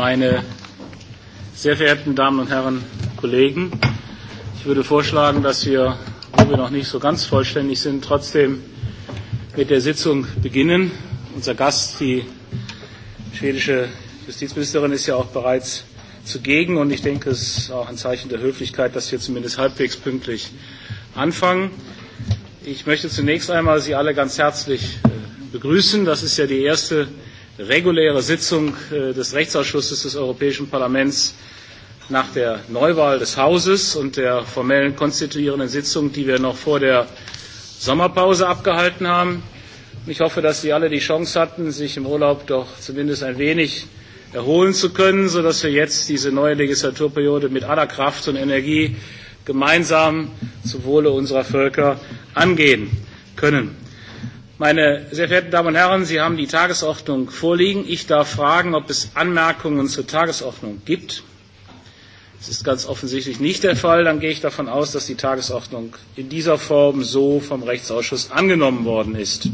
meine sehr verehrten Damen und Herren Kollegen. Ich würde vorschlagen, dass wir, wo wir noch nicht so ganz vollständig sind, trotzdem mit der Sitzung beginnen. Unser Gast, die schwedische Justizministerin, ist ja auch bereits zugegen und ich denke, es ist auch ein Zeichen der Höflichkeit, dass wir zumindest halbwegs pünktlich anfangen. Ich möchte zunächst einmal Sie alle ganz herzlich begrüßen. Das ist ja die erste reguläre Sitzung des Rechtsausschusses des Europäischen Parlaments nach der Neuwahl des Hauses und der formellen konstituierenden Sitzung, die wir noch vor der Sommerpause abgehalten haben. Ich hoffe, dass Sie alle die Chance hatten, sich im Urlaub doch zumindest ein wenig erholen zu können, sodass wir jetzt diese neue Legislaturperiode mit aller Kraft und Energie gemeinsam zum Wohle unserer Völker angehen können. Meine sehr verehrten Damen und Herren, Sie haben die Tagesordnung vorliegen. Ich darf fragen, ob es Anmerkungen zur Tagesordnung gibt. Das ist ganz offensichtlich nicht der Fall. Dann gehe ich davon aus, dass die Tagesordnung in dieser Form so vom Rechtsausschuss angenommen worden ist.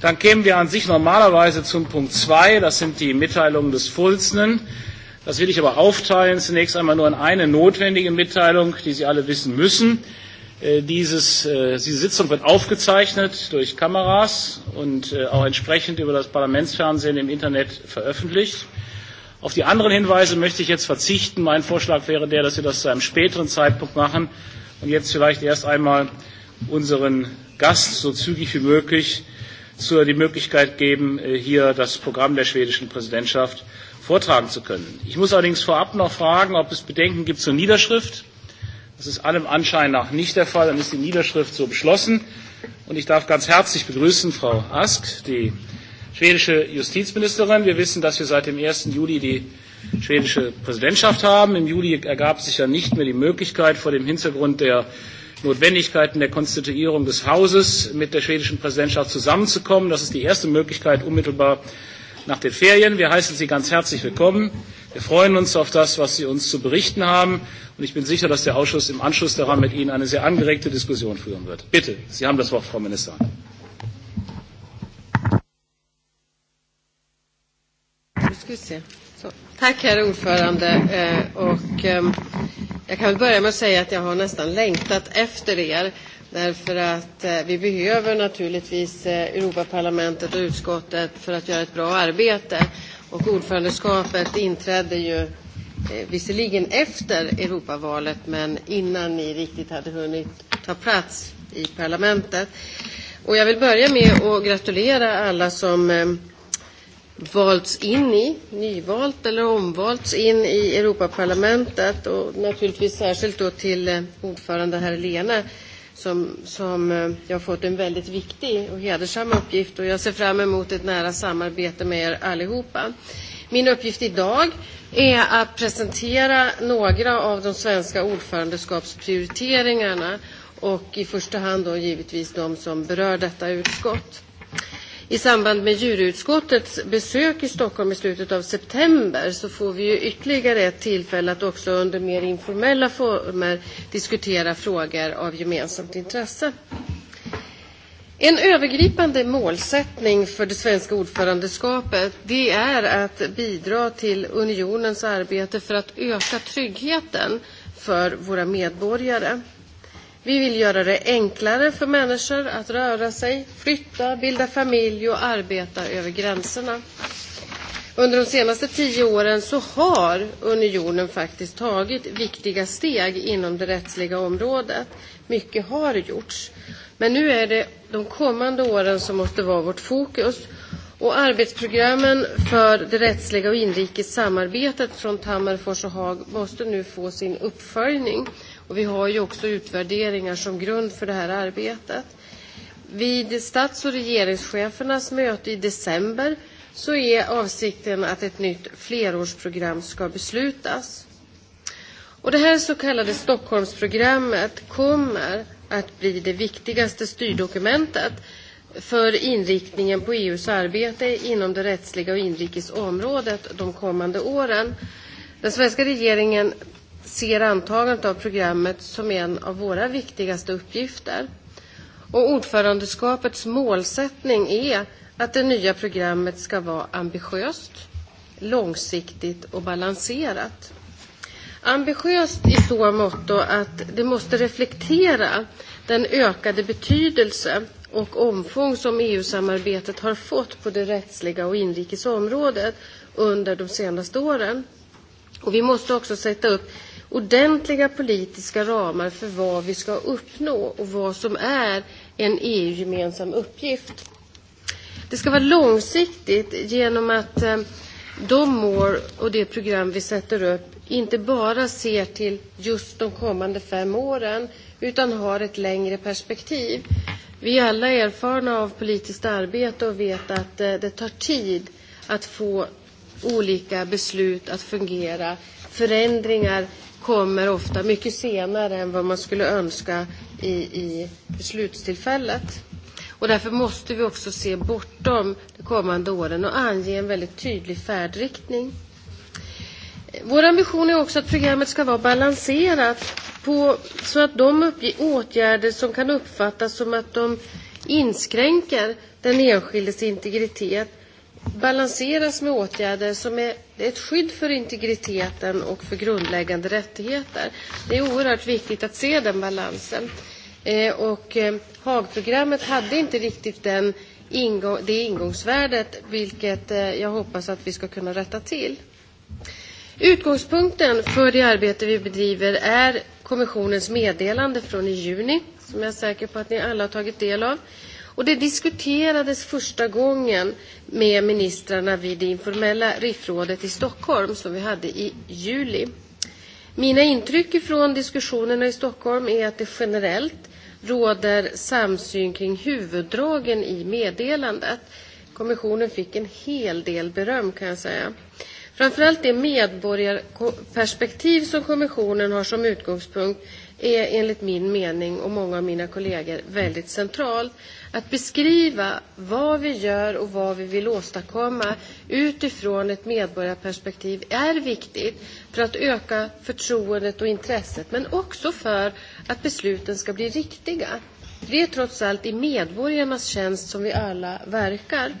Dann kämen wir an sich normalerweise zum Punkt 2. Das sind die Mitteilungen des Vorsitzenden. Das will ich aber aufteilen. Zunächst einmal nur in eine notwendige Mitteilung, die Sie alle wissen müssen. Dieses, diese Sitzung wird aufgezeichnet durch Kameras und auch entsprechend über das Parlamentsfernsehen im Internet veröffentlicht. Auf die anderen Hinweise möchte ich jetzt verzichten. Mein Vorschlag wäre der, dass wir das zu einem späteren Zeitpunkt machen und jetzt vielleicht erst einmal unseren Gast so zügig wie möglich die Möglichkeit geben, hier das Programm der schwedischen Präsidentschaft vortragen zu können. Ich muss allerdings vorab noch fragen, ob es Bedenken gibt zur Niederschrift Das ist allem Anschein nach nicht der Fall. Dann ist die Niederschrift so beschlossen. Und ich darf ganz herzlich begrüßen Frau Ask, die schwedische Justizministerin. Wir wissen, dass wir seit dem 1. Juli die schwedische Präsidentschaft haben. Im Juli ergab sich ja nicht mehr die Möglichkeit, vor dem Hintergrund der Notwendigkeiten der Konstituierung des Hauses mit der schwedischen Präsidentschaft zusammenzukommen. Das ist die erste Möglichkeit, unmittelbar nach den Ferien. Wir heißen Sie ganz herzlich willkommen. Wir freuen uns auf das, was Sie uns zu berichten haben. Und ich bin sicher, dass der Ausschuss im Anschluss daran mit Ihnen eine sehr angeregte Diskussion führen wird. Bitte, Sie haben das Wort, Frau Ministerin. Tack herr ordförande. Och jag kan börja med att säga att jag har nästan längtat efter er. Därför att vi behöver naturligtvis Europaparlamentet och utskottet för att göra ett bra arbete. Och ordförandeskapet inträdde ju visserligen efter Europavalet men innan ni riktigt hade hunnit ta plats i parlamentet. Och jag vill börja med att gratulera alla som valts in i, nyvalt eller omvalts in i Europaparlamentet och naturligtvis särskilt då till ordförande herr Lene som, som jag har fått en väldigt viktig och hedersam uppgift och jag ser fram emot ett nära samarbete med er allihopa. Min uppgift idag är att presentera några av de svenska ordförandeskapsprioriteringarna och i första hand då givetvis de som berör detta utskott i samband med djurutskottets besök i Stockholm i slutet av september så får vi ju ytterligare ett tillfälle att också under mer informella former diskutera frågor av gemensamt intresse. En övergripande målsättning för det svenska ordförandeskapet är att bidra till unionens arbete för att öka tryggheten för våra medborgare. Vi vill göra det enklare för människor att röra sig, flytta, bilda familj och arbeta över gränserna. Under de senaste tio åren har unionen faktiskt tagit viktiga steg inom det rättsliga området. Mycket har gjorts. Men nu är det de kommande åren som måste vara vårt fokus. Och arbetsprogrammen för det rättsliga och inrikes samarbetet från Tammerfors och Haag måste nu få sin uppföljning. Och vi har ju också utvärderingar som grund för det här arbetet. Vid stats och regeringschefernas möte i december så är avsikten att ett nytt flerårsprogram ska beslutas. Och det här så kallade Stockholmsprogrammet kommer att bli det viktigaste styrdokumentet för inriktningen på EUs arbete inom det rättsliga och inrikes området de kommande åren. Den svenska regeringen ser antagandet av programmet som en av våra viktigaste uppgifter. Och ordförandeskapets målsättning är att det nya programmet ska vara ambitiöst, långsiktigt och balanserat. Ambitiöst i så måtto att det måste reflektera den ökade betydelse och omfång som EU-samarbetet har fått på det rättsliga och inrikes området under de senaste åren. Vi måste också sätta upp ordentliga politiska ramar för vad vi ska uppnå och vad som är en EU-gemensam uppgift. Det ska vara långsiktigt genom att de mål och det program vi sätter upp inte bara ser till just de kommande fem åren utan har ett längre perspektiv. Vi är alla erfarna av politiskt arbete och vet att det tar tid att få olika beslut att fungera. Förändringar kommer ofta mycket senare än vad man skulle önska i, i beslutstillfället. Och därför måste vi också se bortom de kommande åren och ange en väldigt tydlig färdriktning. Vår ambition är också att programmet ska vara balanserat på, så att de åtgärder som kan uppfattas som att de inskränker den enskildes integritet balanseras med åtgärder som är ett skydd för integriteten och för grundläggande rättigheter. Det är oerhört viktigt att se den balansen. Och Haagprogrammet hade inte riktigt det ingångsvärdet, vilket jag hoppas att vi ska kunna rätta till. Utgångspunkten för det arbete vi bedriver är kommissionens meddelande från i juni, som jag är säker på att ni alla har tagit del av. Och det diskuterades första gången med ministrarna vid det informella RIF-rådet i Stockholm som vi hade i juli. Mina intryck från diskussionerna i Stockholm är att det generellt råder samsyn kring huvuddragen i meddelandet. Kommissionen fick en hel del beröm kan jag säga. Framför allt det medborgarperspektiv som kommissionen har som utgångspunkt är enligt min mening och många av mina kollegor väldigt centralt. Att beskriva vad vi gör och vad vi vill åstadkomma utifrån ett medborgarperspektiv är viktigt för att öka förtroendet och intresset men också för att besluten ska bli riktiga. Det är trots allt i medborgarnas tjänst som vi alla verkar.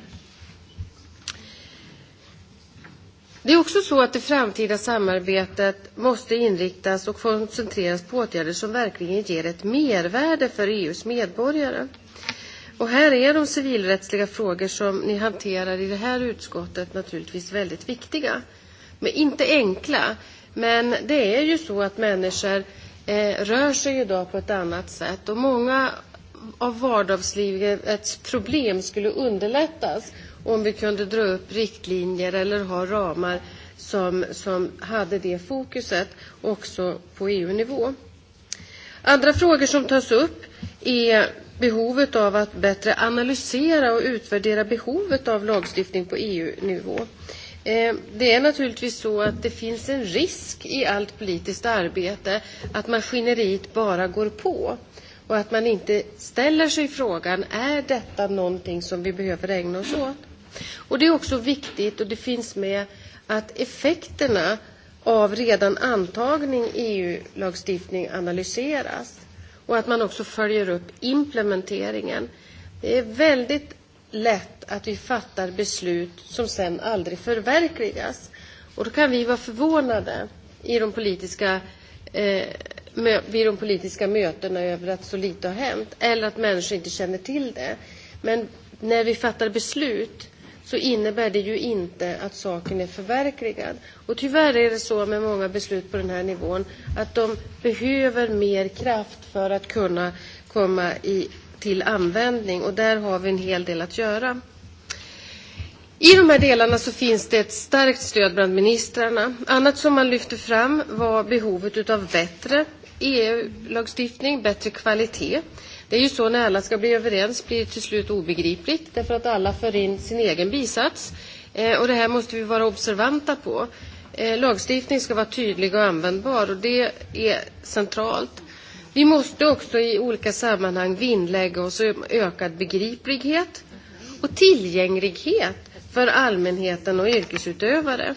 Det är också så att det framtida samarbetet måste inriktas och koncentreras på åtgärder som verkligen ger ett mervärde för EU:s medborgare. Och här är de civilrättsliga frågor som ni hanterar i det här utskottet naturligtvis väldigt viktiga. Men inte enkla. Men det är ju så att människor eh, rör sig idag på ett annat sätt. Och många av vardagslivets problem skulle underlättas om vi kunde dra upp riktlinjer eller ha ramar som, som hade det fokuset också på EU-nivå. Andra frågor som tas upp är behovet av att bättre analysera och utvärdera behovet av lagstiftning på EU-nivå. Det är naturligtvis så att det finns en risk i allt politiskt arbete att maskineriet bara går på och att man inte ställer sig frågan är detta någonting som vi behöver ägna oss åt? Det är också viktigt, och det finns med, att effekterna av redan antagen EU-lagstiftning analyseras och att man också följer upp implementeringen. Det är väldigt lätt att vi fattar beslut som sedan aldrig förverkligas. Och då kan vi vara förvånade i de politiska, eh, vid de politiska mötena över att så lite har hänt eller att människor inte känner till det. Men när vi fattar beslut så innebär det ju inte att saken är förverkligad. Och tyvärr är det så med många beslut på den här nivån att de behöver mer kraft för att kunna komma i, till användning och där har vi en hel del att göra. I de här delarna så finns det ett starkt stöd bland ministrarna. Annat som man lyfte fram var behovet av bättre EU-lagstiftning, bättre kvalitet. Det är ju så när alla ska bli överens blir till slut obegripligt därför att alla för in sin egen bisats. Och det här måste vi vara observanta på. Lagstiftning ska vara tydlig och användbar och det är centralt. Vi måste också i olika sammanhang vinnlägga oss om ökad begriplighet och tillgänglighet för allmänheten och yrkesutövare.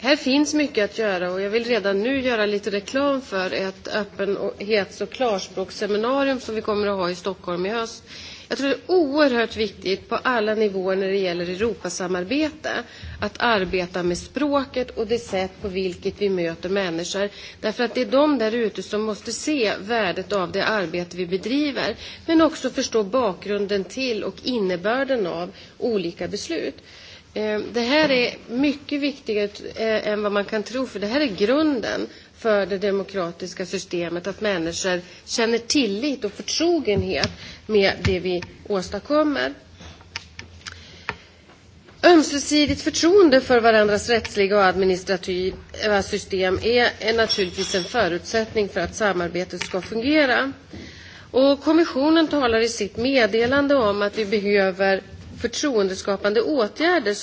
Här finns mycket att göra och jag vill redan nu göra lite reklam för ett öppenhets och klarspråksseminarium som vi kommer att ha i Stockholm i höst. Jag tror det är oerhört viktigt på alla nivåer när det gäller Europasamarbete att arbeta med språket och det sätt på vilket vi möter människor. Därför att det är de där ute som måste se värdet av det arbete vi bedriver men också förstå bakgrunden till och innebörden av olika beslut. Det här är mycket viktigare än vad man kan tro, för det här är grunden för det demokratiska systemet, att människor känner tillit och förtrogenhet med det vi åstadkommer. Ömsesidigt förtroende för varandras rättsliga och administrativa system är naturligtvis en förutsättning för att samarbetet ska fungera. Kommissionen talar i sitt meddelande om att vi behöver förtroendeskapande åtgärder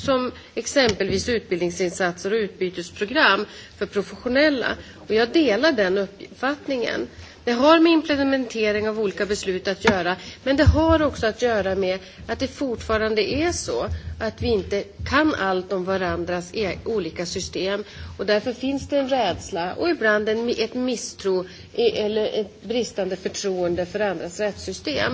som, exempelvis utbildningsinsatser och utbytesprogram för professionella. Jag delar den uppfattningen. Det har med implementering av olika beslut att göra, men det har också att göra med att det fortfarande är så att vi inte kan allt om varandras olika system. Därför finns det en rädsla och ibland ett misstro eller ett bristande förtroende för andras rättssystem.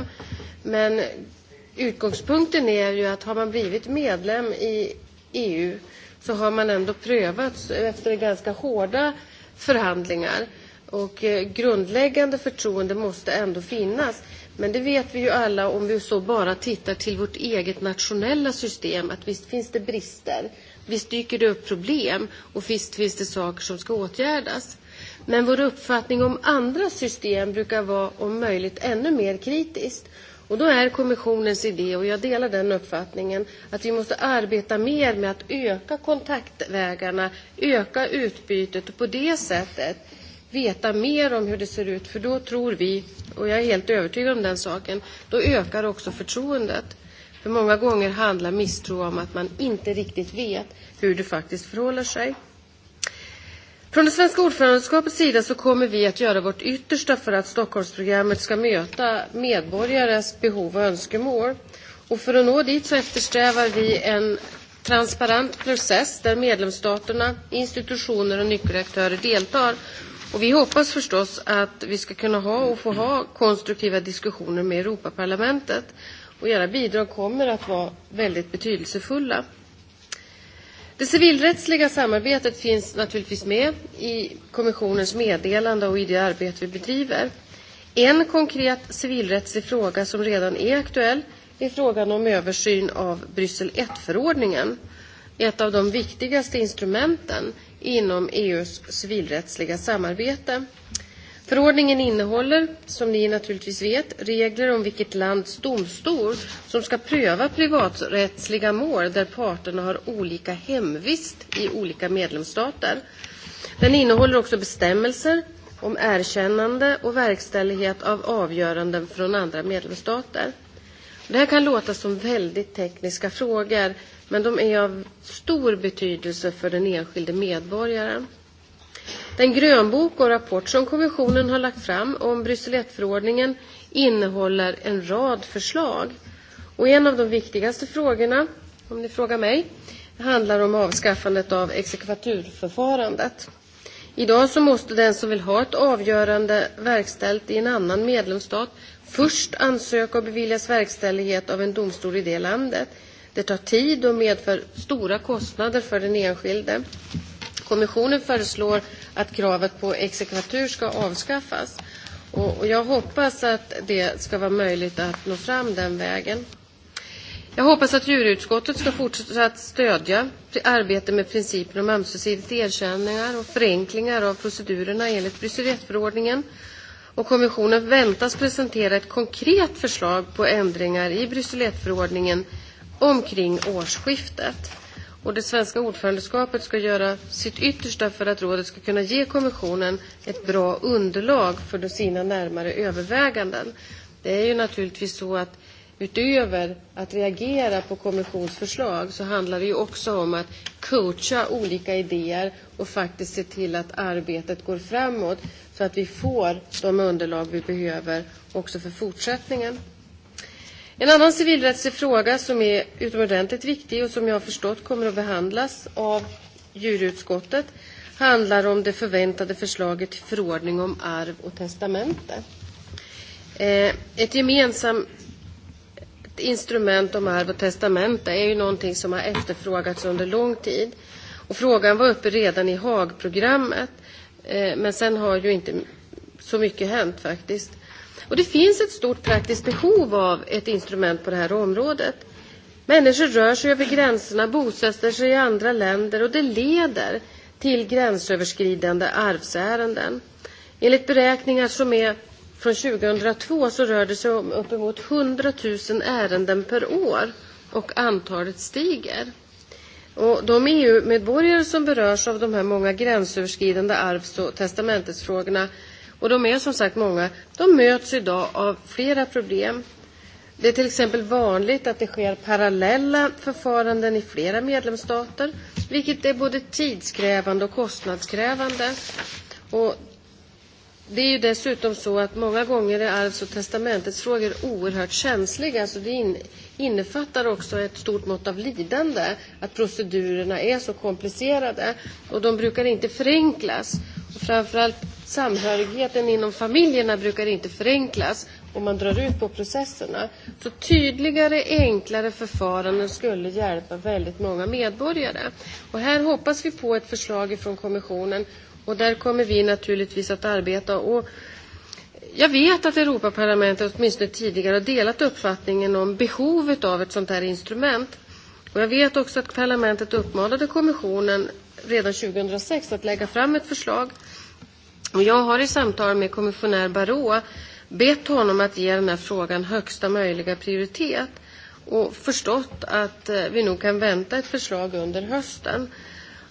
Utgångspunkten är ju att har man blivit medlem i EU så har man ändå prövats efter ganska hårda förhandlingar. Och grundläggande förtroende måste ändå finnas. Men det vet vi ju alla om vi så bara tittar till vårt eget nationella system att visst finns det brister, visst dyker det upp problem och visst finns det saker som ska åtgärdas. Men vår uppfattning om andra system brukar vara om möjligt ännu mer kritisk. Och då är kommissionens idé, och jag delar den uppfattningen, att vi måste arbeta mer med att öka kontaktvägarna, öka utbytet och på det sättet veta mer om hur det ser ut. För då tror vi, och jag är helt övertygad om den saken, då ökar också förtroendet. För många gånger handlar misstro om att man inte riktigt vet hur det faktiskt förhåller sig. Från det svenska ordförandeskapets sida så kommer vi att göra vårt yttersta för att Stockholmsprogrammet ska möta medborgares behov och önskemål. Och för att nå dit så eftersträvar vi en transparent process där medlemsstaterna, institutioner och nyckelaktörer deltar. Och vi hoppas förstås att vi ska kunna ha och få ha konstruktiva diskussioner med Europaparlamentet. Och era bidrag kommer att vara väldigt betydelsefulla. Det civilrättsliga samarbetet finns naturligtvis med i kommissionens meddelande och i det arbete vi bedriver. En konkret civilrättslig fråga som redan är aktuell är frågan om översyn av Bryssel I-förordningen, ett av de viktigaste instrumenten inom EU:s civilrättsliga samarbete. Förordningen innehåller, som ni naturligtvis vet, regler om vilket lands domstol som ska pröva privaträttsliga mål där parterna har olika hemvist i olika medlemsstater. Den innehåller också bestämmelser om erkännande och verkställighet av avgöranden från andra medlemsstater. Det här kan låta som väldigt tekniska frågor, men de är av stor betydelse för den enskilde medborgaren. Den grönbok och rapport som kommissionen har lagt fram om Bryssel förordningen innehåller en rad förslag. En av de viktigaste frågorna, om ni frågar mig, handlar om avskaffandet av exekvaturförfarandet. Idag så måste den som vill ha ett avgörande verkställt i en annan medlemsstat först ansöka och beviljas verkställighet av en domstol i det landet. Det tar tid och medför stora kostnader för den enskilde. Kommissionen föreslår att kravet på exekvatur ska avskaffas. Och jag hoppas att det ska vara möjligt att nå fram den vägen. Jag hoppas att djurutskottet ska att stödja arbetet med principen om ömsesidigt erkännande och förenklingar av procedurerna enligt Bryssel förordningen Och kommissionen väntas presentera ett konkret förslag på ändringar i Bryssel förordningen omkring årsskiftet och det svenska ordförandeskapet ska göra sitt yttersta för att rådet ska kunna ge kommissionen ett bra underlag för sina närmare överväganden. Det är ju naturligtvis så att utöver att reagera på kommissionsförslag så handlar det ju också om att coacha olika idéer och faktiskt se till att arbetet går framåt så att vi får de underlag vi behöver också för fortsättningen. En annan civilrättslig fråga som är utomordentligt viktig och som jag har förstått kommer att behandlas av djurutskottet handlar om det förväntade förslaget till förordning om arv och testamente. Ett gemensamt instrument om arv och testamente är ju någonting som har efterfrågats under lång tid. Och frågan var uppe redan i Haagprogrammet, men sedan har ju inte så mycket hänt faktiskt. Och det finns ett stort praktiskt behov av ett instrument på det här området. Människor rör sig över gränserna, bosätter sig i andra länder och det leder till gränsöverskridande arvsärenden. Enligt beräkningar som är från 2002 så rör det sig om uppemot 100 000 ärenden per år och antalet stiger. Och de EU-medborgare som berörs av de här många gränsöverskridande arvs och testamentesfrågorna och de är som sagt många, de möts idag av flera problem. Det är till exempel vanligt att det sker parallella förfaranden i flera medlemsstater, vilket är både tidskrävande och kostnadskrävande. Och det är ju dessutom så att många gånger är arvs och frågor oerhört känsliga, så det innefattar också ett stort mått av lidande att procedurerna är så komplicerade. Och de brukar inte förenklas. Och framförallt samhörigheten inom familjerna brukar inte förenklas om man drar ut på processerna. Så tydligare, enklare förfaranden skulle hjälpa väldigt många medborgare. Och här hoppas vi på ett förslag från kommissionen och där kommer vi naturligtvis att arbeta. Och jag vet att Europaparlamentet åtminstone tidigare har delat uppfattningen om behovet av ett sånt här instrument. Och jag vet också att parlamentet uppmanade kommissionen redan 2006 att lägga fram ett förslag. Och jag har i samtal med kommissionär Barrot bett honom att ge den här frågan högsta möjliga prioritet och förstått att vi nog kan vänta ett förslag under hösten.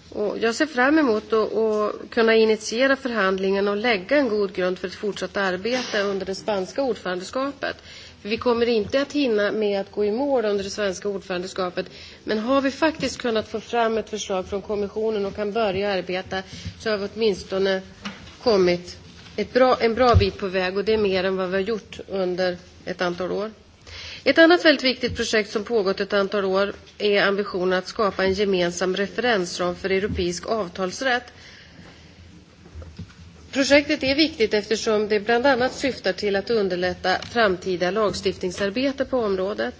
Och jag ser fram emot att kunna initiera förhandlingen och lägga en god grund för ett fortsatt arbete under det spanska ordförandeskapet. För vi kommer inte att hinna med att gå i mål under det svenska ordförandeskapet. Men har vi faktiskt kunnat få fram ett förslag från kommissionen och kan börja arbeta så har vi åtminstone kommit ett bra, en bra bit på väg och det är mer än vad vi har gjort under ett antal år. Ett annat väldigt viktigt projekt som pågått ett antal år är ambitionen att skapa en gemensam referensram för europeisk avtalsrätt. Projektet är viktigt eftersom det bland annat syftar till att underlätta framtida lagstiftningsarbete på området.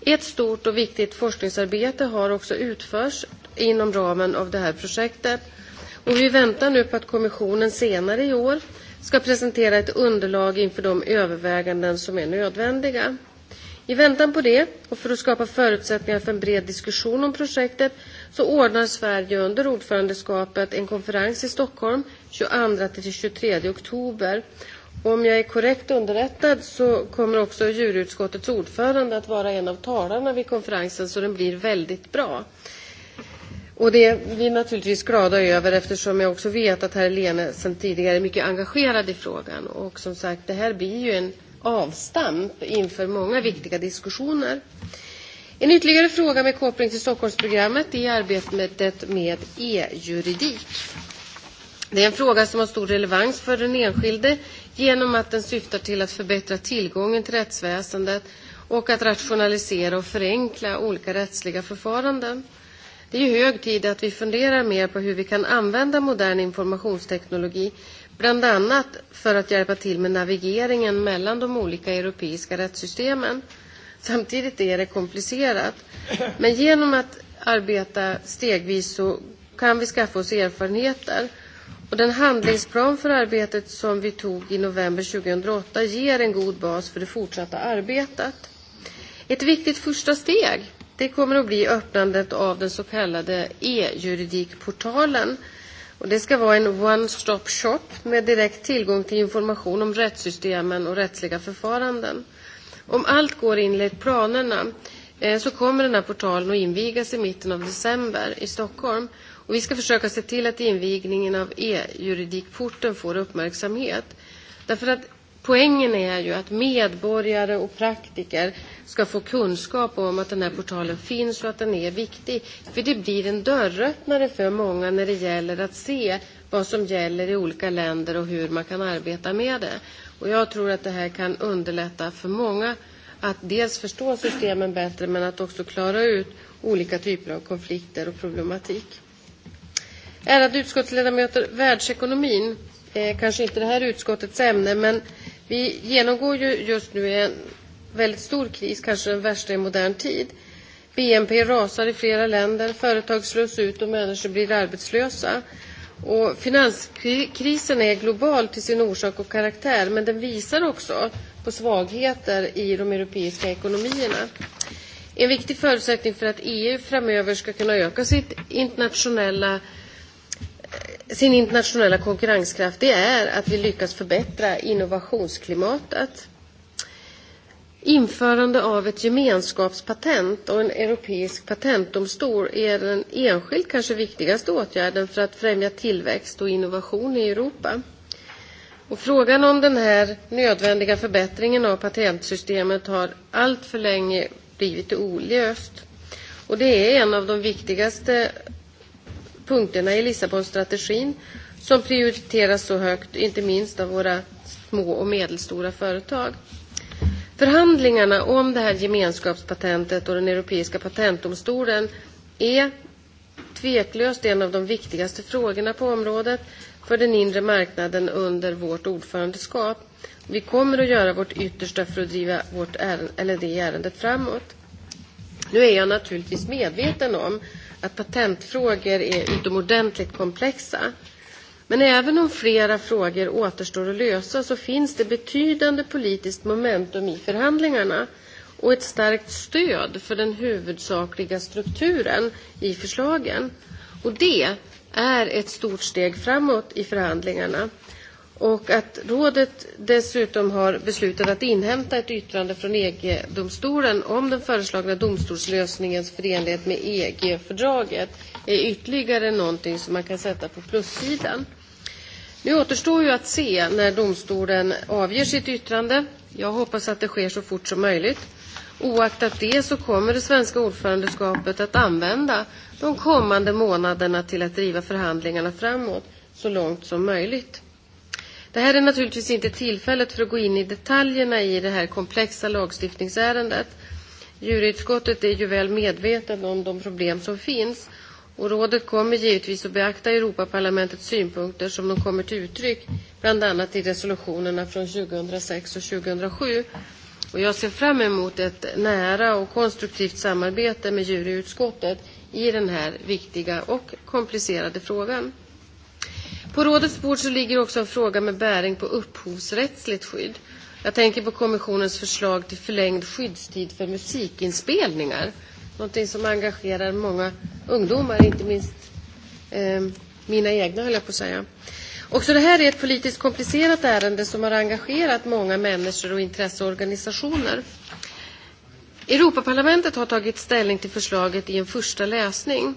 Ett stort och viktigt forskningsarbete har också utförts inom ramen av det här projektet. Och vi väntar nu på att kommissionen senare i år ska presentera ett underlag inför de överväganden som är nödvändiga. I väntan på det, och för att skapa förutsättningar för en bred diskussion om projektet, så ordnar Sverige under ordförandeskapet en konferens i Stockholm 22-23 oktober. Om jag är korrekt underrättad så kommer också djurutskottets ordförande att vara en av talarna vid konferensen, så den blir väldigt bra. Och det är vi naturligtvis glada över eftersom jag också vet att herr Lene sedan tidigare är mycket engagerad i frågan. Och som sagt, det här blir ju en avstamp inför många viktiga diskussioner. En ytterligare fråga med koppling till Stockholmsprogrammet är arbetet med e-juridik. Det är en fråga som har stor relevans för den enskilde genom att den syftar till att förbättra tillgången till rättsväsendet och att rationalisera och förenkla olika rättsliga förfaranden. Det är hög tid att vi funderar mer på hur vi kan använda modern informationsteknologi, bland annat för att hjälpa till med navigeringen mellan de olika europeiska rättssystemen. Samtidigt är det komplicerat. Men genom att arbeta stegvis så kan vi skaffa oss erfarenheter. Och den handlingsplan för arbetet som vi tog i november 2008 ger en god bas för det fortsatta arbetet. Ett viktigt första steg, Det kommer att bli öppnandet av den så kallade e-juridikportalen. Det ska vara en one-stop shop med direkt tillgång till information om rättssystemen och rättsliga förfaranden. Om allt går enligt planerna så kommer den här portalen att invigas i mitten av december i Stockholm. Vi ska försöka se till att invigningen av e-juridikporten får uppmärksamhet. Poängen är ju att medborgare och praktiker ska få kunskap om att den här portalen finns och att den är viktig. För det blir en dörröppnare för många när det gäller att se vad som gäller i olika länder och hur man kan arbeta med det. Jag tror att det här kan underlätta för många att dels förstå systemen bättre men att också klara ut olika typer av konflikter och problematik. Ärade utskottsledamöter! Världsekonomin är kanske inte det här utskottets ämne. men. Vi genomgår ju just nu en väldigt stor kris, kanske den värsta i modern tid. BNP rasar i flera länder, företag slås ut och människor blir arbetslösa. Och finanskrisen är global till sin orsak och karaktär, men den visar också på svagheter i de europeiska ekonomierna. En viktig förutsättning för att EU framöver ska kunna öka sitt internationella sin internationella konkurrenskraft det är att vi lyckas förbättra innovationsklimatet. Införande av ett gemenskapspatent och en europeisk patentdomstol är den enskilt kanske viktigaste åtgärden för att främja tillväxt och innovation i Europa. Frågan om den här nödvändiga förbättringen av patentsystemet har allt för länge blivit olöst. Det är en av de viktigaste punkterna i Lissabonstrategin som prioriteras så högt, inte minst av våra små och medelstora företag. Förhandlingarna om det här gemenskapspatentet och den europeiska patentdomstolen är tveklöst en av de viktigaste frågorna på området för den inre marknaden under vårt ordförandeskap. Vi kommer att göra vårt yttersta för att driva vårt ärende, eller det ärendet framåt. Nu är jag naturligtvis medveten om att patentfrågor är utomordentligt komplexa. Men även om flera frågor återstår att lösa så finns det betydande politiskt momentum i förhandlingarna och ett starkt stöd för den huvudsakliga strukturen i förslagen. Det är ett stort steg framåt i förhandlingarna. Och att rådet dessutom har beslutat att inhämta ett yttrande från EG-domstolen om den föreslagna domstolslösningens förenlighet med EG-fördraget är ytterligare någonting som man kan sätta på plussidan. Nu återstår ju att se när domstolen avger sitt yttrande. Jag hoppas att det sker så fort som möjligt. Oaktat det så kommer det svenska ordförandeskapet att använda de kommande månaderna till att driva förhandlingarna framåt så långt som möjligt. Det här är naturligtvis inte tillfället för att gå in i detaljerna i det här komplexa lagstiftningsärendet. Djurutskottet är ju väl medvetet om de problem som finns och rådet kommer givetvis att beakta Europaparlamentets synpunkter som de kommer till uttryck bland annat i resolutionerna från 2006 och 2007. Och jag ser fram emot ett nära och konstruktivt samarbete med djurutskottet i den här viktiga och komplicerade frågan. På rådets bord så ligger också en fråga med bäring på upphovsrättsligt skydd. Jag tänker på kommissionens förslag till förlängd skyddstid för musikinspelningar. Någonting som engagerar många ungdomar, inte minst eh, mina egna höll jag på att säga. Också det här är ett politiskt komplicerat ärende som har engagerat många människor och intresseorganisationer. Europaparlamentet har tagit ställning till förslaget i en första läsning.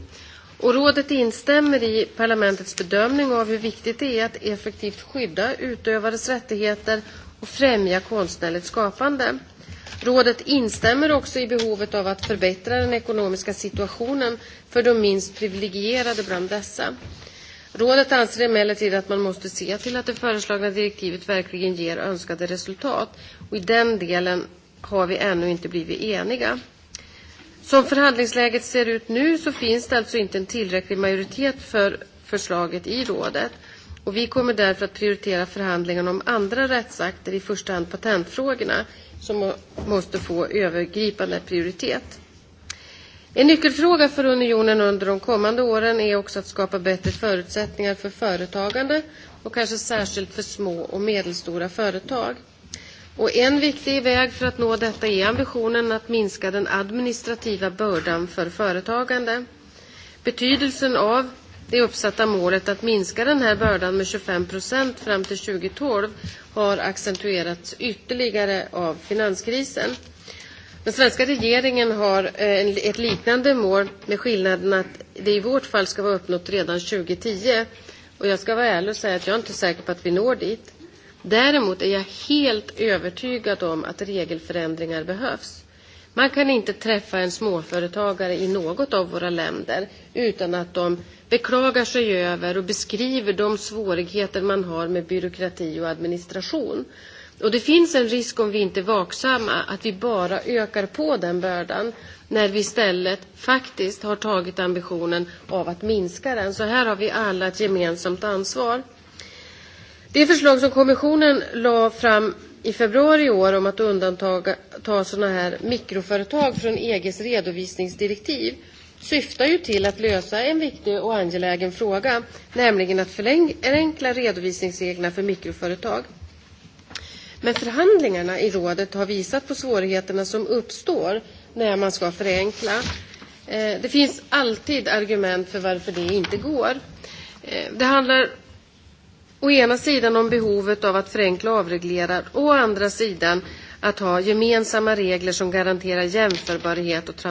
Och rådet instämmer i parlamentets bedömning av hur viktigt det är att effektivt skydda utövares rättigheter och främja konstnärligt skapande. Rådet instämmer också i behovet av att förbättra den ekonomiska situationen för de minst privilegierade bland dessa. Rådet anser emellertid att man måste se till att det föreslagna direktivet verkligen ger önskade resultat. I den delen har vi ännu inte blivit eniga. Som förhandlingsläget ser ut nu så finns det alltså inte en tillräcklig majoritet för förslaget i rådet. Och vi kommer därför att prioritera förhandlingarna om andra rättsakter, i första hand patentfrågorna, som måste få övergripande prioritet. En nyckelfråga för unionen under de kommande åren är också att skapa bättre förutsättningar för företagande och kanske särskilt för små och medelstora företag. Och en viktig väg för att nå detta är ambitionen att minska den administrativa bördan för företagande. Betydelsen av det uppsatta målet att minska den här bördan med 25 procent fram till 2012 har accentuerats ytterligare av finanskrisen. Den svenska regeringen har ett liknande mål med skillnaden att det i vårt fall ska vara uppnått redan 2010. Jag ska vara ärlig och säga att jag inte är säker på att vi når dit. Däremot är jag helt övertygad om att regelförändringar behövs. Man kan inte träffa en småföretagare i något av våra länder utan att de beklagar sig över och beskriver de svårigheter man har med byråkrati och administration. Och det finns en risk om vi inte är vaksamma att vi bara ökar på den bördan när vi i stället faktiskt har tagit ambitionen av att minska den. Så här har vi alla ett gemensamt ansvar. Det förslag som kommissionen lade fram i februari i år om att undanta sådana här mikroföretag från EGs redovisningsdirektiv syftar ju till att lösa en viktig och angelägen fråga, nämligen att förenkla redovisningsreglerna för mikroföretag. Men förhandlingarna i rådet har visat på svårigheterna som uppstår när man ska förenkla. Det finns alltid argument för varför det inte går å ena sidan om behovet av att förenkla och avreglera och å andra sidan att ha gemensamma regler som garanterar jämförbarhet och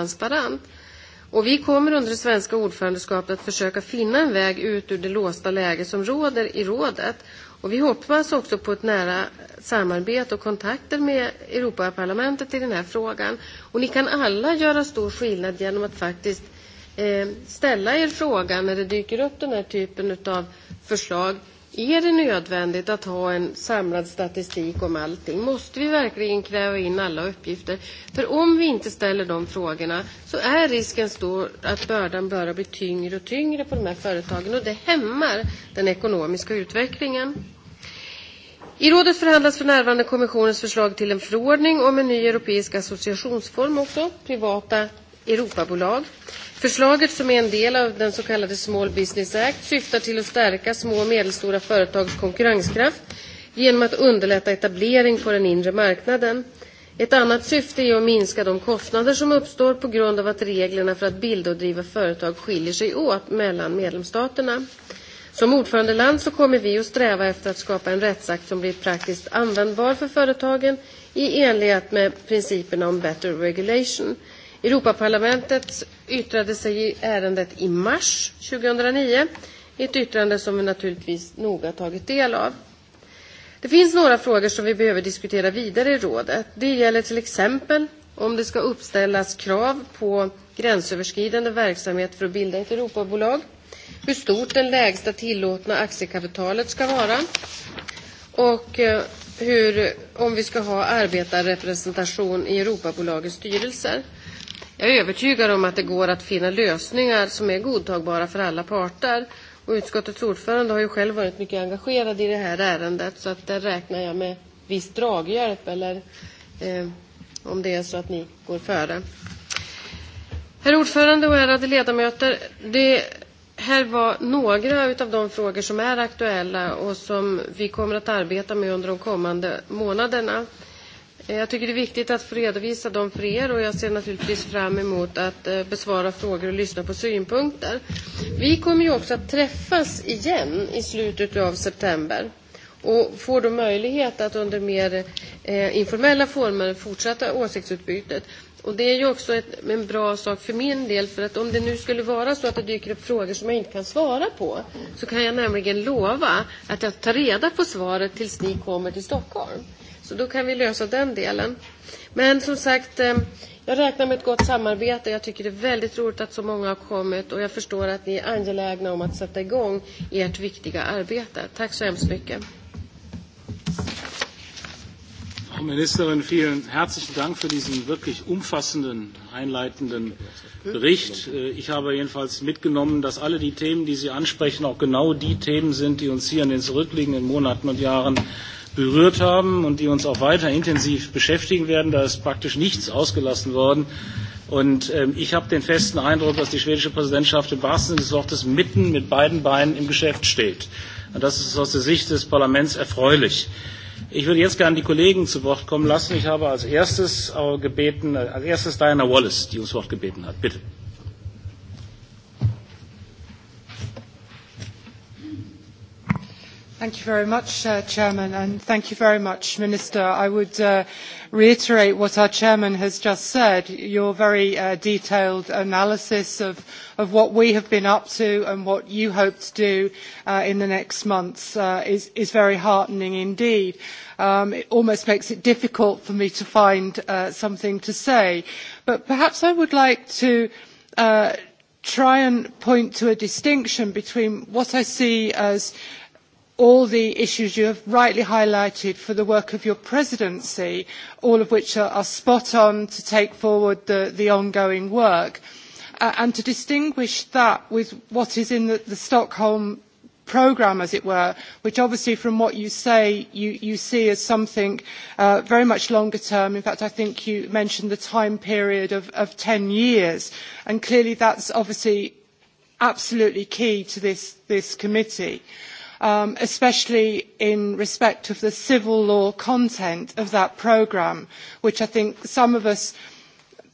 Och Vi kommer under det svenska ordförandeskapet att försöka finna en väg ut ur det låsta läge som råder i rådet. Vi hoppas också på ett nära samarbete och kontakter med Europaparlamentet i den här frågan. Ni kan alla göra stor skillnad genom att faktiskt ställa er frågan när det dyker upp den här typen av förslag. Är det nödvändigt att ha en samlad statistik om allting? Måste vi verkligen kräva in alla uppgifter? För om vi inte ställer de frågorna så är risken stor att bördan bara blir tyngre och tyngre på de här företagen och det hämmar den ekonomiska utvecklingen. I rådet förhandlas för närvarande kommissionens förslag till en förordning om en ny europeisk associationsform också, privata Europabolag. Förslaget, som är en del av den så kallade Small Business Act, syftar till att stärka små och medelstora företags konkurrenskraft genom att underlätta etablering på den inre marknaden. Ett annat syfte är att minska de kostnader som uppstår på grund av att reglerna för att bilda och driva företag skiljer sig åt mellan medlemsstaterna. Som ordförandeland kommer vi att sträva efter att skapa en rättsakt som blir praktiskt användbar för företagen i enlighet med principerna om better regulation. Europaparlamentet yttrade sig i ärendet i mars 2009, ett yttrande som vi naturligtvis noga tagit del av. Det finns några frågor som vi behöver diskutera vidare i rådet. Det gäller till exempel om det ska uppställas krav på gränsöverskridande verksamhet för att bilda ett Europabolag, hur stort det lägsta tillåtna aktiekapitalet ska vara och om vi ska ha arbetarrepresentation i Europabolagets styrelser. Jag är övertygad om att det går att finna lösningar som är godtagbara för alla parter. Och utskottets ordförande har ju själv varit mycket engagerad i det här ärendet så att där räknar jag med viss draghjälp eller eh, om det är så att ni går före. Herr ordförande och ärade ledamöter, det här var några av de frågor som är aktuella och som vi kommer att arbeta med under de kommande månaderna. Jag tycker det är viktigt att få redovisa dem för er och jag ser naturligtvis fram emot att besvara frågor och lyssna på synpunkter. Vi kommer ju också att träffas igen i slutet av september och får då möjlighet att under mer informella former fortsätta åsiktsutbytet. Det är ju också en bra sak för min del, för att om det nu skulle vara så att det dyker upp frågor som jag inte kan svara på så kan jag nämligen lova att jag tar reda på svaret tills ni kommer till Stockholm. Så då kan vi lösa den delen. Men som sagt, jag räknar med ett gott samarbete. Jag tycker det är väldigt roligt att så många har kommit och jag förstår att ni är angelägna om att sätta igång ert viktiga arbete. Tack så hemskt mycket. Frau Ministerin, vielen herzlichen Dank für diesen wirklich umfassenden, einleitenden Bericht. Ich habe jedenfalls mitgenommen, dass alle die Themen, die Sie ansprechen, auch genau die Themen sind, die uns hier in den zurückliegenden Monaten und Jahren berührt haben und die uns auch weiter intensiv beschäftigen werden. Da ist praktisch nichts ausgelassen worden. Und ich habe den festen Eindruck, dass die schwedische Präsidentschaft im wahrsten Sinne des Wortes mitten mit beiden Beinen im Geschäft steht. Und das ist aus der Sicht des Parlaments erfreulich. Ich würde jetzt gerne die Kollegen zu Wort kommen lassen. Ich habe als erstes gebeten, als erstes Diana Wallace, die ums Wort gebeten hat. Bitte. Thank you very much, Chairman, and thank you very much, Minister. I would uh, reiterate what our chairman has just said, your very detailed analysis of, what we have been up to and what you hope to do in the next months is, is very heartening indeed. it almost makes it difficult for me to find something to say. But perhaps I would like to try and point to a distinction between what I see as all the issues you have rightly highlighted for the work of your presidency, all of which are, spot on to take forward the, ongoing work, and to distinguish that with what is in the Stockholm programme, as it were, which obviously from what you say, you, see as something very much longer term. In fact, I think you mentioned the time period of, ten years, and clearly that is obviously absolutely key to this, committee especially in respect of the civil law content of that programme, which I think some of us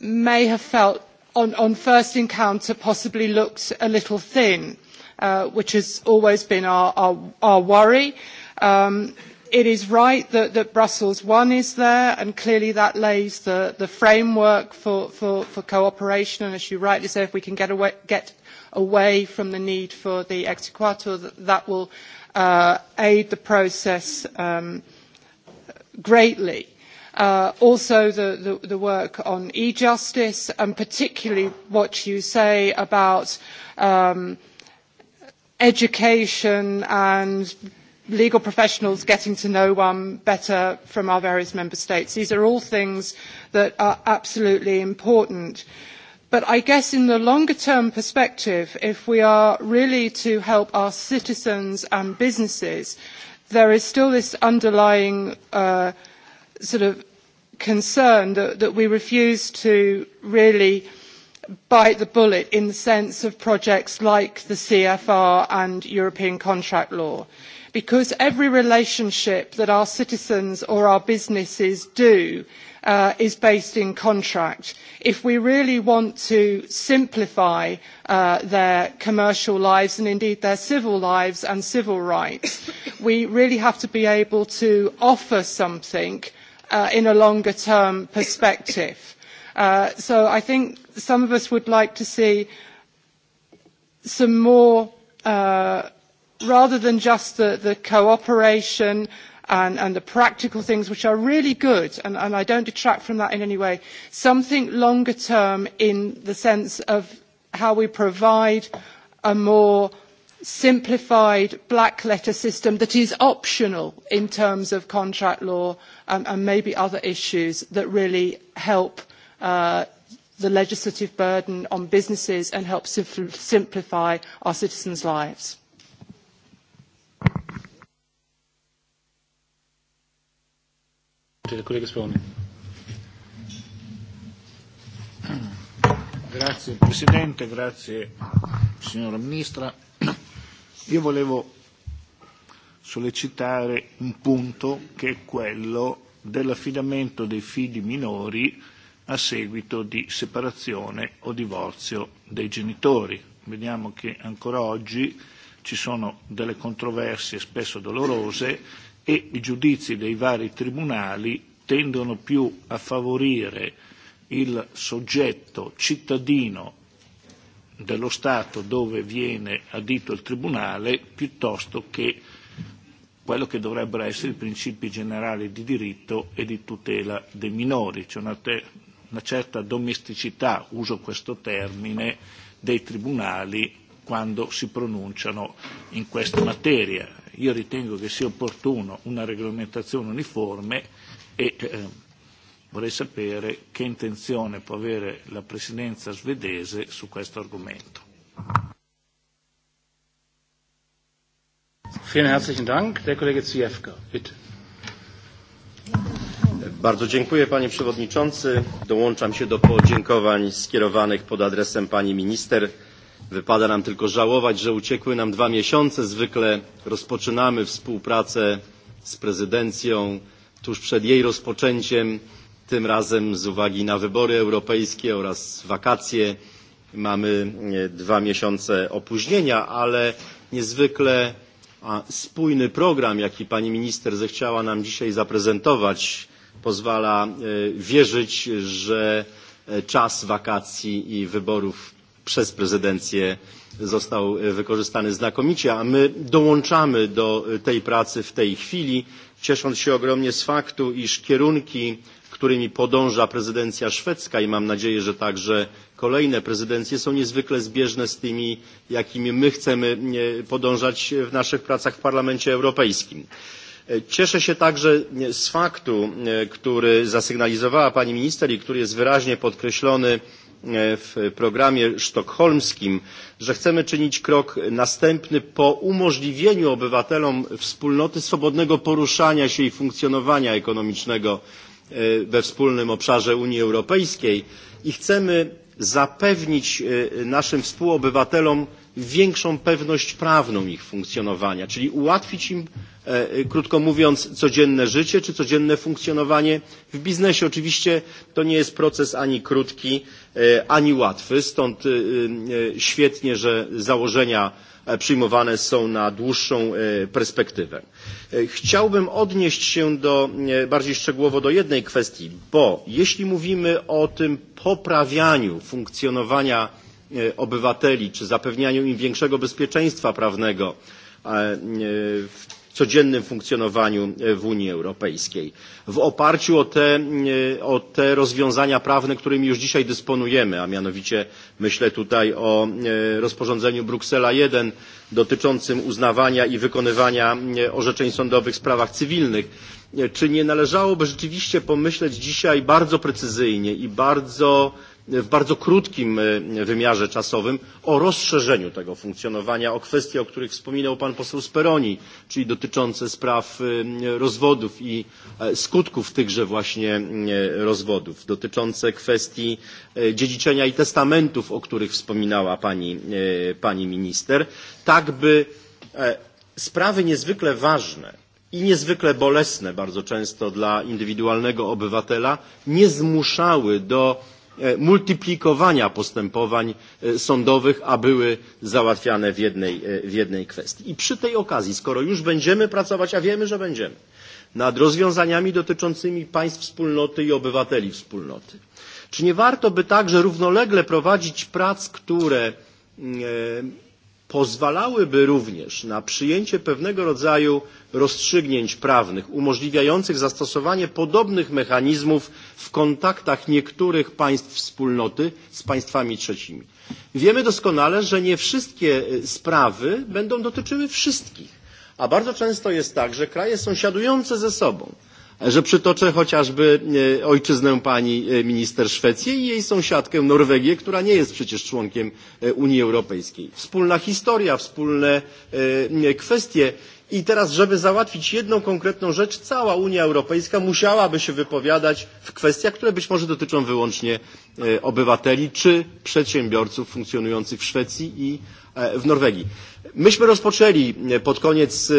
may have felt on, first encounter possibly looked a little thin, which has always been our, worry. it is right that, Brussels I is there, and clearly that lays the, framework for, cooperation. And as you rightly say, if we can get, away from the need for the exequatur, that, that will uh, aid the process um, greatly. Uh, also, the, the, the work on e-justice, and particularly what you say about um, education and legal professionals getting to know one better from our various member states. These are all things that are absolutely important. Uh, But I guess in the longer term perspective, if we are really to help our citizens and businesses, there is still this underlying sort of concern that, that we refuse to really bite the bullet in the sense of projects like the CFR and European contract law. Because every relationship that our citizens or our businesses do is based in contract. If we really want to simplify their commercial lives and indeed their civil lives and civil rights, we really have to be able to offer something in a longer term perspective. so I think some of us would like to see some more, rather than just the, cooperation, and, and the practical things which are really good, and, and I don't detract from that in any way, something longer term in the sense of how we provide a more simplified black letter system that is optional in terms of contract law and maybe other issues that really help the legislative burden on businesses and help simplify our citizens' lives. Grazie Presidente, grazie signora Ministra. Io volevo sollecitare un punto che è quello dell'affidamento dei figli minori a seguito di separazione o divorzio dei genitori. Vediamo che ancora oggi ci sono delle controversie spesso dolorose e i giudizi dei vari tribunali tendono più a favorire il soggetto cittadino dello Stato dove viene adito il tribunale piuttosto che quello che dovrebbero essere i principi generali di diritto e di tutela dei minori. C'è una, te- una certa domesticità, uso questo termine, dei tribunali quando si pronunciano in questa materia Io ritengo che sia opportuno una regolamentazione uniforme e vorrei sapere che intenzione può avere la Presidenza svedese su questo argomento. Vielen herzlichen Dank. Der Kollege bitte. Bardzo dziękuję panie przewodniczący. Dołączam się do podziękowań skierowanych pod adresem pani minister Wypada nam tylko żałować, że uciekły nam dwa miesiące. Zwykle rozpoczynamy współpracę z prezydencją tuż przed jej rozpoczęciem. Tym razem z uwagi na wybory europejskie oraz wakacje mamy dwa miesiące opóźnienia, ale niezwykle spójny program, jaki pani minister zechciała nam dzisiaj zaprezentować, pozwala wierzyć, że czas wakacji i wyborów przez prezydencję został wykorzystany znakomicie, a my dołączamy do tej pracy w tej chwili, ciesząc się ogromnie z faktu, iż kierunki, którymi podąża prezydencja szwedzka i mam nadzieję, że także kolejne prezydencje są niezwykle zbieżne z tymi, jakimi my chcemy podążać w naszych pracach w Parlamencie Europejskim. Cieszę się także z faktu, który zasygnalizowała pani minister i który jest wyraźnie podkreślony w programie sztokholmskim, że chcemy czynić krok następny po umożliwieniu obywatelom wspólnoty swobodnego poruszania się i funkcjonowania ekonomicznego we wspólnym obszarze Unii Europejskiej i chcemy zapewnić naszym współobywatelom większą pewność prawną ich funkcjonowania, czyli ułatwić im, krótko mówiąc, codzienne życie czy codzienne funkcjonowanie w biznesie. Oczywiście to nie jest proces ani krótki, ani łatwy, stąd świetnie, że założenia przyjmowane są na dłuższą perspektywę. Chciałbym odnieść się do, bardziej szczegółowo do jednej kwestii, bo jeśli mówimy o tym poprawianiu funkcjonowania obywateli, czy zapewnianiu im większego bezpieczeństwa prawnego w codziennym funkcjonowaniu w Unii Europejskiej. W oparciu o te, rozwiązania prawne, którymi już dzisiaj dysponujemy, a mianowicie myślę tutaj o rozporządzeniu Bruksela I dotyczącym uznawania i wykonywania orzeczeń sądowych w sprawach cywilnych, czy nie należałoby rzeczywiście pomyśleć dzisiaj bardzo precyzyjnie i bardzo w bardzo krótkim wymiarze czasowym o rozszerzeniu tego funkcjonowania o kwestie, o których wspominał pan poseł Speroni, czyli dotyczące spraw rozwodów i skutków tychże właśnie rozwodów, dotyczące kwestii dziedziczenia i testamentów, o których wspominała pani, minister, tak by sprawy niezwykle ważne i niezwykle bolesne bardzo często dla indywidualnego obywatela nie zmuszały do multiplikowania postępowań sądowych, a były załatwiane w jednej, w jednej kwestii. I przy tej okazji, skoro już będziemy pracować, a wiemy, że będziemy, nad rozwiązaniami dotyczącymi państw wspólnoty i obywateli wspólnoty, czy nie warto by także równolegle prowadzić prac, które pozwalałyby również na przyjęcie pewnego rodzaju rozstrzygnięć prawnych umożliwiających zastosowanie podobnych mechanizmów w kontaktach niektórych państw wspólnoty z państwami trzecimi. Wiemy doskonale, że nie wszystkie sprawy będą dotyczyły wszystkich, a bardzo często jest tak, że kraje sąsiadujące ze sobą że przytoczę chociażby ojczyznę pani minister Szwecji i jej sąsiadkę Norwegię, która nie jest przecież członkiem Unii Europejskiej. Wspólna historia, wspólne kwestie i teraz, żeby załatwić jedną konkretną rzecz, cała Unia Europejska musiałaby się wypowiadać w kwestiach, które być może dotyczą wyłącznie obywateli czy przedsiębiorców funkcjonujących w Szwecji i w Norwegii. Myśmy rozpoczęli pod koniec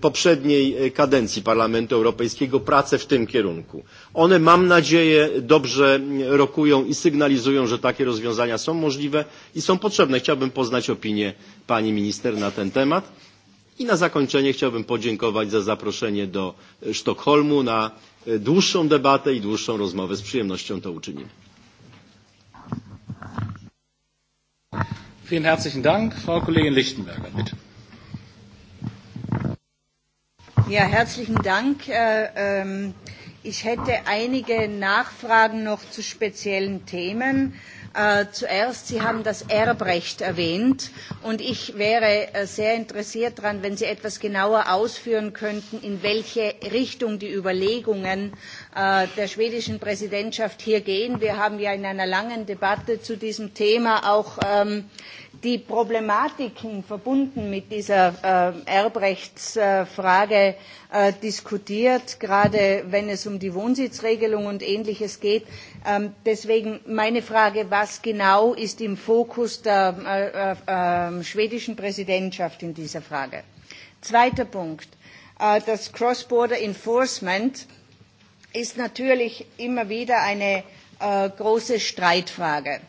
poprzedniej kadencji Parlamentu Europejskiego prace w tym kierunku. One, mam nadzieję, dobrze rokują i sygnalizują, że takie rozwiązania są możliwe i są potrzebne. Chciałbym poznać opinię pani minister na ten temat. I na zakończenie chciałbym podziękować za zaproszenie do Sztokholmu na dłuższą debatę i dłuższą rozmowę. Z przyjemnością to uczynimy. Vielen herzlichen Dank. Frau Kollegin Lichtenberger, bitte. Ja, herzlichen Dank. ich hätte einige Nachfragen noch zu speziellen Themen. Zuerst, Sie haben das Erbrecht erwähnt und ich wäre sehr interessiert daran, wenn Sie etwas genauer ausführen könnten, in welche Richtung die Überlegungen der schwedischen Präsidentschaft hier gehen. Wir haben ja in einer langen Debatte zu diesem Thema auch die Problematiken verbunden mit dieser Erbrechtsfrage diskutiert, gerade wenn es um die Wohnsitzregelung und Ähnliches geht. deswegen meine Frage, was genau ist im Fokus der schwedischen Präsidentschaft in dieser Frage? Zweiter Punkt, das Cross-Border Enforcement ist natürlich immer wieder eine große Streitfrage.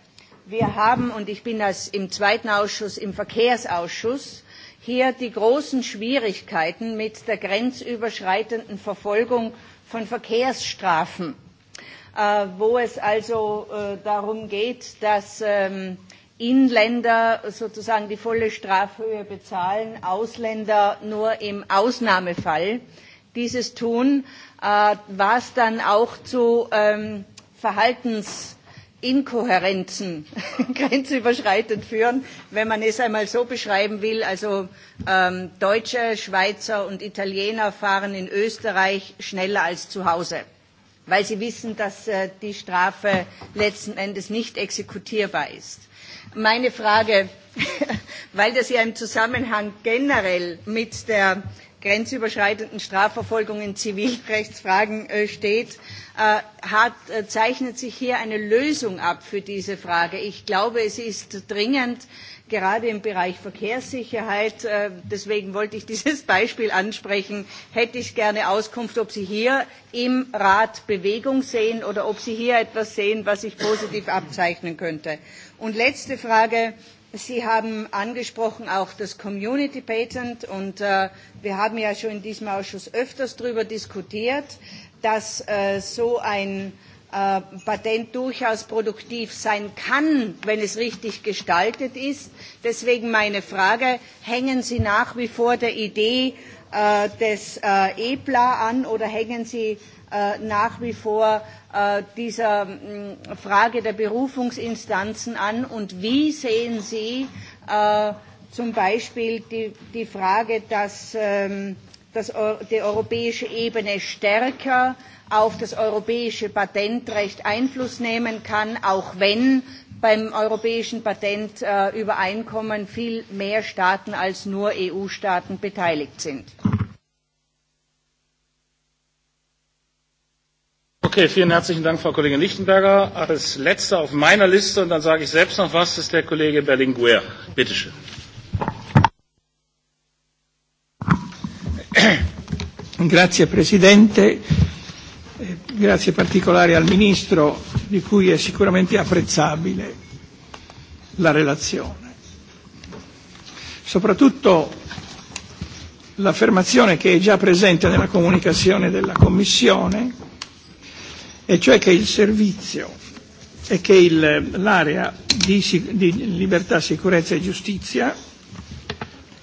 Wir haben, und ich bin das im zweiten Ausschuss, im Verkehrsausschuss, hier die großen Schwierigkeiten mit der grenzüberschreitenden Verfolgung von Verkehrsstrafen, wo es also darum geht, dass Inländer sozusagen die volle Strafhöhe bezahlen, Ausländer nur im Ausnahmefall. Äh, dieses tun, was dann auch zu Verhaltensinkohärenzen grenzüberschreitend führen, wenn man es einmal so beschreiben will. Also Deutsche, Schweizer und Italiener fahren in Österreich schneller als zu Hause weil sie wissen, dass die Strafe letzten Endes nicht exekutierbar ist. Meine Frage, weil das ja im Zusammenhang generell mit der grenzüberschreitenden Strafverfolgung in Zivilrechtsfragen steht, zeichnet sich hier eine Lösung ab für diese Frage. Ich glaube, es ist dringend, gerade im Bereich Verkehrssicherheit, deswegen wollte ich dieses Beispiel ansprechen, hätte ich gerne Auskunft, ob Sie hier im Rat Bewegung sehen oder ob Sie hier etwas sehen, was sich positiv abzeichnen könnte. Und letzte Frage Sie haben angesprochen auch das Community Patent und wir haben ja schon in diesem Ausschuss öfters darüber diskutiert, dass so ein Patent durchaus produktiv sein kann, wenn es richtig gestaltet ist. Deswegen meine Frage, hängen Sie nach wie vor der Idee des EPLA an oder hängen Sie nach wie vor dieser Frage der Berufungsinstanzen an und wie sehen Sie zum Beispiel die, die Frage, dass dass die europäische Ebene stärker auf das europäische Patentrecht Einfluss nehmen kann, auch wenn beim europäischen Patentübereinkommen viel mehr Staaten als nur EU-Staaten beteiligt sind. Okay, vielen herzlichen Dank, Frau Kollegin Lichtenberger. Als letzter auf meiner Liste, und dann sage ich selbst noch was, ist der Kollege Berlinguer. Bitte schön. Grazie Presidente, grazie particolare al Ministro di cui è sicuramente apprezzabile la relazione. Soprattutto l'affermazione che è già presente nella comunicazione della Commissione e cioè che il servizio e che l'area di, di libertà, sicurezza e giustizia,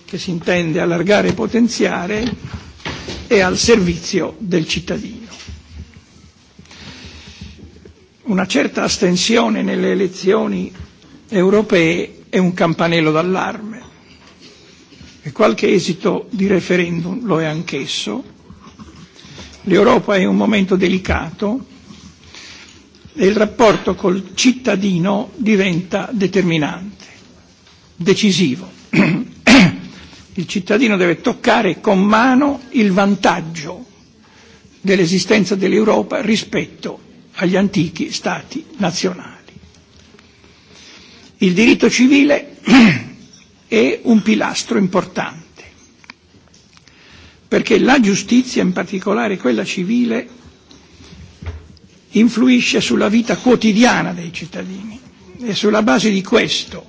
che si intende allargare e potenziare, è al servizio del cittadino. Una certa astensione nelle elezioni europee è un campanello d'allarme e qualche esito di referendum lo è anch'esso. L'Europa è un momento delicato e il rapporto col cittadino diventa determinante, decisivo. Il cittadino deve toccare con mano il vantaggio dell'esistenza dell'Europa rispetto agli antichi stati nazionali. Il diritto civile è un pilastro importante, perché la giustizia, in particolare quella civile, influisce sulla vita quotidiana dei cittadini e sulla base di questo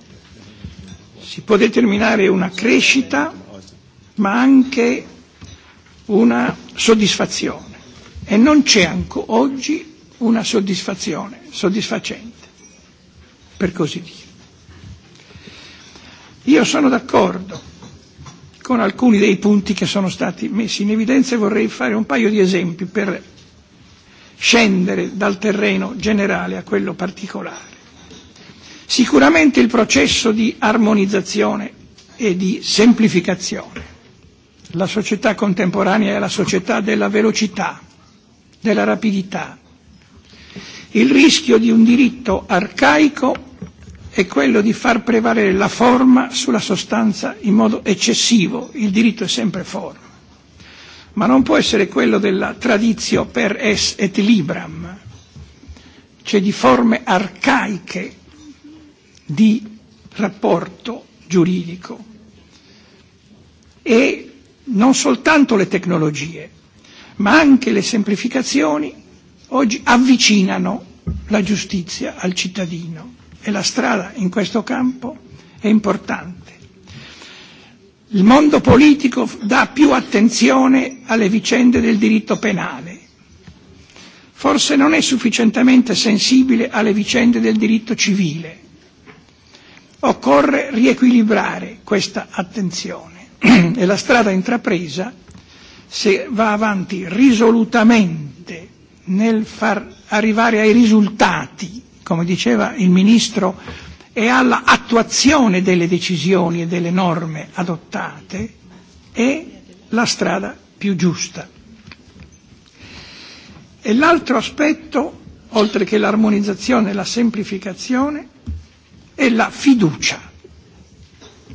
si può determinare una crescita ma anche una soddisfazione e non c'è anche oggi una soddisfazione soddisfacente, per così dire. Io sono d'accordo con alcuni dei punti che sono stati messi in evidenza e vorrei fare un paio di esempi per scendere dal terreno generale a quello particolare. Sicuramente il processo di armonizzazione e di semplificazione. La società contemporanea è la società della velocità, della rapidità. Il rischio di un diritto arcaico è quello di far prevalere la forma sulla sostanza in modo eccessivo. Il diritto è sempre forma ma non può essere quello della tradizio per es et libram, cioè di forme arcaiche di rapporto giuridico. E non soltanto le tecnologie, ma anche le semplificazioni oggi avvicinano la giustizia al cittadino e la strada in questo campo è importante. Il mondo politico dà più attenzione alle vicende del diritto penale. Forse non è sufficientemente sensibile alle vicende del diritto civile. Occorre riequilibrare questa attenzione e la strada intrapresa, se va avanti risolutamente nel far arrivare ai risultati, come diceva il Ministro e all'attuazione delle decisioni e delle norme adottate è la strada più giusta. E l'altro aspetto, oltre che l'armonizzazione e la semplificazione, è la fiducia.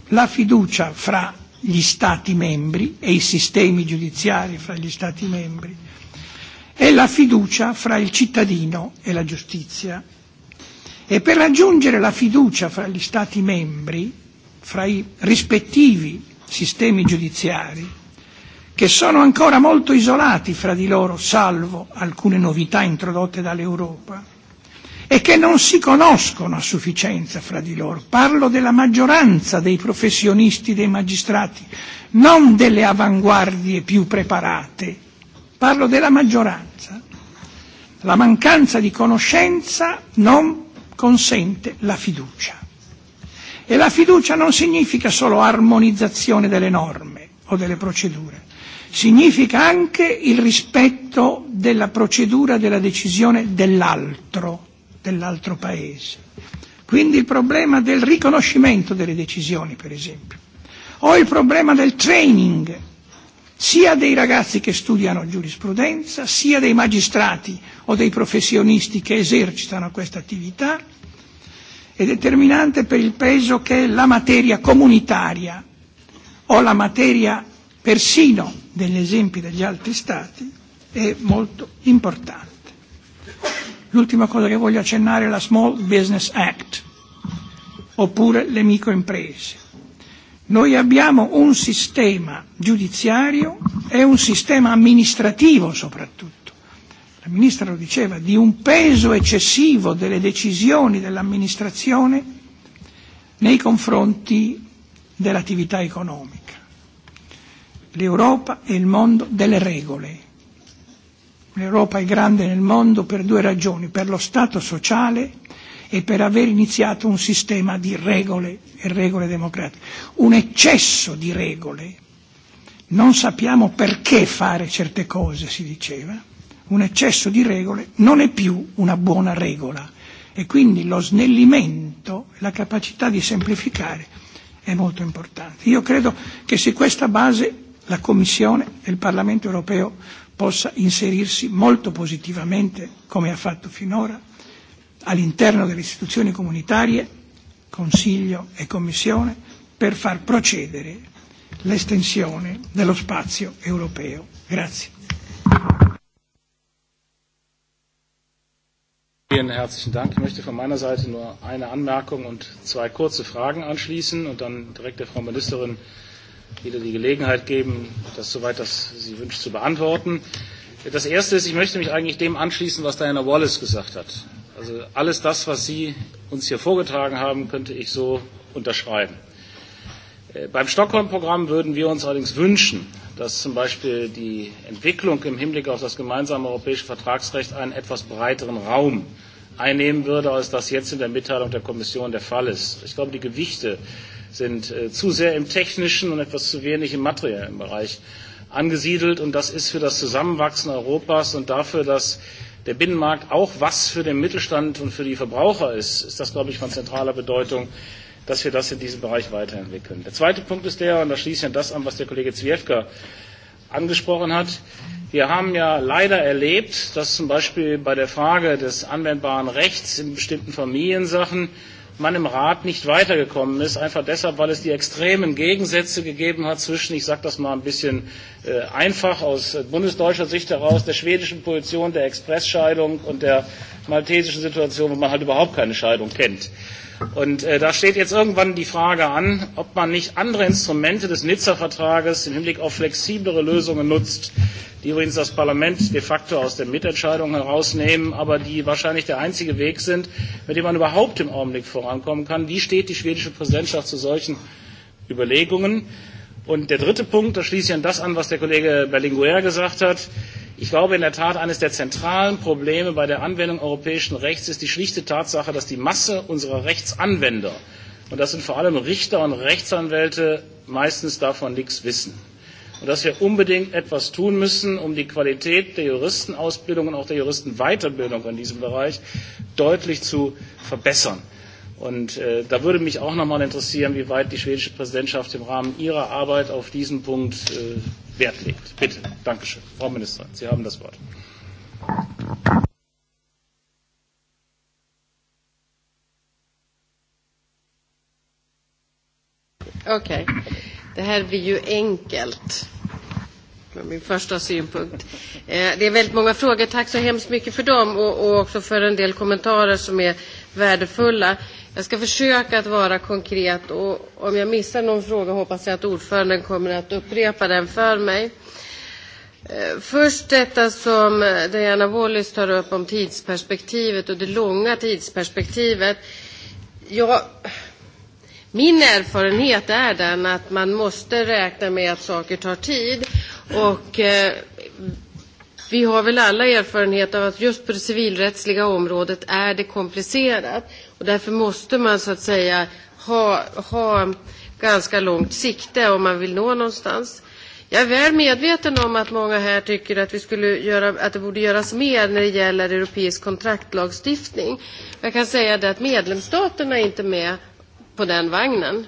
La fiducia fra gli Stati membri e i sistemi giudiziari fra gli Stati membri e la fiducia fra il cittadino e la giustizia E per raggiungere la fiducia fra gli Stati membri, fra i rispettivi sistemi giudiziari, che sono ancora molto isolati fra di loro, salvo alcune novità introdotte dall'Europa, e che non si conoscono a sufficienza fra di loro. Parlo della maggioranza dei professionisti, dei magistrati, non delle avanguardie più preparate, parlo della maggioranza. La mancanza di conoscenza non consente la fiducia. E la fiducia non significa solo armonizzazione delle norme o delle procedure, significa anche il rispetto della procedura della decisione dell'altro, dell'altro paese. Quindi il problema del riconoscimento delle decisioni, per esempio, o il problema del training sia dei ragazzi che studiano giurisprudenza, sia dei magistrati o dei professionisti che esercitano questa attività, è determinante per il peso che la materia comunitaria o la materia persino degli esempi degli altri Stati è molto importante. L'ultima cosa che voglio accennare è la Small Business Act, oppure le microimprese Noi abbiamo un sistema giudiziario e un sistema amministrativo soprattutto. La Ministra lo diceva, di un peso eccessivo delle decisioni dell'amministrazione nei confronti dell'attività economica. L'Europa è il mondo delle regole. L'Europa è grande nel mondo per due ragioni, per lo Stato sociale e per aver iniziato un sistema di regole e regole democratiche. Un eccesso di regole. Non sappiamo perché fare certe cose, si diceva. Un eccesso di regole non è più una buona regola e quindi lo snellimento, la capacità di semplificare è molto importante. Io credo che su questa base la Commissione e il Parlamento europeo possa inserirsi molto positivamente, come ha fatto finora, all'interno delle istituzioni comunitarie, Consiglio e Commissione, per far procedere l'estensione dello spazio europeo. Grazie. Vielen herzlichen Dank. Ich möchte von meiner Seite nur eine Anmerkung und zwei kurze Fragen anschließen und dann direkt der Frau Ministerin wieder die Gelegenheit geben, das soweit das sie wünscht zu beantworten. Das erste ist, ich möchte mich eigentlich dem anschließen, was Diana Wallace gesagt hat. Also alles das, was Sie uns hier vorgetragen haben, könnte ich so unterschreiben. Beim Stockholm-Programm würden wir uns allerdings wünschen, dass zum Beispiel die Entwicklung im Hinblick auf das gemeinsame europäische Vertragsrecht einen etwas breiteren Raum einnehmen würde, als das jetzt in der Mitteilung der Kommission der Fall ist. Ich glaube, die Gewichte sind zu sehr im technischen und etwas zu wenig im materiellen Bereich angesiedelt. Und das ist für das Zusammenwachsen Europas und dafür, dass der Binnenmarkt auch was für den Mittelstand und für die Verbraucher ist, ist das, glaube ich, von zentraler Bedeutung, dass wir das in diesem Bereich weiterentwickeln. Der zweite Punkt ist der, und da schließt ja das an, was der Kollege Zwiefka angesprochen hat. Wir haben ja leider erlebt, dass zum Beispiel bei der Frage des anwendbaren Rechts in bestimmten Familiensachen man im Rat nicht weitergekommen ist, einfach deshalb, weil es die extremen Gegensätze gegeben hat zwischen, ich sage das mal ein bisschen äh, einfach aus bundesdeutscher Sicht heraus, der schwedischen Position, der Expressscheidung und der maltesischen Situation, wo man halt überhaupt keine Scheidung kennt. Äh, Und äh, da steht jetzt irgendwann die Frage an, ob man nicht andere Instrumente des Nizza-Vertrages im Hinblick auf flexiblere Lösungen nutzt, die übrigens das Parlament de facto aus der Mitentscheidung herausnehmen, aber die wahrscheinlich der einzige Weg sind, mit dem man überhaupt im Augenblick vorankommen kann. Wie steht die schwedische Präsidentschaft zu solchen Überlegungen? Und der dritte Punkt, da schließe ich an das an, was der Kollege Berlinguer gesagt hat. Ich glaube in der Tat, eines der zentralen Probleme bei der Anwendung europäischen Rechts ist die schlichte Tatsache, dass die Masse unserer Rechtsanwender, und das sind vor allem Richter und Rechtsanwälte, meistens davon nichts wissen. Und dass wir unbedingt etwas tun müssen, um die Qualität der Juristenausbildung und auch der Juristenweiterbildung in diesem Bereich deutlich zu verbessern. Und da würde mich auch noch mal interessieren, wie weit die schwedische Präsidentschaft im Rahmen ihrer Arbeit auf diesen Punkt Wert legt. Bitte. Dankeschön. Frau Ministerin, Sie haben das Wort. Okej. Det här blir ju enkelt. Min första synpunkt. Det är väldigt många frågor. Tack så hemskt mycket för dem och också för en del kommentarer som är värdefulla. Jag ska försöka att vara konkret och om jag missar någon fråga hoppas jag att ordföranden kommer att upprepa den för mig. Först detta som Diana Wallis tar upp om tidsperspektivet och det långa tidsperspektivet. Ja, min erfarenhet är den att man måste räkna med att saker tar tid vi har väl alla erfarenhet av att just på det civilrättsliga området är det komplicerat. Och därför måste man så att säga ha, ha ganska långt sikte om man vill nå någonstans. Jag är väl medveten om att många här tycker att, vi skulle göra, att det borde göras mer när det gäller europeisk kontraktlagstiftning. Jag kan säga det att medlemsstaterna är inte med på den vagnen.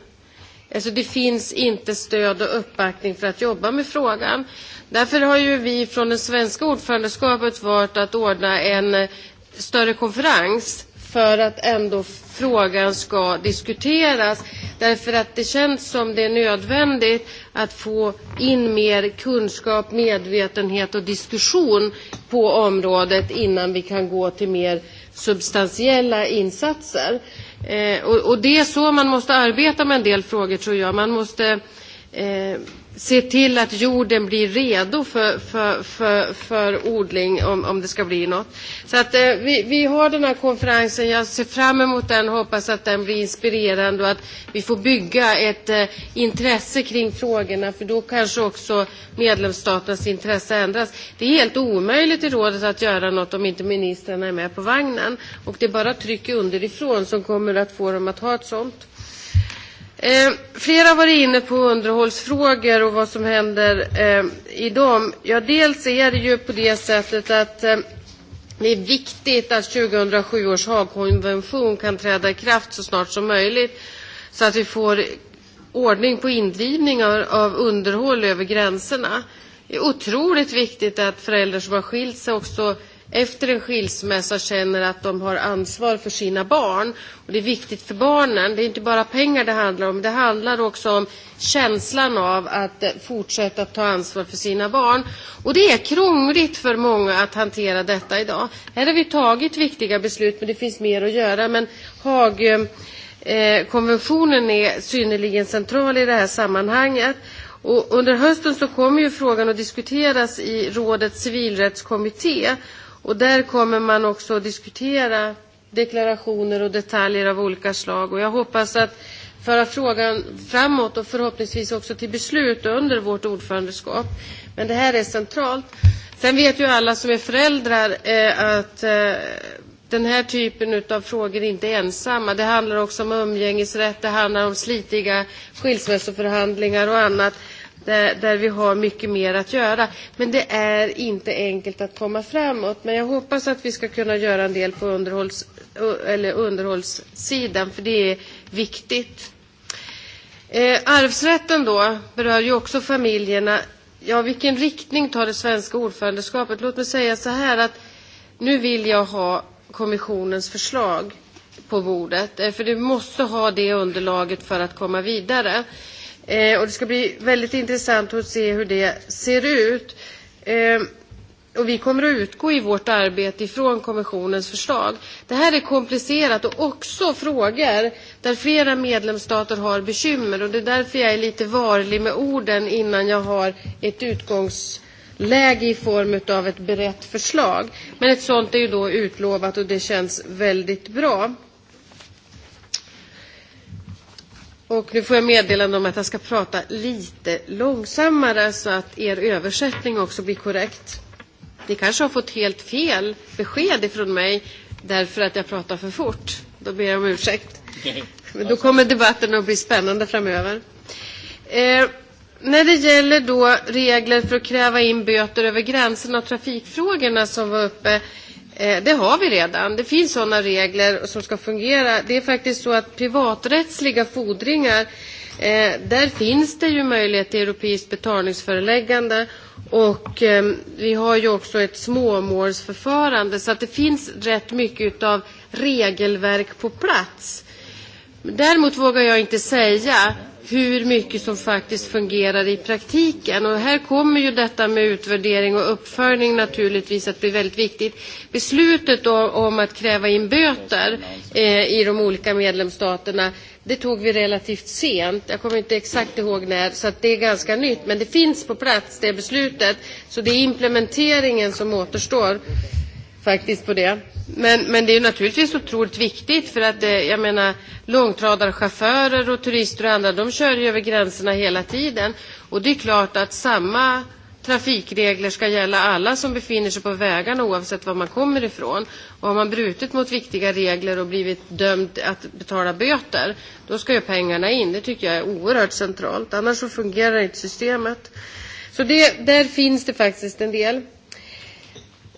Alltså det finns inte stöd och uppbackning för att jobba med frågan. Därför har ju vi från det svenska ordförandeskapet valt att ordna en större konferens för att ändå frågan ska diskuteras. Därför att det känns som det är nödvändigt att få in mer kunskap, medvetenhet och diskussion på området innan vi kan gå till mer substantiella insatser och, det är så man måste arbeta med en del frågor tror jag. Man måste se till att jorden blir redo för, för, för, för odling om, om det ska bli något. Så att, eh, vi, vi har den här konferensen, jag ser fram emot den och hoppas att den blir inspirerande och att vi får bygga ett eh, intresse kring frågorna för då kanske också medlemsstaternas intresse ändras. Det är helt omöjligt i rådet att göra något om inte ministrarna är med på vagnen och det är bara tryck underifrån som kommer att få dem att ha ett sånt. Flera har varit inne på underhållsfrågor och vad som händer i dem. Ja, dels är det ju på det sättet att det är viktigt att 2007 års Haagkonvention kan träda i kraft så snart som möjligt så att vi får ordning på indrivning av underhåll över gränserna. Det är otroligt viktigt att föräldrar som har skilt sig också efter en skilsmässa känner att de har ansvar för sina barn. Och det är viktigt för barnen. Det är inte bara pengar det handlar om. Det handlar också om känslan av att fortsätta ta ansvar för sina barn. Och det är krångligt för många att hantera detta idag. Här har vi tagit viktiga beslut, men det finns mer att göra. Men Haagkonventionen är synnerligen central i det här sammanhanget. Och under hösten så kommer ju frågan att diskuteras i rådets civilrättskommitté. Och där kommer man också att diskutera deklarationer och detaljer av olika slag. Och jag hoppas att föra frågan framåt och förhoppningsvis också till beslut under vårt ordförandeskap. Men det här är centralt. Sen vet ju alla som är föräldrar att den här typen av frågor inte är ensamma. Det handlar också om umgängesrätt, det handlar om slitiga skilsmässoförhandlingar och annat där, där vi har mycket mer att göra. Men det är inte enkelt att komma framåt. Men jag hoppas att vi ska kunna göra en del på underhålls, eller underhållssidan, för det är viktigt. Eh, arvsrätten då berör ju också familjerna. Ja, vilken riktning tar det svenska ordförandeskapet? Låt mig säga så här att nu vill jag ha kommissionens förslag på bordet, för du måste ha det underlaget för att komma vidare. Eh, och det ska bli väldigt intressant att se hur det ser ut. och vi kommer att utgå i vårt arbete ifrån kommissionens förslag. Det här är komplicerat och också frågor där flera medlemsstater har bekymmer. Och det är därför jag är lite varlig med orden innan jag har ett utgångsläge i form av ett berett förslag. Men ett sådant är ju då utlovat och det känns väldigt bra. Och nu får jag meddelande om att jag ska prata lite långsammare så att er översättning också blir korrekt. Ni kanske har fått helt fel besked ifrån mig därför att jag pratar för fort. Då ber jag om ursäkt. Men då kommer debatten att bli spännande framöver. Eh, när det gäller då regler för att kräva in böter över gränserna och trafikfrågorna som var uppe Det har vi redan. Det finns sådana regler som ska fungera. Det är faktiskt så att privaträttsliga fordringar, där finns det ju möjlighet till europeiskt betalningsföreläggande. Och vi har ju också ett småmålsförfarande, så att det finns rätt mycket av regelverk på plats. Däremot vågar jag inte säga hur mycket som faktiskt fungerar i praktiken. Och här kommer ju detta med utvärdering och uppföljning naturligtvis att bli väldigt viktigt. Beslutet om att kräva in böter i de olika medlemsstaterna det tog vi relativt sent. Jag kommer inte exakt ihåg när, så det är ganska nytt. Men det finns på plats, det beslutet. Så det är implementeringen som återstår faktiskt på det. Men, men det är naturligtvis otroligt viktigt för att det, jag menar långtradarchaufförer och turister och andra de kör ju över gränserna hela tiden. Och det är klart att samma trafikregler ska gälla alla som befinner sig på vägarna oavsett var man kommer ifrån. Och har man brutit mot viktiga regler och blivit dömd att betala böter, då ska ju pengarna in. Det tycker jag är oerhört centralt. Annars så fungerar inte systemet. Så det, där finns det faktiskt en del.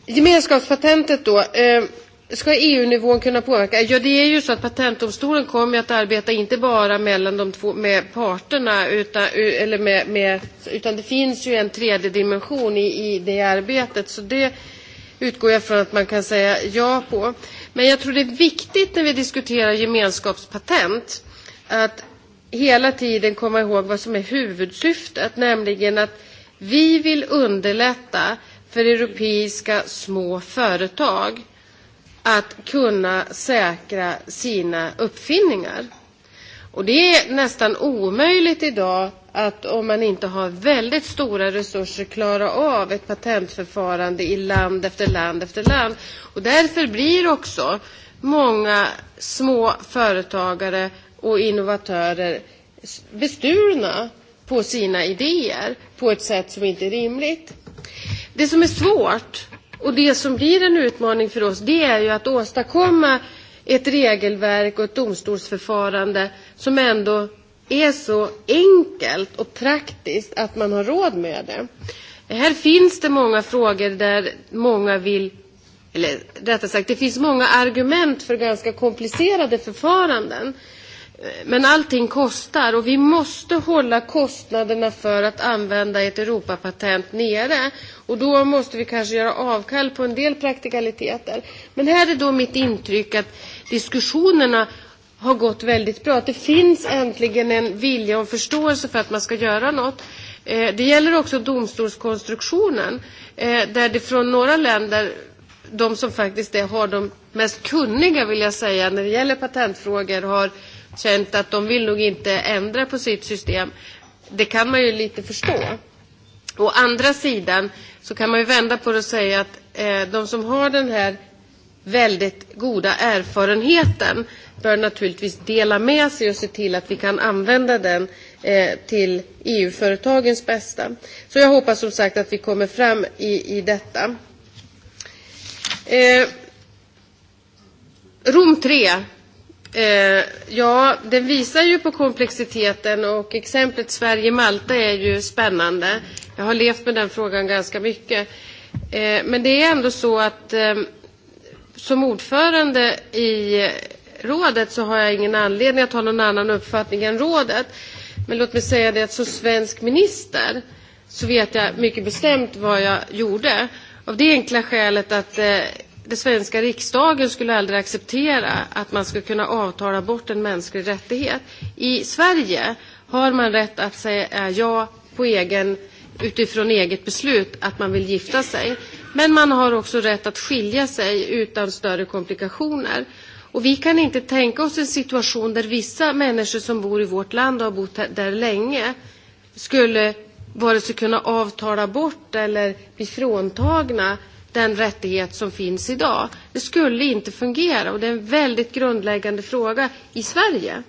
Gemenskapspatentet då. Eh, ska EU-nivån kunna påverka? Ja, det är ju så att patentdomstolen kommer att arbeta inte bara mellan de två, med parterna, utan, eller med, med, utan det finns ju en tredje dimension i, i det arbetet. Så det utgår jag från att man kan säga ja på. Men jag tror det är viktigt när vi diskuterar gemenskapspatent att hela tiden komma ihåg vad som är huvudsyftet, nämligen att vi vill underlätta för europeiska små företag att kunna säkra sina uppfinningar. Och det är nästan omöjligt idag att om man inte har väldigt stora resurser klara av ett patentförfarande i land efter land efter land. Och därför blir också många små företagare och innovatörer bestulna på sina idéer på ett sätt som inte är rimligt. Det som är svårt och det som blir en utmaning för oss det är ju att åstadkomma ett regelverk och ett domstolsförfarande som ändå är så enkelt och praktiskt att man har råd med det. Här finns det många frågor där många vill, eller rättare sagt, det finns många argument för ganska komplicerade förfaranden. Men allting kostar och vi måste hålla kostnaderna för att använda ett Europapatent nere. Och då måste vi kanske göra avkall på en del praktikaliteter. Men här är då mitt intryck att diskussionerna har gått väldigt bra. Att det finns äntligen en vilja och förståelse för att man ska göra något. Det gäller också domstolskonstruktionen där det från några länder, de som faktiskt har de mest kunniga vill jag säga när det gäller patentfrågor har känt att de vill nog inte ändra på sitt system. Det kan man ju lite förstå. Å andra sidan så kan man ju vända på det och säga att eh, de som har den här väldigt goda erfarenheten bör naturligtvis dela med sig och se till att vi kan använda den eh, till EU-företagens bästa. Så jag hoppas som sagt att vi kommer fram i, i detta. Eh, Rom 3 Ja, den visar ju på komplexiteten och exemplet Sverige-Malta är ju spännande. Jag har levt med den frågan ganska mycket. Men det är ändå så att som ordförande i rådet så har jag ingen anledning att ha någon annan uppfattning än rådet. Men låt mig säga det att som svensk minister så vet jag mycket bestämt vad jag gjorde. Av det enkla skälet att det svenska riksdagen skulle aldrig acceptera att man skulle kunna avtala bort en mänsklig rättighet. I Sverige har man rätt att säga ja på egen, utifrån eget beslut att man vill gifta sig. Men man har också rätt att skilja sig utan större komplikationer. Och vi kan inte tänka oss en situation där vissa människor som bor i vårt land och har bott där länge skulle vare sig kunna avtala bort eller bli fråntagna den rättighet som finns idag. Det skulle inte fungera och det är en väldigt grundläggande fråga i Sverige.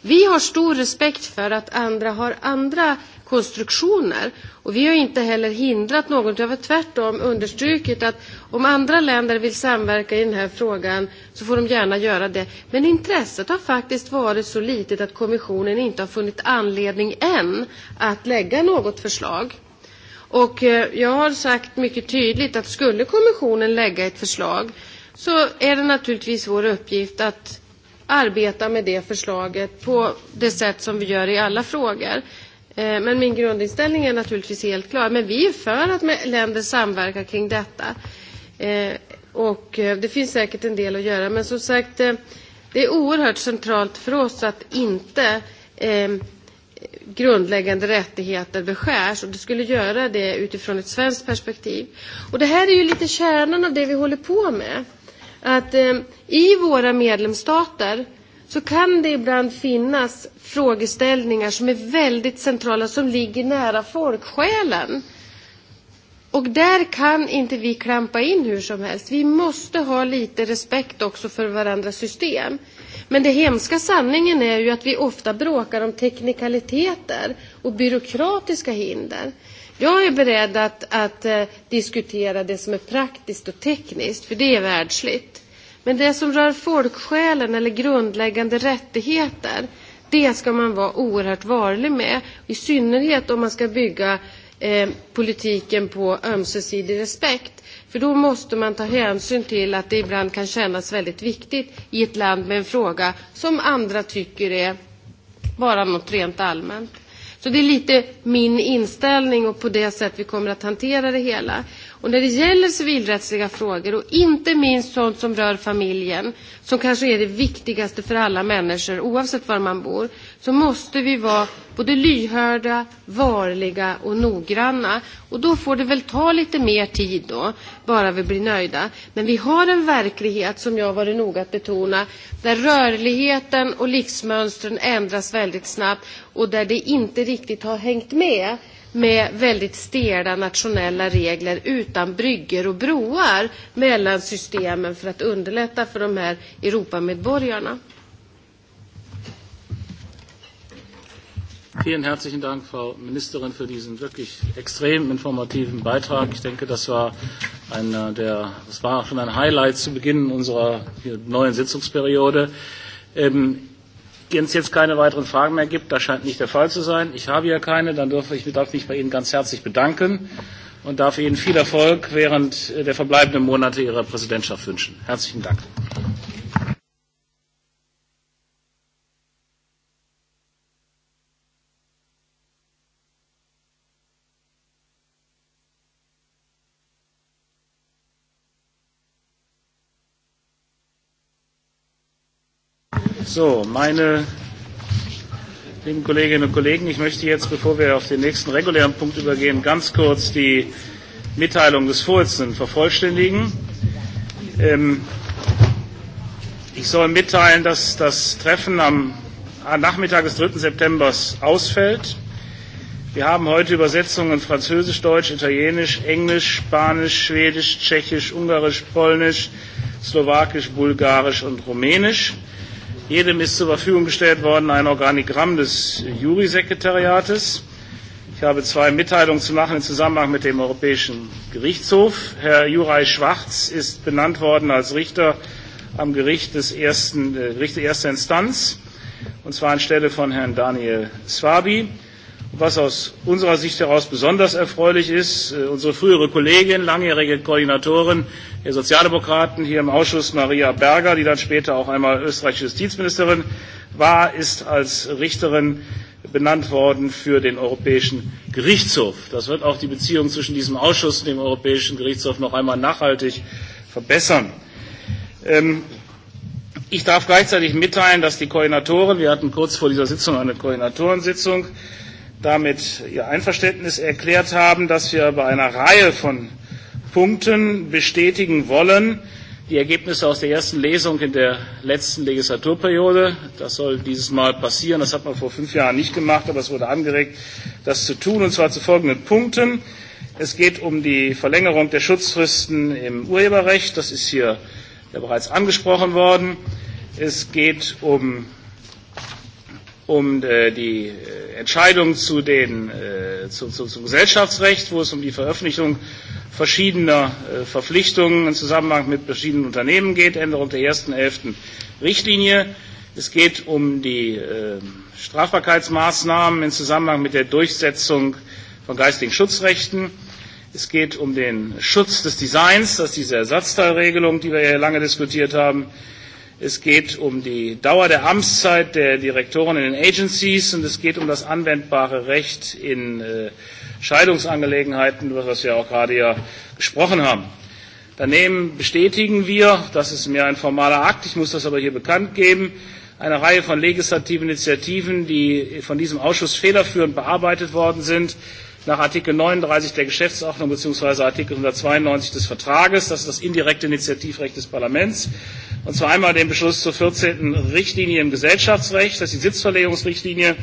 Vi har stor respekt för att andra har andra konstruktioner och vi har inte heller hindrat någon. Jag har tvärtom understrukit att om andra länder vill samverka i den här frågan så får de gärna göra det. Men intresset har faktiskt varit så litet att kommissionen inte har funnit anledning än att lägga något förslag. Och jag har sagt mycket tydligt att skulle kommissionen lägga ett förslag så är det naturligtvis vår uppgift att arbeta med det förslaget på det sätt som vi gör i alla frågor. Men min grundinställning är naturligtvis helt klar. Men vi är för att länder samverkar kring detta. Och det finns säkert en del att göra. Men som sagt, det är oerhört centralt för oss att inte grundläggande rättigheter beskärs och det skulle göra det utifrån ett svenskt perspektiv. Och det här är ju lite kärnan av det vi håller på med. Att eh, i våra medlemsstater så kan det ibland finnas frågeställningar som är väldigt centrala, som ligger nära folksjälen. Och där kan inte vi klampa in hur som helst. Vi måste ha lite respekt också för varandras system. Men det hemska sanningen är ju att vi ofta bråkar om teknikaliteter och byråkratiska hinder. Jag är beredd att, att diskutera det som är praktiskt och tekniskt, för det är världsligt. Men det som rör folksjälen eller grundläggande rättigheter, det ska man vara oerhört varlig med, i synnerhet om man ska bygga politiken på ömsesidig respekt. För då måste man ta hänsyn till att det ibland kan kännas väldigt viktigt i ett land med en fråga som andra tycker är bara något rent allmänt. Så det är lite min inställning och på det sätt vi kommer att hantera det hela. Och när det gäller civilrättsliga frågor och inte minst sånt som rör familjen, som kanske är det viktigaste för alla människor oavsett var man bor, så måste vi vara både lyhörda, varliga och noggranna. Och då får det väl ta lite mer tid då, bara vi blir nöjda. Men vi har en verklighet, som jag varit noga att betona, där rörligheten och livsmönstren ändras väldigt snabbt och där det inte riktigt har hängt med med väldigt stela nationella regler utan bryggor och broar mellan systemen för att underlätta för de här Europamedborgarna. Vielen herzlichen Dank, Frau Ministerin, für diesen wirklich extrem informativen Beitrag. Ich denke, das war, der, das war schon ein Highlight zu Beginn unserer neuen Sitzungsperiode. wenn es jetzt keine weiteren Fragen mehr gibt, das scheint nicht der Fall zu sein. Ich habe ja keine, dann darf ich mich bei Ihnen ganz herzlich bedanken und darf Ihnen viel Erfolg während der verbleibenden Monate Ihrer Präsidentschaft wünschen. Herzlichen Dank. So, meine lieben Kolleginnen und Kollegen, ich möchte jetzt, bevor wir auf den nächsten regulären Punkt übergehen, ganz kurz die Mitteilung des Vorsitzenden vervollständigen. ich soll mitteilen, dass das Treffen am Nachmittag des 3. September ausfällt. Wir haben heute Übersetzungen in Französisch, Deutsch, Italienisch, Englisch, Spanisch, Schwedisch, Tschechisch, Ungarisch, Polnisch, Slowakisch, Bulgarisch und Rumänisch. Jedem ist zur Verfügung gestellt worden ein Organigramm des jury Ich habe zwei Mitteilungen zu machen im Zusammenhang mit dem Europäischen Gerichtshof. Herr Juraj Schwarz ist benannt worden als Richter am Gericht des ersten, äh, Gericht der ersten Instanz, und zwar anstelle von Herrn Daniel Swabi was aus unserer Sicht heraus besonders erfreulich ist. Unsere frühere Kollegin, langjährige Koordinatorin der Sozialdemokraten hier im Ausschuss, Maria Berger, die dann später auch einmal österreichische Justizministerin war, ist als Richterin benannt worden für den Europäischen Gerichtshof. Das wird auch die Beziehung zwischen diesem Ausschuss und dem Europäischen Gerichtshof noch einmal nachhaltig verbessern. Ich darf gleichzeitig mitteilen, dass die Koordinatoren, wir hatten kurz vor dieser Sitzung eine Koordinatorensitzung, damit ihr Einverständnis erklärt haben, dass wir bei einer Reihe von Punkten bestätigen wollen, die Ergebnisse aus der ersten Lesung in der letzten Legislaturperiode. Das soll dieses Mal passieren. Das hat man vor fünf Jahren nicht gemacht, aber es wurde angeregt, das zu tun, und zwar zu folgenden Punkten. Es geht um die Verlängerung der Schutzfristen im Urheberrecht. Das ist hier ja bereits angesprochen worden. Es geht um um die Entscheidung zu den, zu, zu, zum Gesellschaftsrecht, wo es um die Veröffentlichung verschiedener Verpflichtungen im Zusammenhang mit verschiedenen Unternehmen geht, Änderung der ersten elften Richtlinie. Es geht um die Strafbarkeitsmaßnahmen im Zusammenhang mit der Durchsetzung von geistigen Schutzrechten. Es geht um den Schutz des Designs, das ist diese Ersatzteilregelung, die wir ja lange diskutiert haben. Es geht um die Dauer der Amtszeit der Direktoren in den Agencies und es geht um das anwendbare Recht in Scheidungsangelegenheiten, über das wir auch gerade ja gesprochen haben. Daneben bestätigen wir, das ist mehr ein formaler Akt, ich muss das aber hier bekannt geben, eine Reihe von legislativen Initiativen, die von diesem Ausschuss federführend bearbeitet worden sind nach Artikel 39 der Geschäftsordnung bzw. Artikel 192 des Vertrages. Das ist das indirekte Initiativrecht des Parlaments. Und zwar einmal den Beschluss zur 14. Richtlinie im Gesellschaftsrecht, das ist die Sitzverlegungsrichtlinie,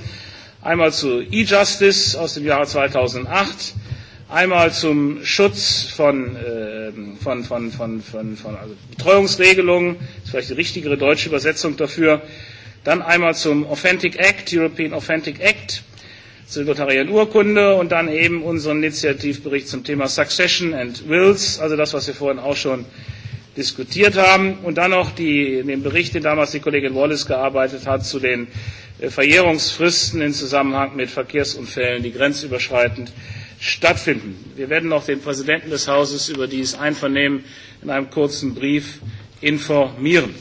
einmal zu E-Justice aus dem Jahre 2008, einmal zum Schutz von, äh, von, von, von, von, von also Betreuungsregelungen, ist vielleicht die richtigere deutsche Übersetzung dafür, dann einmal zum Authentic Act, European Authentic Act, Sekretariat-Urkunde und dann eben unseren Initiativbericht zum Thema Succession and Wills, also das, was wir vorhin auch schon diskutiert haben. Und dann noch die, den Bericht, den damals die Kollegin Wallace gearbeitet hat, zu den Verjährungsfristen im Zusammenhang mit Verkehrsunfällen, die grenzüberschreitend stattfinden. Wir werden noch den Präsidenten des Hauses über dieses Einvernehmen in einem kurzen Brief informieren.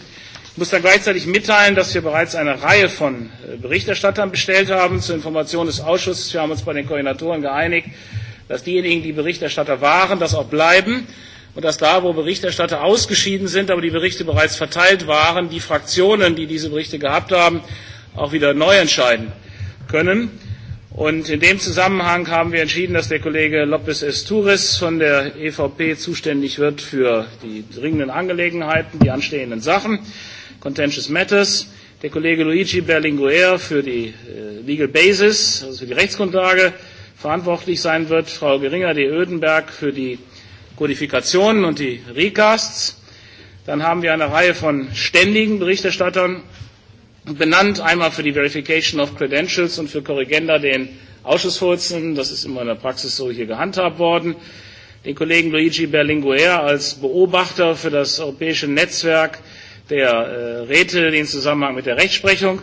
Ich muss dann gleichzeitig mitteilen, dass wir bereits eine Reihe von Berichterstattern bestellt haben zur Information des Ausschusses. Wir haben uns bei den Koordinatoren geeinigt, dass diejenigen, die Berichterstatter waren, das auch bleiben und dass da, wo Berichterstatter ausgeschieden sind, aber die Berichte bereits verteilt waren, die Fraktionen, die diese Berichte gehabt haben, auch wieder neu entscheiden können. Und in dem Zusammenhang haben wir entschieden, dass der Kollege Lopez Esturis von der EVP zuständig wird für die dringenden Angelegenheiten, die anstehenden Sachen. Contentious Matters, der Kollege Luigi Berlinguer für die Legal Basis, also für die Rechtsgrundlage, verantwortlich sein wird, Frau Geringer de Oedenberg für die Kodifikationen und die Recasts. Dann haben wir eine Reihe von ständigen Berichterstattern benannt, einmal für die Verification of Credentials und für Korrigenda den Ausschussvorsitzenden. Das ist immer in der Praxis so hier gehandhabt worden. Den Kollegen Luigi Berlinguer als Beobachter für das europäische Netzwerk der Räte, die im Zusammenhang mit der Rechtsprechung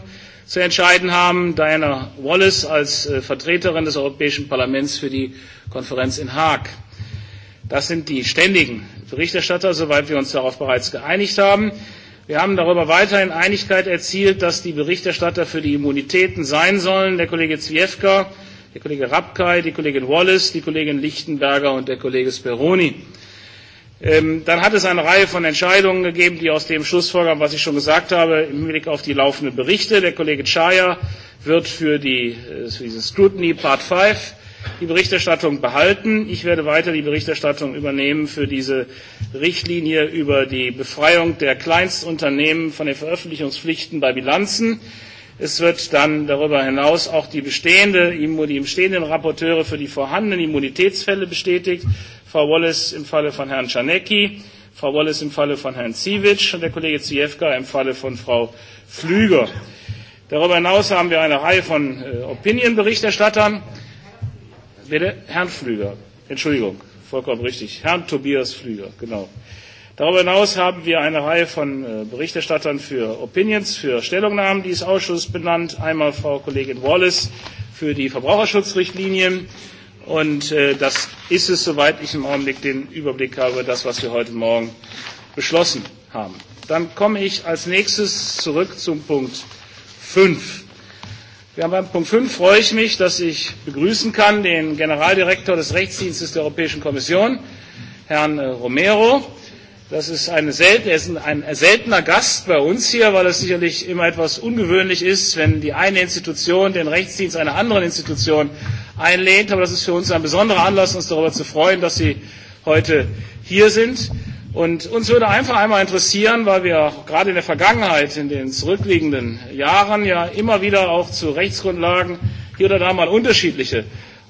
zu entscheiden haben. Diana Wallace als Vertreterin des Europäischen Parlaments für die Konferenz in Haag. Das sind die ständigen Berichterstatter, soweit wir uns darauf bereits geeinigt haben. Wir haben darüber weiterhin Einigkeit erzielt, dass die Berichterstatter für die Immunitäten sein sollen der Kollege Zwiefka, der Kollege Rapkay, die Kollegin Wallace, die Kollegin Lichtenberger und der Kollege Speroni. Dann hat es eine Reihe von Entscheidungen gegeben, die aus dem Schlussfolgern, was ich schon gesagt habe, im Hinblick auf die laufenden Berichte. Der Kollege Chaya wird für, die, für Scrutiny Part 5 die Berichterstattung behalten. Ich werde weiter die Berichterstattung übernehmen für diese Richtlinie über die Befreiung der Kleinstunternehmen von den Veröffentlichungspflichten bei Bilanzen. Es wird dann darüber hinaus auch die, bestehende, die bestehenden Rapporteure für die vorhandenen Immunitätsfälle bestätigt. Frau Wallace im Falle von Herrn Czarnecki, Frau Wallace im Falle von Herrn Ziewicz und der Kollege Ziewka im Falle von Frau Flüger. Darüber hinaus haben wir eine Reihe von äh, Opinion-Berichterstattern. Herrn Flüger. Entschuldigung, vollkommen richtig. Herrn Tobias Flüger, genau. Darüber hinaus haben wir eine Reihe von Berichterstattern für Opinions, für Stellungnahmen dieses Ausschusses benannt. Einmal Frau Kollegin Wallace für die Verbraucherschutzrichtlinien, Und äh, das ist es, soweit ich im Augenblick den Überblick habe über das, was wir heute Morgen beschlossen haben. Dann komme ich als nächstes zurück zum Punkt 5. Wir haben beim Punkt 5 freue ich mich, dass ich begrüßen kann den Generaldirektor des Rechtsdienstes der Europäischen Kommission, Herrn Romero. Das ist ein, er ist ein seltener Gast bei uns hier, weil es sicherlich immer etwas ungewöhnlich ist, wenn die eine Institution den Rechtsdienst einer anderen Institution einlehnt. Aber das ist für uns ein besonderer Anlass, uns darüber zu freuen, dass Sie heute hier sind. Und uns würde einfach einmal interessieren, weil wir gerade in der Vergangenheit, in den zurückliegenden Jahren ja immer wieder auch zu Rechtsgrundlagen hier oder da mal unterschiedliche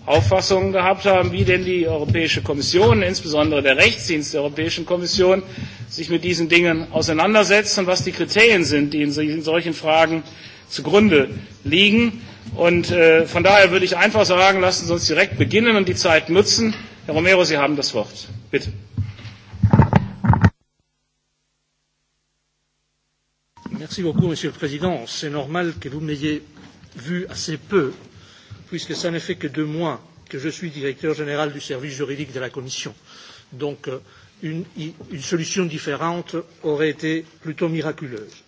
Auffassungen gehabt haben, wie denn die Europäische Kommission, insbesondere der Rechtsdienst der Europäischen Kommission, sich mit diesen Dingen auseinandersetzt und was die Kriterien sind, die in solchen Fragen zugrunde liegen. Und von daher würde ich einfach sagen, lassen Sie uns direkt beginnen und die Zeit nutzen. Herr Romero, Sie haben das Wort. Bitte. Merci beaucoup, Monsieur le Président. C'est normal que vous m'ayez vu assez peu puisque ça ne fait que deux mois que je suis directeur général du service juridique de la Commission. Donc une, solution différente aurait été plutôt miraculeuse.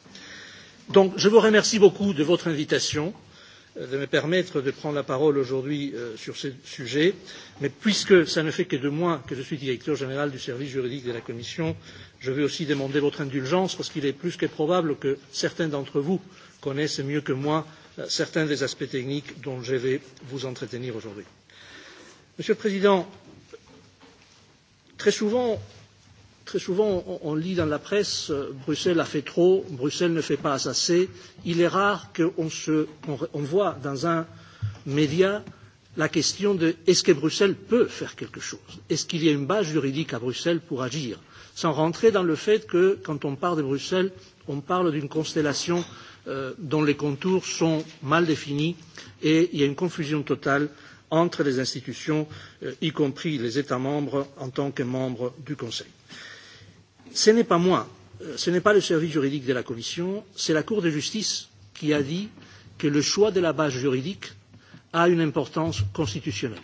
Donc je vous remercie beaucoup de votre invitation, de me permettre de prendre la parole aujourd'hui sur ce sujet, mais puisque ça ne fait que deux mois que je suis directeur général du service juridique de la Commission, je veux aussi demander votre indulgence parce qu'il est plus que probable que certains d'entre vous connaissent mieux que moi certains des aspects techniques dont je vais vous entretenir aujourd'hui. Monsieur le Président, très souvent, très souvent on lit dans la presse Bruxelles a fait trop, Bruxelles ne fait pas assez. Il est rare qu'on voit dans un média la question de est-ce que Bruxelles peut faire quelque chose Est-ce qu'il y a une base juridique à Bruxelles pour agir Sans rentrer dans le fait que quand on parle de Bruxelles, on parle d'une constellation dont les contours sont mal définis et il y a une confusion totale entre les institutions, y compris les États membres en tant que membres du Conseil. Ce n'est pas moi, ce n'est pas le service juridique de la Commission, c'est la Cour de justice qui a dit que le choix de la base juridique a une importance constitutionnelle.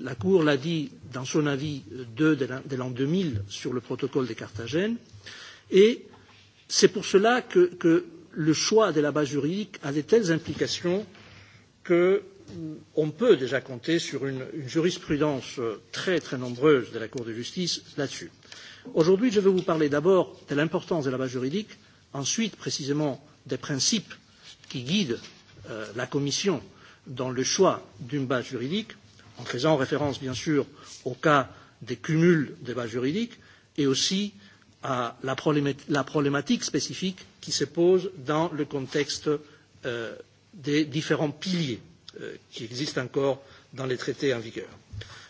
La Cour l'a dit dans son avis de l'an deux mille sur le protocole de Carthagène, et c'est pour cela que, le choix de la base juridique a de telles implications que peut déjà compter sur une, jurisprudence très très nombreuse de la Cour de justice là-dessus. Aujourd'hui, je vais vous parler d'abord de l'importance de la base juridique, ensuite précisément des principes qui guident la Commission dans le choix d'une base juridique, en faisant référence bien sûr au cas des cumuls de bases juridiques et aussi euh, à la problématique spécifique qui se pose dans le contexte des différents piliers qui existent encore dans les traités en vigueur.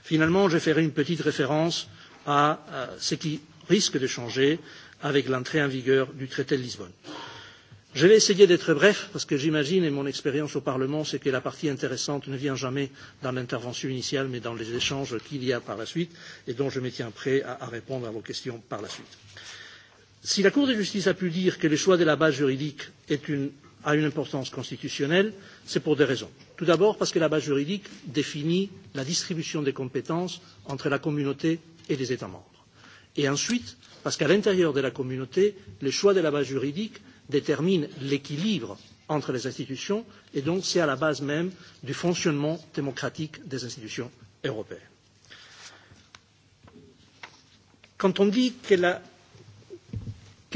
Finalement, je ferai une petite référence à ce qui risque de changer avec l'entrée en vigueur du traité de Lisbonne. Je vais essayer d'être bref parce que j'imagine, et mon expérience au Parlement, c'est que la partie intéressante ne vient jamais dans l'intervention initiale, mais dans les échanges qu'il y a par la suite et dont je me tiens prêt à, répondre à vos questions par la suite. Si la Cour de justice a pu dire que le choix de la base juridique a une importance constitutionnelle, c'est pour deux raisons. Tout d'abord parce que la base juridique définit la distribution des compétences entre la communauté et les États membres. Et ensuite, parce qu'à l'intérieur de la communauté, le choix de la base juridique détermine l'équilibre entre les institutions et donc c'est à la base même du fonctionnement démocratique des institutions européennes. Quand on dit que,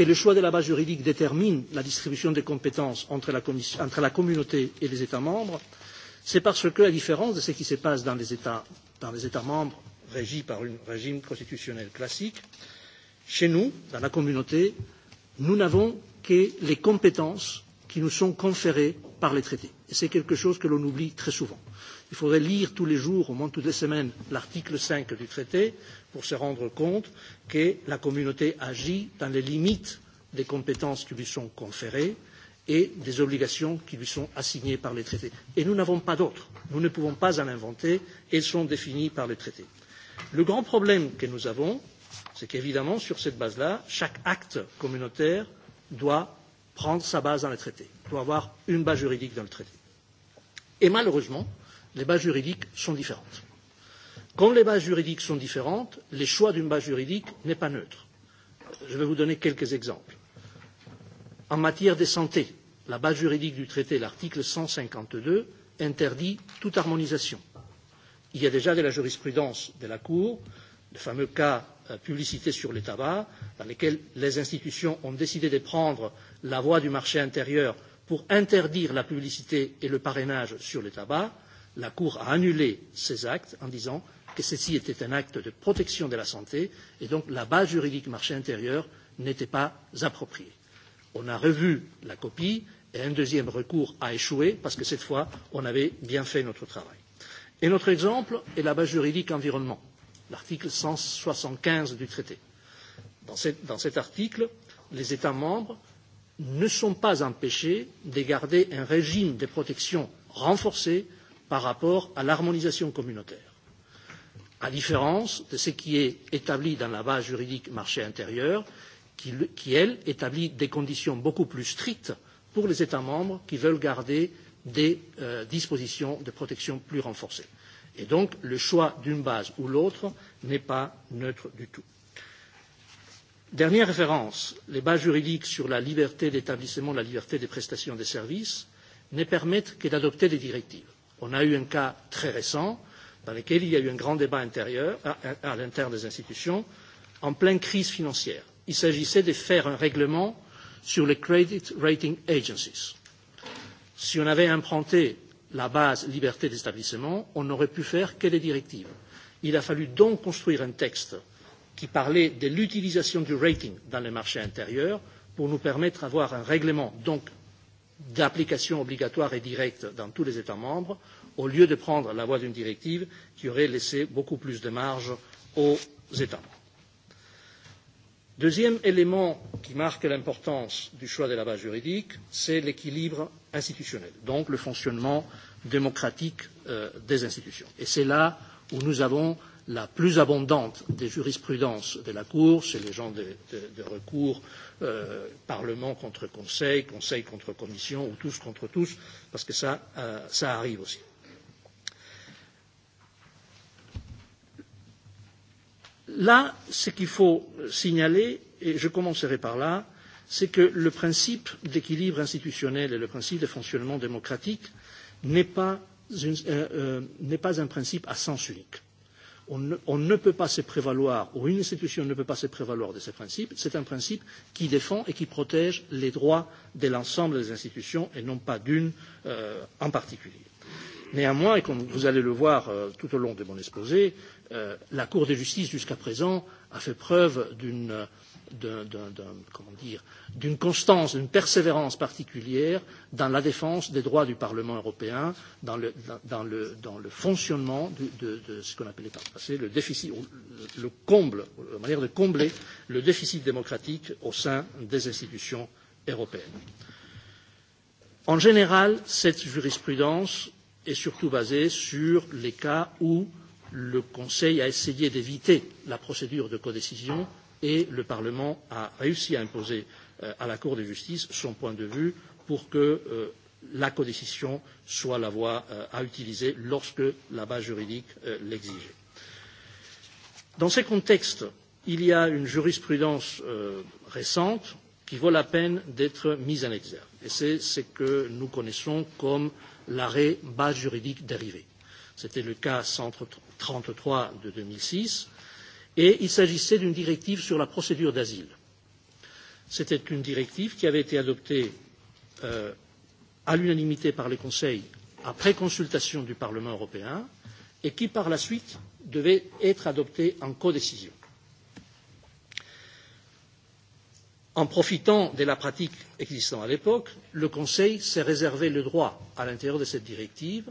le choix de la base juridique détermine la distribution des compétences entre la, communauté et les États membres, c'est parce que, à différence de ce qui se passe dans les États, membres régis par un régime constitutionnel classique, chez nous, dans la communauté, nous n'avons que les compétences qui nous sont conférées par les traités. Et c'est quelque chose que l'on oublie très souvent. Il faudrait lire tous les jours, au moins toutes les semaines, l'article 5 du traité pour se rendre compte que la communauté agit dans les limites des compétences qui lui sont conférées et des obligations qui lui sont assignées par les traités. Et nous n'avons pas d'autres. Nous ne pouvons pas en inventer. Elles sont définies par les traités. Le grand problème que nous avons, c'est qu'évidemment, sur cette base-là, chaque acte communautaire doit prendre sa base dans les traités, doit avoir une base juridique dans le traité. Et malheureusement, les bases juridiques sont différentes. Comme les bases juridiques sont différentes, le choix d'une base juridique n'est pas neutre. Je vais vous donner quelques exemples. En matière de santé, la base juridique du traité, l'article cent cinquante deux, interdit toute harmonisation. Il y a déjà de la jurisprudence de la Cour, le fameux cas publicité sur les tabacs, dans lesquelles les institutions ont décidé de prendre la voie du marché intérieur pour interdire la publicité et le parrainage sur le tabac, la Cour a annulé ces actes en disant que ceci était un acte de protection de la santé et donc la base juridique marché intérieur n'était pas appropriée. On a revu la copie et un deuxième recours a échoué parce que cette fois, on avait bien fait notre travail. Et notre exemple est la base juridique environnement, l'article cent soixante quinze du traité dans, cet article, les États membres ne sont pas empêchés de garder un régime de protection renforcé par rapport à l'harmonisation communautaire, à différence de ce qui est établi dans la base juridique marché intérieur, qui, elle, établit des conditions beaucoup plus strictes pour les États membres qui veulent garder des dispositions de protection plus renforcées. Et donc, le choix d'une base ou l'autre n'est pas neutre du tout. Dernière référence, les bases juridiques sur la liberté d'établissement, la liberté des prestations des services ne permettent que d'adopter des directives. On a eu un cas très récent dans lequel il y a eu un grand débat intérieur, à, l'interne des institutions en pleine crise financière. Il s'agissait de faire un règlement sur les credit rating agencies. Si on avait emprunté la base liberté d'établissement, on n'aurait pu faire que des directives. Il a fallu donc construire un texte qui parlait de l'utilisation du rating dans le marché intérieur pour nous permettre d'avoir un règlement donc d'application obligatoire et directe dans tous les États membres, au lieu de prendre la voie d'une directive qui aurait laissé beaucoup plus de marge aux États membres. Deuxième élément qui marque l'importance du choix de la base juridique, c'est l'équilibre institutionnel, donc le fonctionnement démocratique des institutions. Et c'est là où nous avons la plus abondante des jurisprudences de la Cour, c'est les gens de, recours Parlement contre Conseil, Conseil contre Commission ou tous contre tous, parce que ça, ça arrive aussi. Là, ce qu'il faut signaler, et je commencerai par là, c'est que le principe d'équilibre institutionnel et le principe de fonctionnement démocratique n'est pas, un principe à sens unique on ne, peut pas se prévaloir, ou une institution ne peut pas se prévaloir de ce principe. C'est un principe qui défend et qui protège les droits de l'ensemble des institutions et non pas d'une en particulier. Néanmoins, et comme vous allez le voir tout au long de mon exposé, la Cour de justice jusqu'à présent a fait preuve d'une d'une constance, d'une persévérance particulière dans la défense des droits du Parlement européen, dans le, fonctionnement de, ce qu'on appelait par le passé le déficit, le comble, la manière de combler le déficit démocratique au sein des institutions européennes. En général, cette jurisprudence est surtout basée sur les cas où le Conseil a essayé d'éviter la procédure de codécision et le Parlement a réussi à imposer à la Cour de justice son point de vue pour que la codécision soit la voie à utiliser lorsque la base juridique l'exigeait. Dans ces contextes, il y a une jurisprudence récente qui vaut la peine d'être mise en exergue. Et c'est ce que nous connaissons comme l'arrêt base juridique dérivée. C'était le cas 133 de deux mille six et il s'agissait d'une directive sur la procédure d'asile. C'était une directive qui avait été adoptée à l'unanimité par le Conseil après consultation du Parlement européen et qui, par la suite, devait être adoptée en codécision. En profitant de la pratique existant à l'époque, le Conseil s'est réservé le droit, à l'intérieur de cette directive,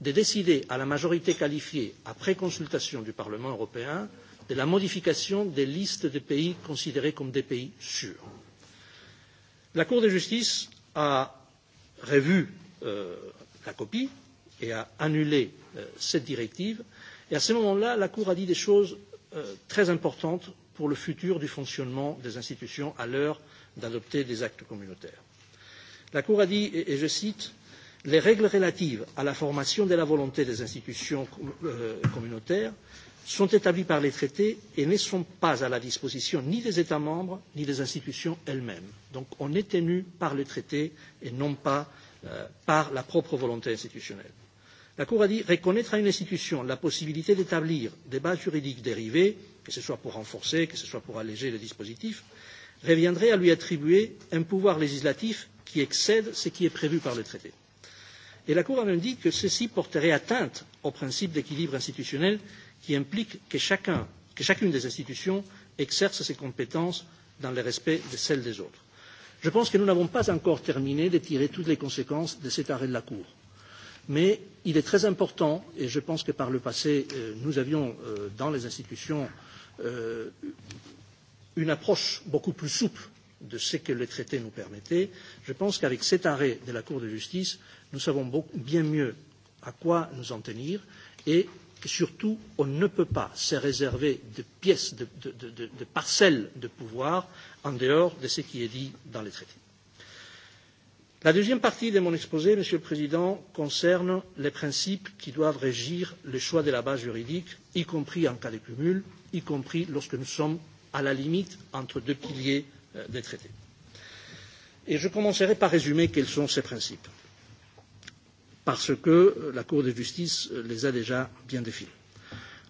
de décider à la majorité qualifiée, après consultation du Parlement européen, de la modification des listes de pays considérés comme des pays sûrs. La Cour de justice a revu la copie et a annulé cette directive. Et à ce moment-là, la Cour a dit des choses très importantes pour le futur du fonctionnement des institutions à l'heure d'adopter des actes communautaires. La Cour a dit, et je cite, les règles relatives à la formation de la volonté des institutions communautaires sont établis par les traités et ne sont pas à la disposition ni des États membres ni des institutions elles-mêmes. Donc on est tenu par le traité et non pas par la propre volonté institutionnelle. La Cour a dit reconnaître à une institution la possibilité d'établir des bases juridiques dérivées, que ce soit pour renforcer, que ce soit pour alléger les dispositifs, reviendrait à lui attribuer un pouvoir législatif qui excède ce qui est prévu par le traité. Et la Cour a même dit que ceci porterait atteinte au principe d'équilibre institutionnel qui implique que, chacune des institutions exerce ses compétences dans le respect de celles des autres. Je pense que nous n'avons pas encore terminé de tirer toutes les conséquences de cet arrêt de la Cour. Mais il est très important, et je pense que par le passé, nous avions dans les institutions une approche beaucoup plus souple de ce que les traités nous permettaient. Je pense qu'avec cet arrêt de la Cour de justice, nous savons bien mieux à quoi nous en tenir et surtout, on ne peut pas se réserver de pièces, de, de, de, de parcelles de pouvoir en dehors de ce qui est dit dans les traités. La deuxième partie de mon exposé, Monsieur le Président, concerne les principes qui doivent régir le choix de la base juridique, y compris en cas de cumul, y compris lorsque nous sommes à la limite entre deux piliers des traités. Et je commencerai par résumer quels sont ces principes parce que la Cour de justice les a déjà bien définis.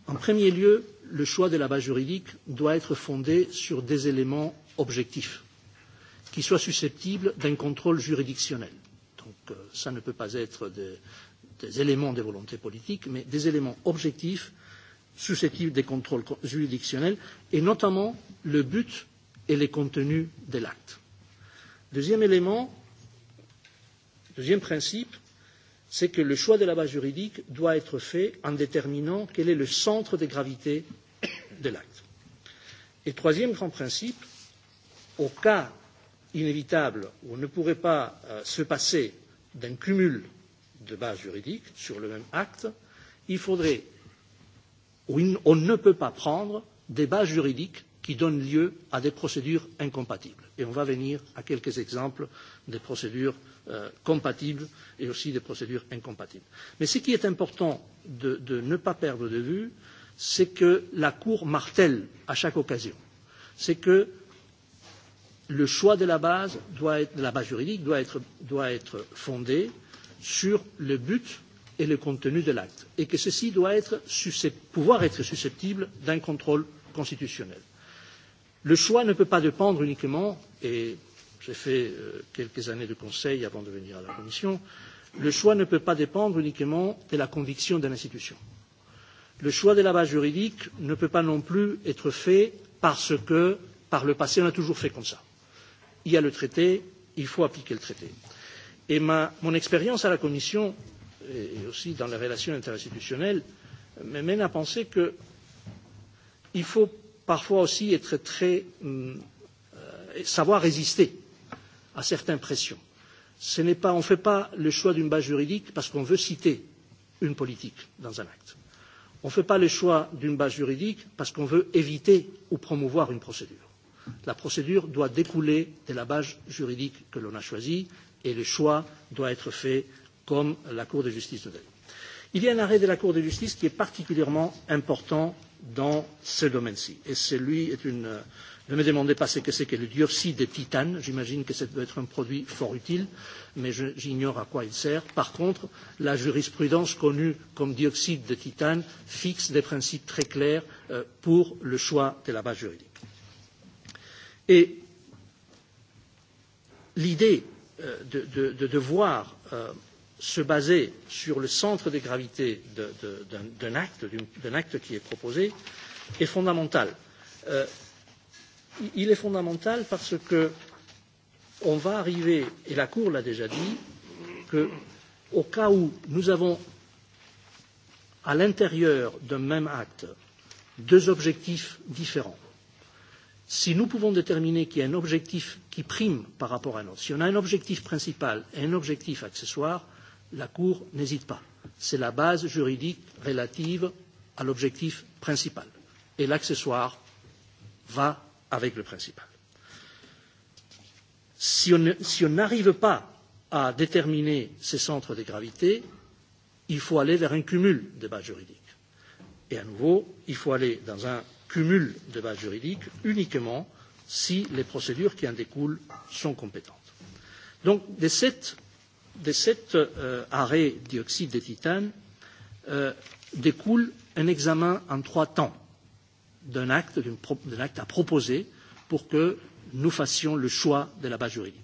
En premier lieu, le choix de la base juridique doit être fondé sur des éléments objectifs qui soient susceptibles d'un contrôle juridictionnel. Donc ça ne peut pas être des, des éléments de volonté politique, mais des éléments objectifs susceptibles des contrôles juridictionnels, et notamment le but et les contenus de l'acte. Deuxième élément, deuxième principe, c'est que le choix de la base juridique doit être fait en déterminant quel est le centre de gravité de l'acte. Et troisième grand principe, au cas inévitable où on ne pourrait pas se passer d'un cumul de bases juridiques sur le même acte, il faudrait ou on ne peut pas prendre des bases juridiques qui donnent lieu à des procédures incompatibles et on va venir à quelques exemples des procédures compatibles et aussi des procédures incompatibles. Mais ce qui est important de, ne pas perdre de vue, c'est que la Cour martèle à chaque occasion, c'est que le choix de la base, de la base juridique doit être, fondé sur le but et le contenu de l'acte, et que ceci doit pouvoir être susceptible d'un contrôle constitutionnel. Le choix ne peut pas dépendre uniquement, et j'ai fait quelques années de conseil avant de venir à la Commission, le choix ne peut pas dépendre uniquement de la conviction de l'institution. Le choix de la base juridique ne peut pas non plus être fait parce que, par le passé, on a toujours fait comme ça. Il y a le traité, il faut appliquer le traité. Et mon expérience à la Commission, et aussi dans les relations interinstitutionnelles, me mène à penser qu'il faut parfois aussi être très savoir résister à certaines pressions. Ce n'est pas, on ne fait pas le choix d'une base juridique parce qu'on veut citer une politique dans un acte. On ne fait pas le choix d'une base juridique parce qu'on veut éviter ou promouvoir une procédure. La procédure doit découler de la base juridique que l'on a choisie et le choix doit être fait comme la Cour de justice de Il y a un arrêt de la Cour de justice qui est particulièrement important dans ce domaine-ci. Et celui est une. Ne me demandez pas ce que c'est que le dioxyde de titane. J'imagine que ça doit être un produit fort utile, mais j'ignore à quoi il sert. Par contre, la jurisprudence connue comme dioxyde de titane fixe des principes très clairs pour le choix de la base juridique. Et l'idée de, devoir se baser sur le centre de gravité d'un acte, d'un acte qui est proposé, est fondamental. il est fondamental parce que on va arriver, et la Cour l'a déjà dit, qu'au au cas où nous avons à l'intérieur d'un même acte deux objectifs différents, si nous pouvons déterminer qu'il y a un objectif qui prime par rapport à un autre, si on a un objectif principal et un objectif accessoire, la Cour n'hésite pas. C'est la base juridique relative à l'objectif principal. Et l'accessoire va avec le principal. Si on n'arrive pas à déterminer ces centres de gravité, il faut aller vers un cumul de bases juridiques. Et à nouveau, il faut aller dans un cumul de bases juridiques uniquement si les procédures qui en découlent sont compétentes. Donc, de cette de cet arrêt dioxyde de titane découle un examen en trois temps d'un acte, d'un acte à proposer pour que nous fassions le choix de la base juridique.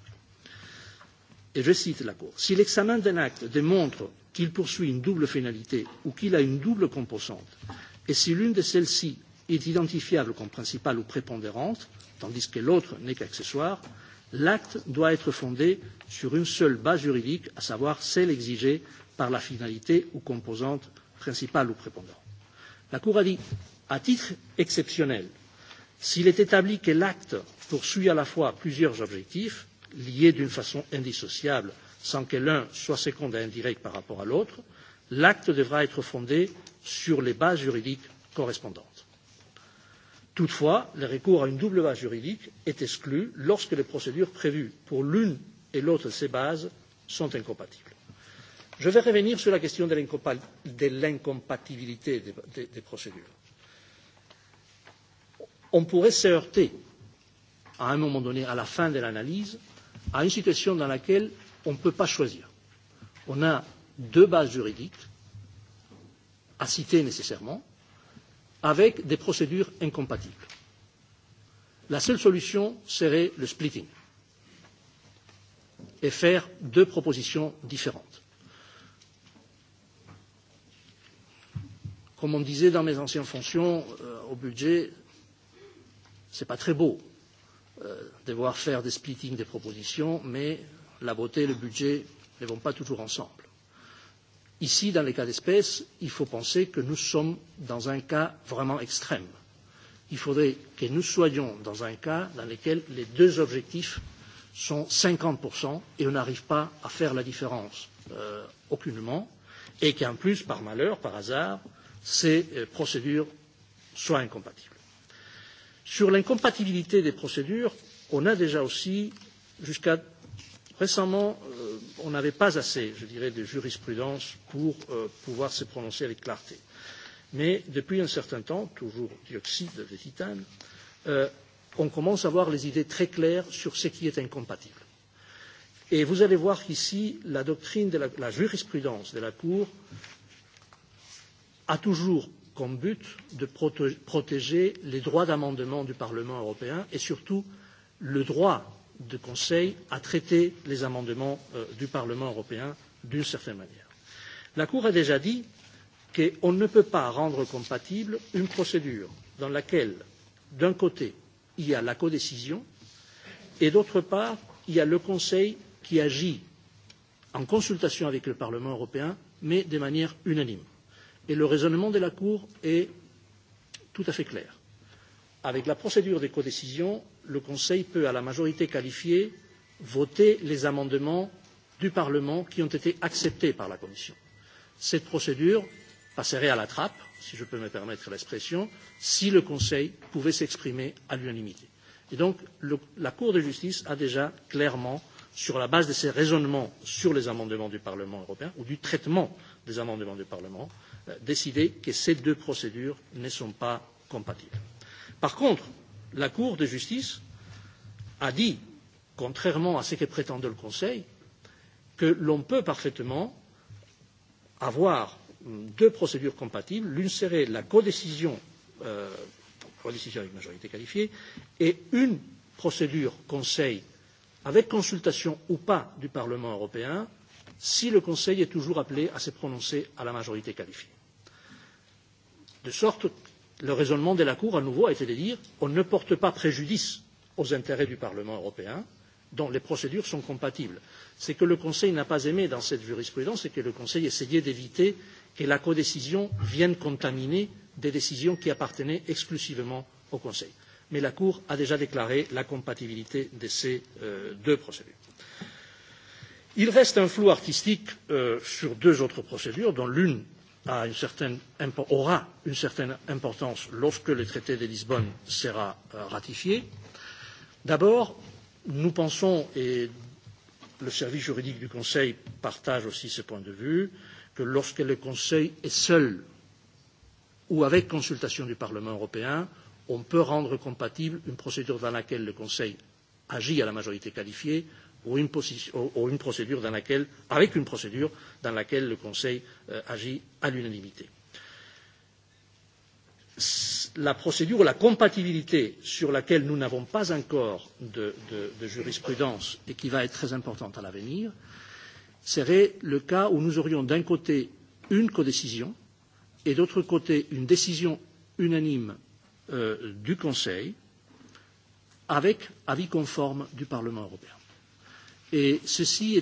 Et je cite la Cour. Si l'examen d'un acte démontre qu'il poursuit une double finalité ou qu'il a une double composante, et si l'une de celles-ci est identifiable comme principale ou prépondérante, tandis que l'autre n'est qu'accessoire, l'acte doit être fondé sur une seule base juridique, à savoir celle exigée par la finalité ou composante principale ou prépondérante. La Cour a dit, à titre exceptionnel, s'il est établi que l'acte poursuit à la fois plusieurs objectifs, liés d'une façon indissociable, sans que l'un soit second et indirect par rapport à l'autre, l'acte devra être fondé sur les bases juridiques correspondantes. Toutefois, le recours à une double base juridique est exclu lorsque les procédures prévues pour l'une et l'autre de ces bases sont incompatibles. Je vais revenir sur la question de l'incompatibilité des procédures. On pourrait se heurter, à un moment donné, à la fin de l'analyse, à une situation dans laquelle on ne peut pas choisir. On a deux bases juridiques à citer nécessairement, avec des procédures incompatibles. La seule solution serait le splitting et faire deux propositions différentes. Comme on disait dans mes anciennes fonctions au budget, ce n'est pas très beau euh, devoir faire des splitting des propositions, mais la beauté et le budget ne vont pas toujours ensemble. Ici, dans les cas d'espèce, il faut penser que nous sommes dans un cas vraiment extrême. Il faudrait que nous soyons dans un cas dans lequel les deux objectifs sont 50% et on n'arrive pas à faire la différence euh, aucunement et qu'en plus, par malheur, par hasard, ces procédures soient incompatibles. Sur l'incompatibilité des procédures, on a déjà aussi jusqu'à Récemment, on n'avait pas assez, je dirais, de jurisprudence pour pouvoir se prononcer avec clarté. Mais depuis un certain temps, toujours dioxyde de titane, on commence à avoir les idées très claires sur ce qui est incompatible. Et vous allez voir qu'ici, la doctrine de la, la jurisprudence de la Cour a toujours comme but de protéger les droits d'amendement du Parlement européen et surtout le droit de Conseil à traiter les amendements du Parlement européen d'une certaine manière. La Cour a déjà dit qu'on ne peut pas rendre compatible une procédure dans laquelle, d'un côté, il y a la codécision et, d'autre part, il y a le Conseil qui agit en consultation avec le Parlement européen, mais de manière unanime. Et le raisonnement de la Cour est tout à fait clair. Avec la procédure de codécision, le Conseil peut, à la majorité qualifiée, voter les amendements du Parlement qui ont été acceptés par la Commission. Cette procédure passerait à la trappe, si je peux me permettre l'expression, si le Conseil pouvait s'exprimer à l'unanimité. Et donc, la Cour de justice a déjà clairement, sur la base de ses raisonnements sur les amendements du Parlement européen ou du traitement des amendements du Parlement, décidé que ces deux procédures ne sont pas compatibles. Par contre, la Cour de justice a dit, contrairement à ce que prétendait le Conseil, que l'on peut parfaitement avoir deux procédures compatibles. L'une serait la codécision, euh, codécision avec majorité qualifiée, et une procédure Conseil avec consultation ou pas du Parlement européen, si le Conseil est toujours appelé à se prononcer à la majorité qualifiée. De sorte le raisonnement de la Cour, à nouveau, a été de dire on ne porte pas préjudice aux intérêts du Parlement européen, dont les procédures sont compatibles. Ce que le Conseil n'a pas aimé dans cette jurisprudence, c'est que le Conseil essayait d'éviter que la codécision vienne contaminer des décisions qui appartenaient exclusivement au Conseil. Mais la Cour a déjà déclaré la compatibilité de ces deux procédures. Il reste un flou artistique sur deux autres procédures, dont l'une a une certaine, aura une certaine importance lorsque le traité de Lisbonne sera ratifié. D'abord, nous pensons, et le service juridique du Conseil partage aussi ce point de vue, que lorsque le Conseil est seul ou avec consultation du Parlement européen, on peut rendre compatible une procédure dans laquelle le Conseil agit à la majorité qualifiée ou une, ou une procédure dans laquelle, avec une procédure dans laquelle le Conseil euh, agit à l'unanimité. La procédure ou la compatibilité sur laquelle nous n'avons pas encore de, de, de jurisprudence et qui va être très importante à l'avenir serait le cas où nous aurions d'un côté une codécision et d'autre côté une décision unanime du Conseil avec avis conforme du Parlement européen. Et ceci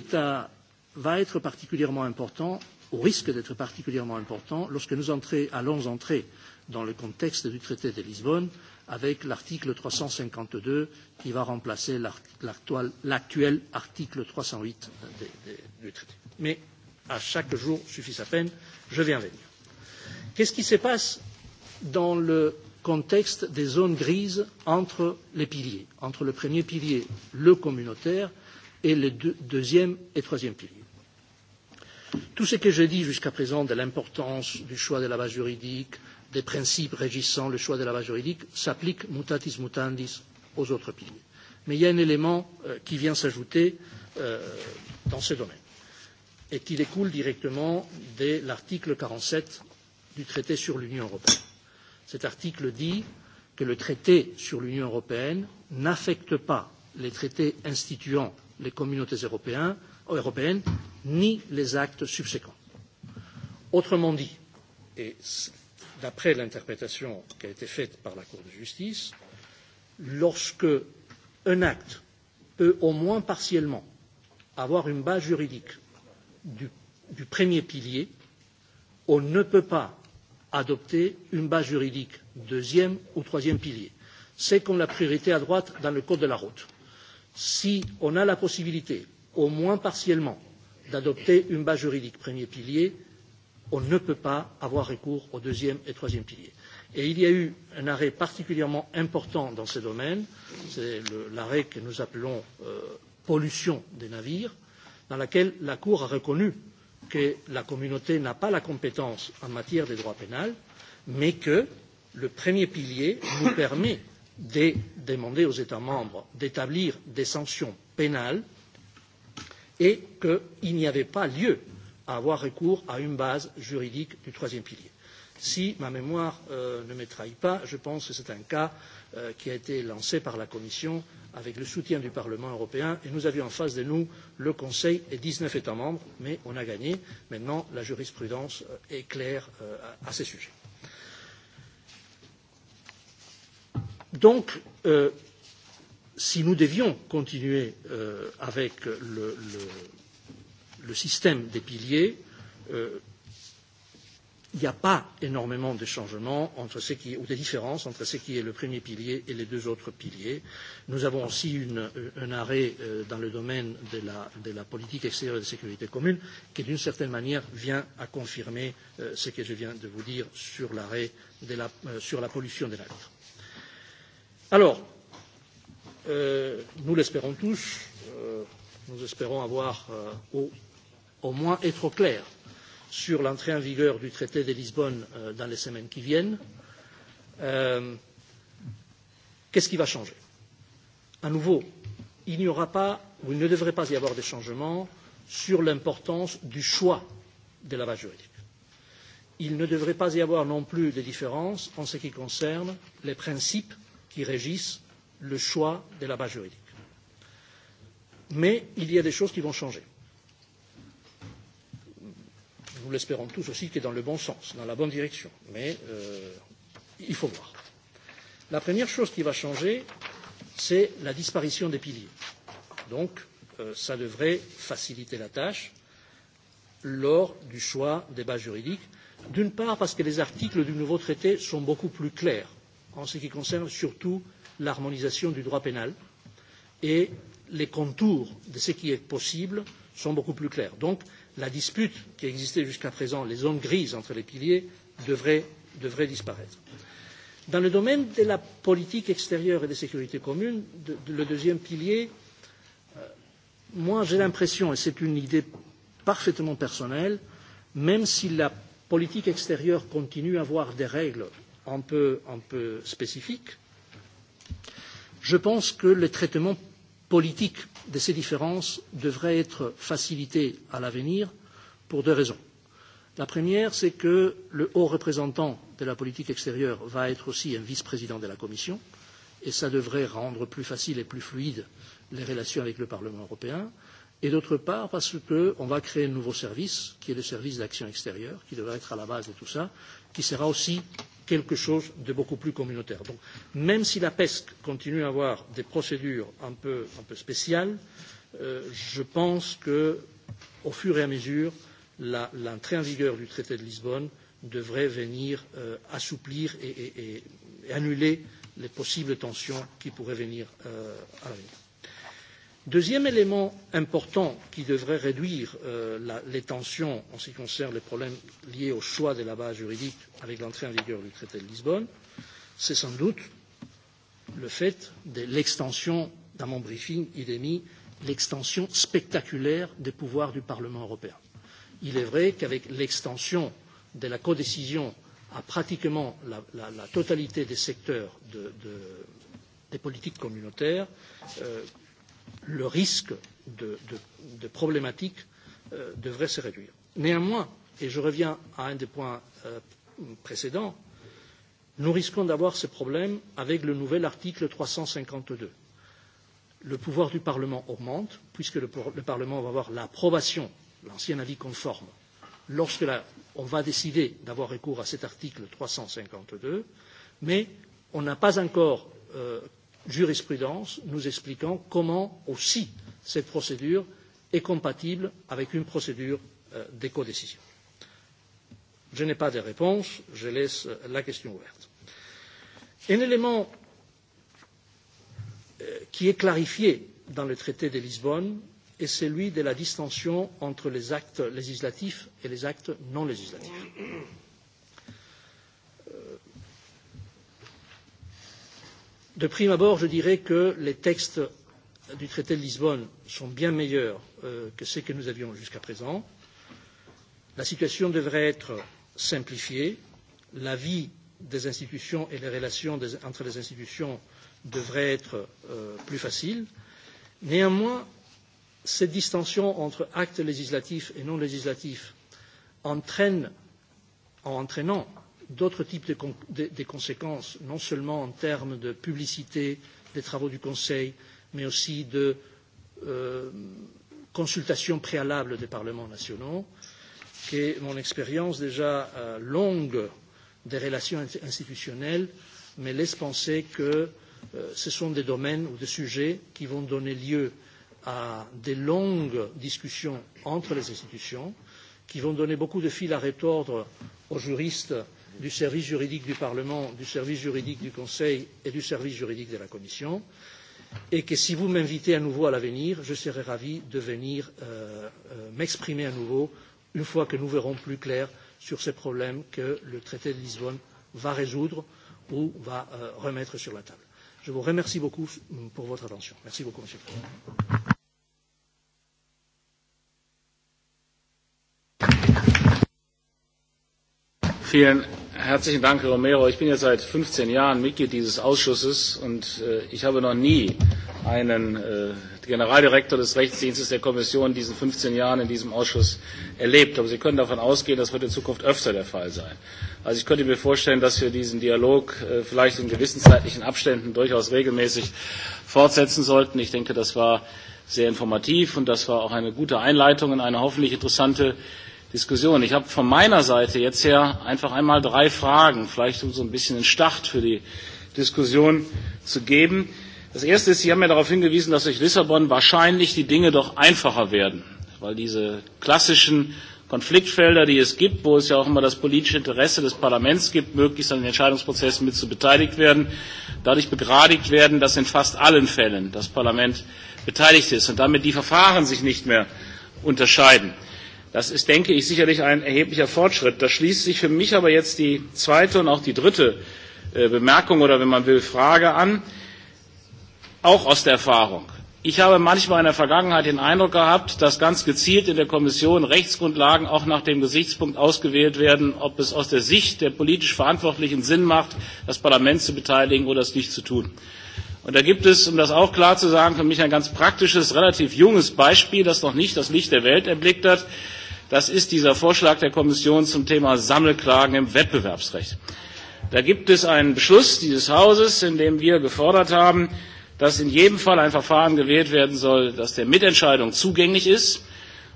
va être particulièrement important, ou risque d'être particulièrement important, lorsque nous allons entrer dans le contexte du traité de Lisbonne avec l'article trois cent cinquante deux qui va remplacer l'actuel article trois cent huit du traité. Mais à chaque jour suffit sa peine, je vais en venir. Qu'est-ce qui se passe dans le contexte des zones grises entre les piliers, entre le premier pilier, le communautaire, et les deux, deuxième et troisième piliers. Tout ce que j'ai dit jusqu'à présent de l'importance du choix de la base juridique, des principes régissant le choix de la base juridique, s'applique mutatis mutandis aux autres piliers. Mais il y a un élément qui vient s'ajouter dans ce domaine et qui découle directement de l'article quarante sept du traité sur l'Union européenne. Cet article dit que le traité sur l'Union européenne n'affecte pas les traités instituant les communautés européennes ni les actes subséquents. Autrement dit, et d'après l'interprétation qui a été faite par la Cour de justice, lorsque un acte peut au moins partiellement avoir une base juridique du, du premier pilier, on ne peut pas adopter une base juridique deuxième ou troisième pilier. C'est comme la priorité à droite dans le code de la route si on a la possibilité, au moins partiellement, d'adopter une base juridique premier pilier, on ne peut pas avoir recours au deuxième et troisième pilier. Et il y a eu un arrêt particulièrement important dans ce domaine, c'est l'arrêt que nous appelons pollution des navires, dans lequel la Cour a reconnu que la communauté n'a pas la compétence en matière de droit pénal, mais que le premier pilier nous permet de demander aux États membres d'établir des sanctions pénales et qu'il n'y avait pas lieu à avoir recours à une base juridique du troisième pilier. Si ma mémoire ne me trahit pas, je pense que c'est un cas qui a été lancé par la Commission avec le soutien du Parlement européen et nous avions en face de nous le Conseil et dix neuf États membres, mais on a gagné. Maintenant, la jurisprudence est claire à ce sujet. Donc, si nous devions continuer avec le, système des piliers, il n'y a pas énormément de changements entre ce qui, ou de différences entre ce qui est le premier pilier et les deux autres piliers. Nous avons aussi une, un arrêt dans le domaine de la, de la politique extérieure de sécurité commune qui, d'une certaine manière, vient à confirmer ce que je viens de vous dire sur l'arrêt la, sur la pollution de l'air Alors, nous l'espérons tous, nous espérons avoir au, moins être clair sur l'entrée en vigueur du traité de Lisbonne dans les semaines qui viennent. Qu'est-ce qui va changer À nouveau, il n'y aura pas ou il ne devrait pas y avoir de changement sur l'importance du choix de la base juridique. Il ne devrait pas y avoir non plus de différence en ce qui concerne les principes qui régissent le choix de la base juridique. Mais il y a des choses qui vont changer. Nous l'espérons tous aussi est dans le bon sens, dans la bonne direction. Mais euh, il faut voir. La première chose qui va changer, c'est la disparition des piliers. Donc, euh, ça devrait faciliter la tâche lors du choix des bases juridiques. D'une part, parce que les articles du nouveau traité sont beaucoup plus clairs en ce qui concerne surtout l'harmonisation du droit pénal et les contours de ce qui est possible sont beaucoup plus clairs. Donc la dispute qui existait jusqu'à présent, les zones grises entre les piliers, devrait, disparaître. Dans le domaine de la politique extérieure et de sécurité commune, le deuxième pilier, moi j'ai l'impression, et c'est une idée parfaitement personnelle, même si la politique extérieure continue à avoir des règles un peu, un peu spécifique, je pense que le traitement politique de ces différences devrait être facilité à l'avenir pour deux raisons. La première, c'est que le haut représentant de la politique extérieure va être aussi un vice-président de la Commission, et cela devrait rendre plus facile et plus fluide les relations avec le Parlement européen. Et d'autre part, parce qu'on va créer un nouveau service, qui est le service d'action extérieure, qui devrait être à la base de tout cela, qui sera aussi quelque chose de beaucoup plus communautaire. Donc, même si la PESC continue à avoir des procédures un peu, spéciales, je pense que, au fur et à mesure, l'entrée en vigueur du traité de Lisbonne devrait venir assouplir et, annuler les possibles tensions qui pourraient venir à l'avenir. Deuxième élément important qui devrait réduire les tensions en ce qui concerne les problèmes liés au choix de la base juridique avec l'entrée en vigueur du traité de Lisbonne, c'est sans doute le fait de l'extension, dans mon briefing, il est mis l'extension spectaculaire des pouvoirs du Parlement européen. Il est vrai qu'avec l'extension de la codécision à pratiquement la, totalité des secteurs des politiques communautaires, le risque de, problématique devrait se réduire. Néanmoins, et je reviens à un des points précédents, nous risquons d'avoir ce problème avec le nouvel article trois cent cinquante deux. Le pouvoir du Parlement augmente, puisque le, Parlement va avoir l'approbation, l'ancien avis conforme. Lorsque on va décider d'avoir recours à cet article trois cent cinquante deux, mais on n'a pas encore jurisprudence nous expliquant comment aussi cette procédure est compatible avec une procédure d'écodécision. Je n'ai pas de réponse, je laisse la question ouverte. Un élément qui est clarifié dans le traité de Lisbonne est celui de la distinction entre les actes législatifs et les actes non législatifs De prime abord, je dirais que les textes du traité de Lisbonne sont bien meilleurs que ceux que nous avions jusqu'à présent. La situation devrait être simplifiée, la vie des institutions et les relations entre les institutions devraient être plus faciles. Néanmoins, cette distinction entre actes législatifs et non législatifs entraîne, en entraînant d'autres types de, conséquences, non seulement en termes de publicité des travaux du Conseil, mais aussi de consultation préalable des parlements nationaux, que mon expérience déjà longue des relations institutionnelles me laisse penser que ce sont des domaines ou des sujets qui vont donner lieu à des longues discussions entre les institutions, qui vont donner beaucoup de fil à retordre aux juristes du service juridique du Parlement, du service juridique du Conseil et du service juridique de la Commission, et que si vous m'invitez à nouveau à l'avenir, je serai ravi de venir m'exprimer à nouveau une fois que nous verrons plus clair sur ces problèmes que le traité de Lisbonne va résoudre ou va remettre sur la table. Je vous remercie beaucoup pour votre attention. Merci beaucoup, Monsieur le Président. Vielen Herzlichen Dank, Herr Romero. Ich bin jetzt seit 15 Jahren Mitglied dieses Ausschusses und ich habe noch nie einen Generaldirektor des Rechtsdienstes der Kommission in diesen 15 Jahren in diesem Ausschuss erlebt. Aber Sie können davon ausgehen, das wird in Zukunft öfter der Fall sein. Also ich könnte mir vorstellen, dass wir diesen Dialog vielleicht in gewissen zeitlichen Abständen durchaus regelmäßig fortsetzen sollten. Ich denke, das war sehr informativ und das war auch eine gute Einleitung in eine hoffentlich interessante Diskussion. Ich habe von meiner Seite jetzt her einfach einmal drei Fragen, vielleicht um so ein bisschen einen Start für die Diskussion zu geben. Das erste ist, Sie haben ja darauf hingewiesen, dass durch Lissabon wahrscheinlich die Dinge doch einfacher werden, weil diese klassischen Konfliktfelder, die es gibt, wo es ja auch immer das politische Interesse des Parlaments gibt, möglichst an den Entscheidungsprozessen mit zu beteiligt werden, dadurch begradigt werden, dass in fast allen Fällen das Parlament beteiligt ist und damit die Verfahren sich nicht mehr unterscheiden. Das ist, denke ich, sicherlich ein erheblicher Fortschritt. Da schließt sich für mich aber jetzt die zweite und auch die dritte Bemerkung oder, wenn man will, Frage an, auch aus der Erfahrung. Ich habe manchmal in der Vergangenheit den Eindruck gehabt, dass ganz gezielt in der Kommission Rechtsgrundlagen auch nach dem Gesichtspunkt ausgewählt werden, ob es aus der Sicht der politisch Verantwortlichen Sinn macht, das Parlament zu beteiligen oder es nicht zu tun. Und da gibt es, um das auch klar zu sagen, für mich ein ganz praktisches, relativ junges Beispiel, das noch nicht das Licht der Welt erblickt hat. Das ist dieser Vorschlag der Kommission zum Thema Sammelklagen im Wettbewerbsrecht. Da gibt es einen Beschluss dieses Hauses, in dem wir gefordert haben, dass in jedem Fall ein Verfahren gewählt werden soll, das der Mitentscheidung zugänglich ist.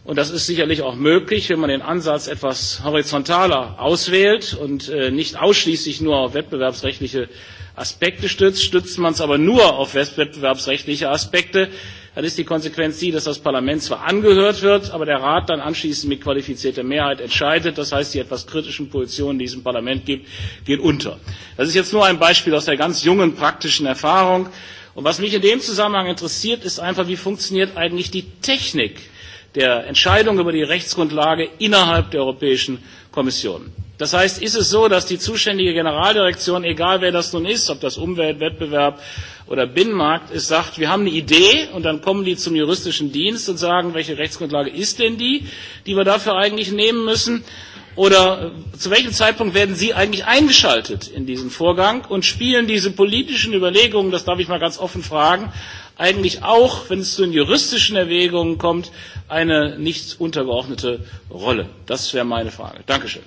Und das ist sicherlich auch möglich, wenn man den Ansatz etwas horizontaler auswählt und nicht ausschließlich nur auf wettbewerbsrechtliche Aspekte stützt. Stützt man es aber nur auf wettbewerbsrechtliche Aspekte, dann ist die Konsequenz die, dass das Parlament zwar angehört wird, aber der Rat dann anschließend mit qualifizierter Mehrheit entscheidet. Das heißt, die etwas kritischen Positionen, die es im Parlament gibt, gehen unter. Das ist jetzt nur ein Beispiel aus der ganz jungen praktischen Erfahrung. Und was mich in dem Zusammenhang interessiert, ist einfach, wie funktioniert eigentlich die Technik der Entscheidung über die Rechtsgrundlage innerhalb der Europäischen Kommission. Das heißt, ist es so, dass die zuständige Generaldirektion, egal wer das nun ist, ob das Umwelt, Wettbewerb, oder Binnenmarkt ist, sagt, wir haben eine Idee und dann kommen die zum juristischen Dienst und sagen, welche Rechtsgrundlage ist denn die, die wir dafür eigentlich nehmen müssen? Oder zu welchem Zeitpunkt werden Sie eigentlich eingeschaltet in diesen Vorgang und spielen diese politischen Überlegungen, das darf ich mal ganz offen fragen, eigentlich auch, wenn es zu den juristischen Erwägungen kommt, eine nicht untergeordnete Rolle? Das wäre meine Frage. Dankeschön.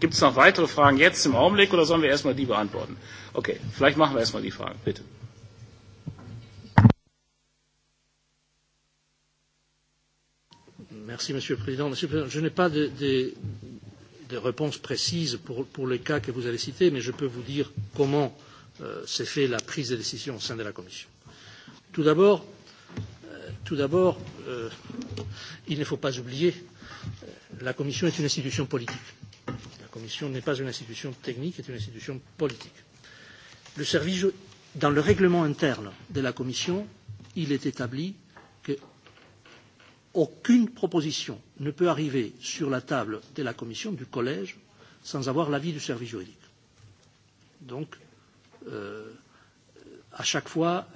Gibt es noch weitere Fragen jetzt im Augenblick oder sollen wir erstmal die beantworten? Okay, vielleicht machen wir erstmal die Fragen, bitte. Merci, Monsieur le Président. Monsieur le Président, je n'ai pas de, de, de réponse précise pour, pour les cas que vous avez cités, mais je peux vous dire comment euh, s'est fait la prise de décision au sein de la Commission. Tout d'abord, euh, euh, il ne faut pas oublier, la Commission est une institution politique Commission n'est pas une institution technique, est une institution politique. Le service, dans le règlement interne de la Commission, il est établi qu'aucune proposition ne peut arriver sur la table de la Commission, du Collège, sans avoir l'avis du service juridique. Donc, à chaque fois,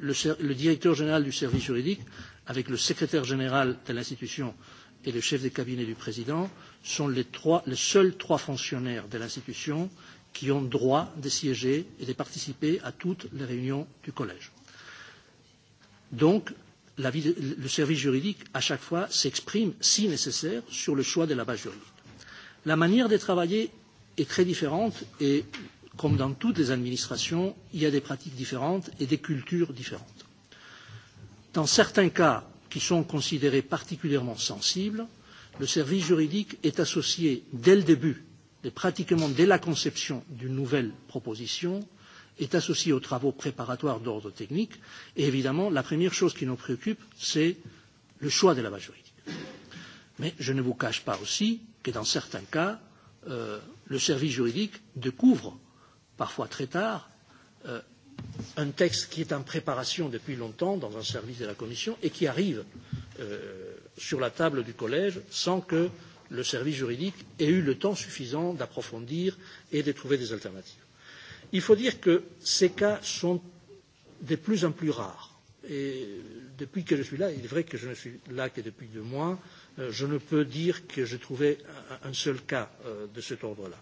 le, directeur général du service juridique, avec le secrétaire général de l'institution et le chef de cabinet du président, sont les, trois, les seuls trois fonctionnaires de l'institution qui ont droit de siéger et de participer à toutes les réunions du collège. Donc, le service juridique, à chaque fois, s'exprime, si nécessaire, sur le choix de la base juridique. La manière de travailler est très différente et, comme dans toutes les administrations, il y a des pratiques différentes et des cultures différentes. Dans certains cas qui sont considérés particulièrement sensibles, le service juridique est associé dès le début, et pratiquement dès la conception d'une nouvelle proposition, est associé aux travaux préparatoires d'ordre technique. Et évidemment, la première chose qui nous préoccupe, c'est le choix de la base juridique. Mais je ne vous cache pas aussi que dans certains cas, le service juridique découvre, parfois très tard, un texte qui est en préparation depuis longtemps dans un service de la Commission et qui arrive sur la table du collège sans que le service juridique ait eu le temps suffisant d'approfondir et de trouver des alternatives. Il faut dire que ces cas sont de plus en plus rares. Et depuis que je suis là, il est vrai que je ne suis là que depuis deux mois, je ne peux dire que j'ai trouvé un seul cas de cet ordre-là.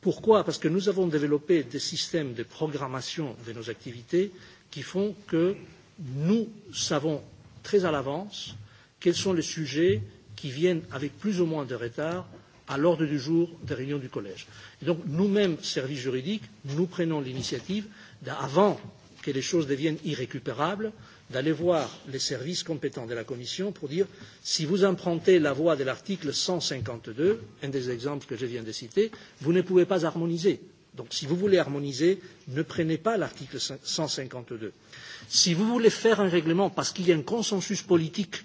Pourquoi Parce que nous avons développé des systèmes de programmation de nos activités qui font que nous savons très à l'avance quels sont les sujets qui viennent avec plus ou moins de retard à l'ordre du jour des réunions du collège. Et donc nous-mêmes, services juridiques, nous prenons l'initiative, avant que les choses deviennent irrécupérables, d'aller voir les services compétents de la Commission pour dire si vous empruntez la voie de l'article cent cinquante deux, un des exemples que je viens de citer, vous ne pouvez pas harmoniser. Donc si vous voulez harmoniser, ne prenez pas l'article cent cinquante deux. Si vous voulez faire un règlement parce qu'il y a un consensus politique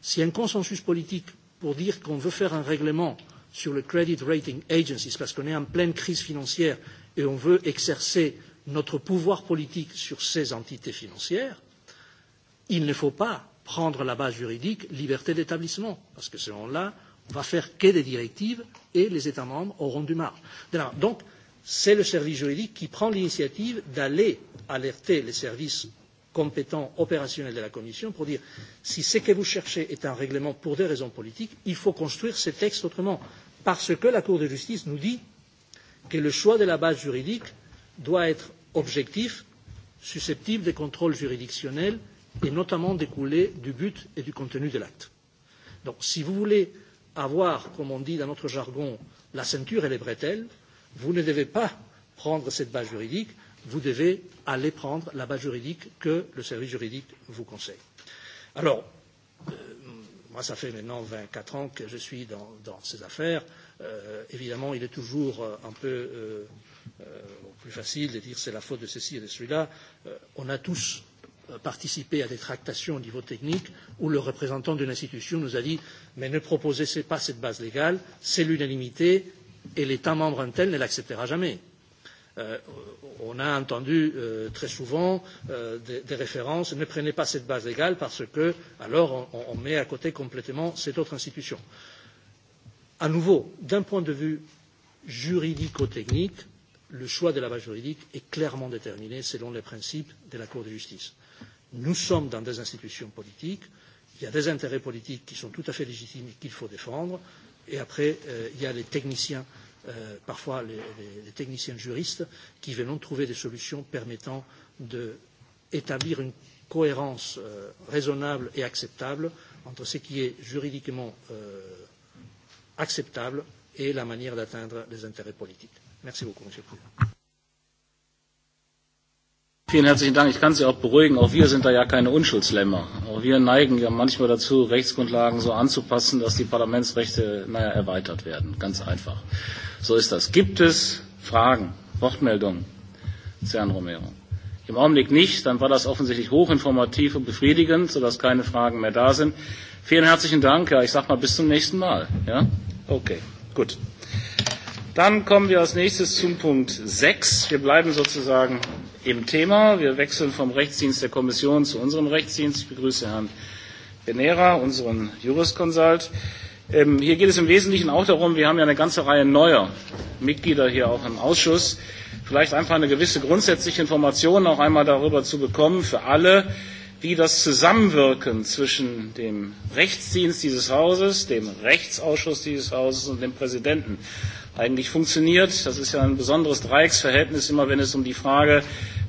Si un consensus politique pour dire qu'on veut faire un règlement sur le credit rating agencies parce qu'on est en pleine crise financière et on veut exercer notre pouvoir politique sur ces entités financières, il ne faut pas prendre la base juridique liberté d'établissement parce que selon là, on va faire que des directives et les États membres auront du marge. Donc, c'est le service juridique qui prend l'initiative d'aller alerter les services compétent opérationnel de la Commission pour dire si ce que vous cherchez est un règlement pour des raisons politiques, il faut construire ces textes autrement, parce que la Cour de justice nous dit que le choix de la base juridique doit être objectif, susceptible de contrôle juridictionnel et notamment découler du but et du contenu de l'acte. Donc si vous voulez avoir, comme on dit dans notre jargon, la ceinture et les bretelles, vous ne devez pas prendre cette base juridique, vous devez aller prendre la base juridique que le service juridique vous conseille. Alors, euh, moi, ça fait maintenant 24 ans que je suis dans, dans ces affaires. Euh, évidemment, il est toujours un peu euh, euh, plus facile de dire c'est la faute de ceci et de celui-là. Euh, on a tous participer à des tractations au niveau technique où le représentant d'une institution nous a dit mais ne proposez pas cette base légale, c'est l'unanimité et l'État membre un tel ne l'acceptera jamais on a entendu très souvent des, références ne prenez pas cette base légale parce que alors on, met à côté complètement cette autre institution. À nouveau, d'un point de vue juridico-technique, le choix de la base juridique est clairement déterminé selon les principes de la Cour de justice. Nous sommes dans des institutions politiques, il y a des intérêts politiques qui sont tout à fait légitimes et qu'il faut défendre, et après, il y a les techniciens parfois les, les, les techniciens juristes, qui venons de trouver des solutions permettant d'établir une cohérence euh, raisonnable et acceptable entre ce qui est juridiquement euh, acceptable et la manière d'atteindre les intérêts politiques. Merci beaucoup, Monsieur le Président. Vielen herzlichen Dank. Ich kann Sie auch beruhigen. Auch wir sind da ja keine Unschuldslämmer. Auch wir neigen ja manchmal dazu, Rechtsgrundlagen so anzupassen, dass die Parlamentsrechte, naja, erweitert werden. Ganz einfach. So ist das. Gibt es Fragen, Wortmeldungen zu Herrn Romero? Im Augenblick nicht. Dann war das offensichtlich hochinformativ und befriedigend, sodass keine Fragen mehr da sind. Vielen herzlichen Dank. Ja, ich sage mal bis zum nächsten Mal. Ja? Okay, gut. Dann kommen wir als nächstes zum Punkt 6. Wir bleiben sozusagen im Thema. Wir wechseln vom Rechtsdienst der Kommission zu unserem Rechtsdienst. Ich begrüße Herrn Benera, unseren Juriskonsult. Ähm, hier geht es im Wesentlichen auch darum, wir haben ja eine ganze Reihe neuer Mitglieder hier auch im Ausschuss, vielleicht einfach eine gewisse grundsätzliche Information auch einmal darüber zu bekommen für alle, wie das Zusammenwirken zwischen dem Rechtsdienst dieses Hauses, dem Rechtsausschuss dieses Hauses und dem Präsidenten eigentlich funktioniert. Das ist ja ein besonderes Dreiecksverhältnis, immer wenn es um die Frage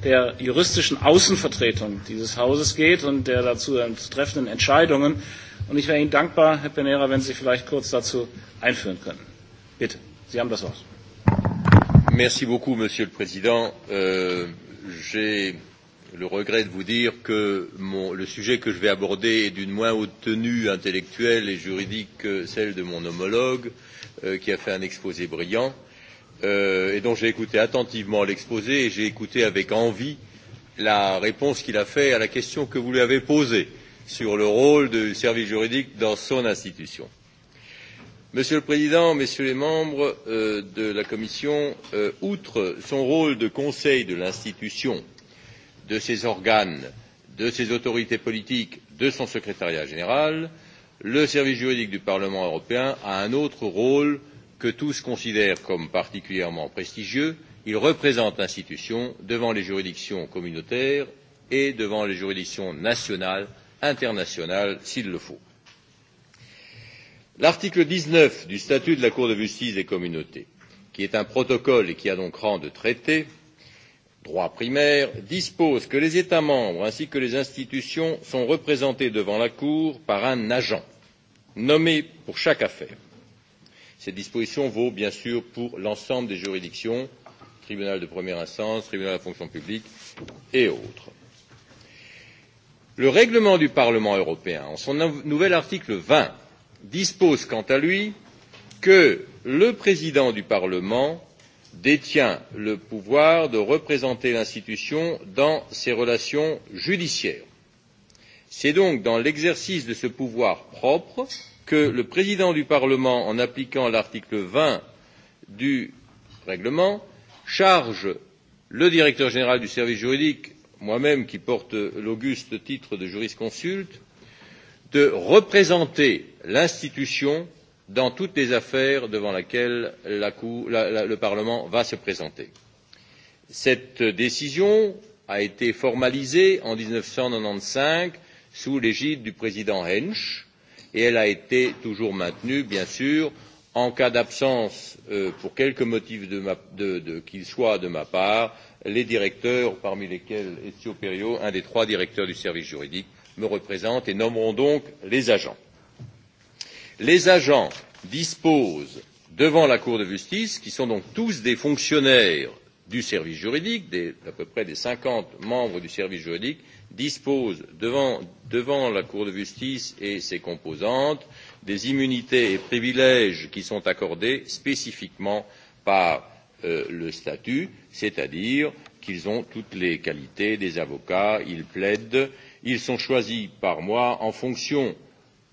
der juristischen Außenvertretung dieses Hauses geht und der dazu treffenden Entscheidungen. Und ich wäre Ihnen dankbar, Herr Penera, wenn Sie vielleicht kurz dazu einführen könnten. Bitte, Sie haben das Wort. Merci beaucoup, Monsieur le Président. Euh, J'ai le regret de vous dire que mon, le sujet que je vais aborder est d'une moins haute tenue intellectuelle et juridique que celle de mon homologue. Euh, qui a fait un exposé brillant et dont j'ai écouté attentivement l'exposé et j'ai écouté avec envie la réponse qu'il a faite à la question que vous lui avez posée sur le rôle du service juridique dans son institution. Monsieur le Président, messieurs les membres de la Commission, outre son rôle de conseil de l'institution, de ses organes, de ses autorités politiques, de son secrétariat général, euh, le service juridique du Parlement européen a un autre rôle que tous considèrent comme particulièrement prestigieux. Il représente l'institution devant les juridictions communautaires et devant les juridictions nationales, internationales s'il le faut. L'article dix neuf du statut de la Cour de justice des communautés, qui est un protocole et qui a donc rang de traité, droit primaire dispose que les états membres ainsi que les institutions sont représentés devant la cour par un agent nommé pour chaque affaire. cette disposition vaut bien sûr pour l'ensemble des juridictions tribunal de première instance tribunal de la fonction publique et autres. le règlement du parlement européen en son nouvel article vingt dispose quant à lui que le président du parlement détient le pouvoir de représenter l'institution dans ses relations judiciaires. C'est donc dans l'exercice de ce pouvoir propre que le président du Parlement, en appliquant l'article vingt du règlement, charge le directeur général du service juridique, moi même qui porte l'auguste titre de jurisconsulte, de représenter l'institution dans toutes les affaires devant lesquelles le Parlement va se présenter. Cette décision a été formalisée en mille neuf cent 1995 sous l'égide du président Hensch et elle a été toujours maintenue, bien sûr, en cas d'absence, pour quelque motif qu'il soit de ma part, les directeurs, parmi lesquels Ezio Perio, un des trois directeurs du service juridique, me représentent et nommeront donc les agents les agents disposent devant la Cour de justice, qui sont donc tous des fonctionnaires du service juridique, des, à peu près des cinquante membres du service juridique, disposent devant, devant la Cour de justice et ses composantes des immunités et privilèges qui sont accordés spécifiquement par euh, le statut, c'est-à-dire qu'ils ont toutes les qualités des avocats, ils plaident, ils sont choisis par moi en fonction euh,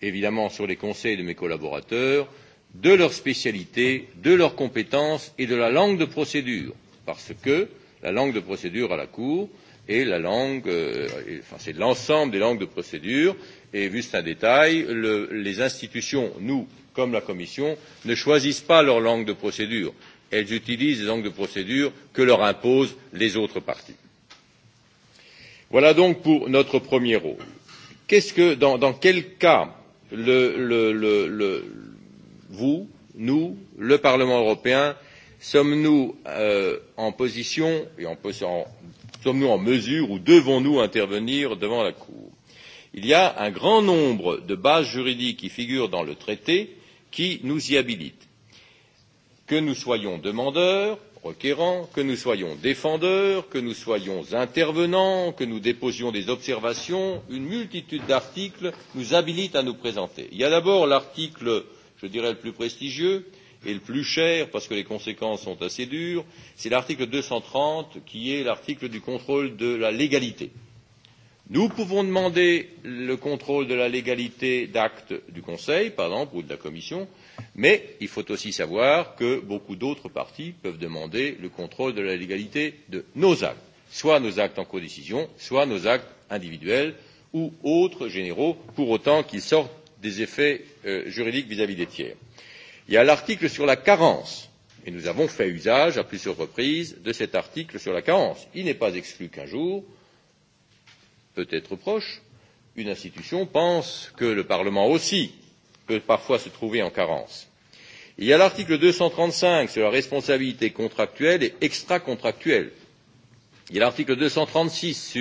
évidemment sur les conseils de mes collaborateurs, de leur spécialité, de leurs compétences et de la langue de procédure, parce que la langue de procédure à la Cour est la langue, euh, enfin c'est l'ensemble des langues de procédure, et juste un détail, le, les institutions, nous comme la Commission, ne choisissent pas leur langue de procédure, elles utilisent les langues de procédure que leur imposent les autres parties. Voilà donc pour notre premier rôle. Qu'est-ce que, dans, dans quel cas vous, nous, le Parlement européen, sommes nous en position et sommes nous en mesure ou devons nous intervenir devant la Cour? Il y a un grand nombre de bases juridiques qui figurent dans le traité qui nous y habilitent. Que nous soyons demandeurs, requérant que nous soyons défendeurs que nous soyons intervenants que nous déposions des observations une multitude d'articles nous habilite à nous présenter. il y a d'abord l'article je dirais le plus prestigieux et le plus cher parce que les conséquences sont assez dures c'est l'article deux cent trente qui est l'article du contrôle de la légalité. Nous pouvons demander le contrôle de la légalité d'actes du Conseil, par exemple, ou de la Commission, Mais il faut aussi savoir que beaucoup d'autres parties peuvent demander le contrôle de la légalité de nos actes, soit nos actes en codécision, soit nos actes individuels ou autres généraux, pour autant qu'ils sortent des effets juridiques vis à vis des tiers. Il y a l'article sur la carence et nous avons fait usage à plusieurs reprises de cet article sur la carence. Il n'est pas exclu qu'un jour, peut être proche, une institution pense que le Parlement aussi peut parfois se trouver en carence. Il y a l'article deux cent trente cinq sur la responsabilité contractuelle et extracontractuelle. Il y a l'article deux cent trente six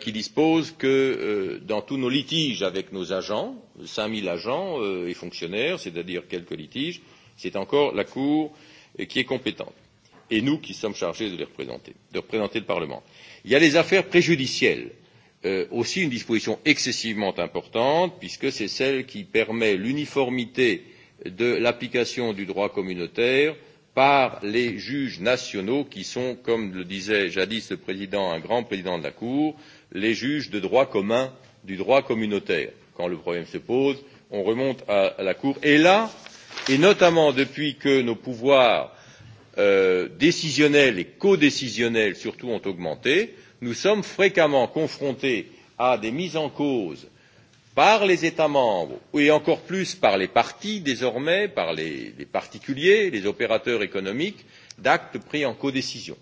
qui dispose que dans tous nos litiges avec nos agents, cinq 000 agents et fonctionnaires, c'est-à-dire quelques litiges, c'est encore la Cour qui est compétente et nous qui sommes chargés de les représenter, de représenter le Parlement. Il y a les affaires préjudicielles aussi une disposition excessivement importante puisque c'est celle qui permet l'uniformité de l'application du droit communautaire par les juges nationaux qui sont, comme le disait jadis le président, un grand président de la Cour, les juges de droit commun du droit communautaire. Quand le problème se pose, on remonte à la Cour. Et là, et notamment depuis que nos pouvoirs décisionnels et codécisionnels surtout ont augmenté, nous sommes fréquemment confrontés à des mises en cause par les États membres et encore plus par les partis désormais, par les, les particuliers, les opérateurs économiques, d'actes pris en codécision.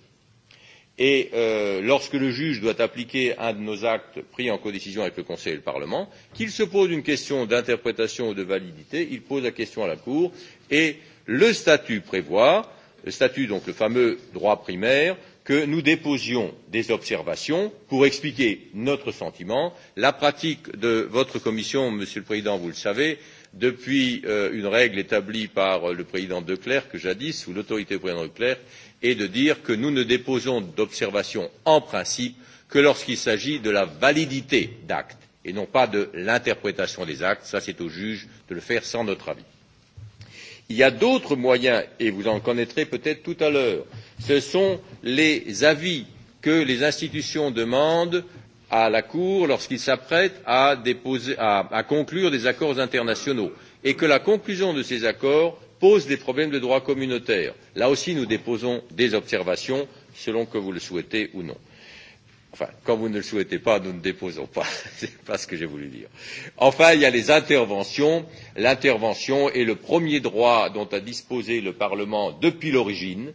Et euh, lorsque le juge doit appliquer un de nos actes pris en codécision avec le Conseil et le Parlement, qu'il se pose une question d'interprétation ou de validité, il pose la question à la Cour et le statut prévoit, le statut donc le fameux droit primaire, que nous déposions des observations pour expliquer notre sentiment. La pratique de votre commission, Monsieur le Président, vous le savez, depuis une règle établie par le président De Clercq, que jadis, sous l'autorité du président De Clercq, est de dire que nous ne déposons d'observations en principe que lorsqu'il s'agit de la validité d'actes et non pas de l'interprétation des actes. Ça, c'est au juge de le faire sans notre avis. Il y a d'autres moyens, et vous en connaîtrez peut-être tout à l'heure, ce sont les avis que les institutions demandent à la Cour lorsqu'ils s'apprêtent à, à conclure des accords internationaux et que la conclusion de ces accords pose des problèmes de droit communautaire. Là aussi, nous déposons des observations, selon que vous le souhaitez ou non. Enfin, quand vous ne le souhaitez pas, nous ne déposons pas. ce n'est pas ce que j'ai voulu dire. Enfin, il y a les interventions. L'intervention est le premier droit dont a disposé le Parlement depuis l'origine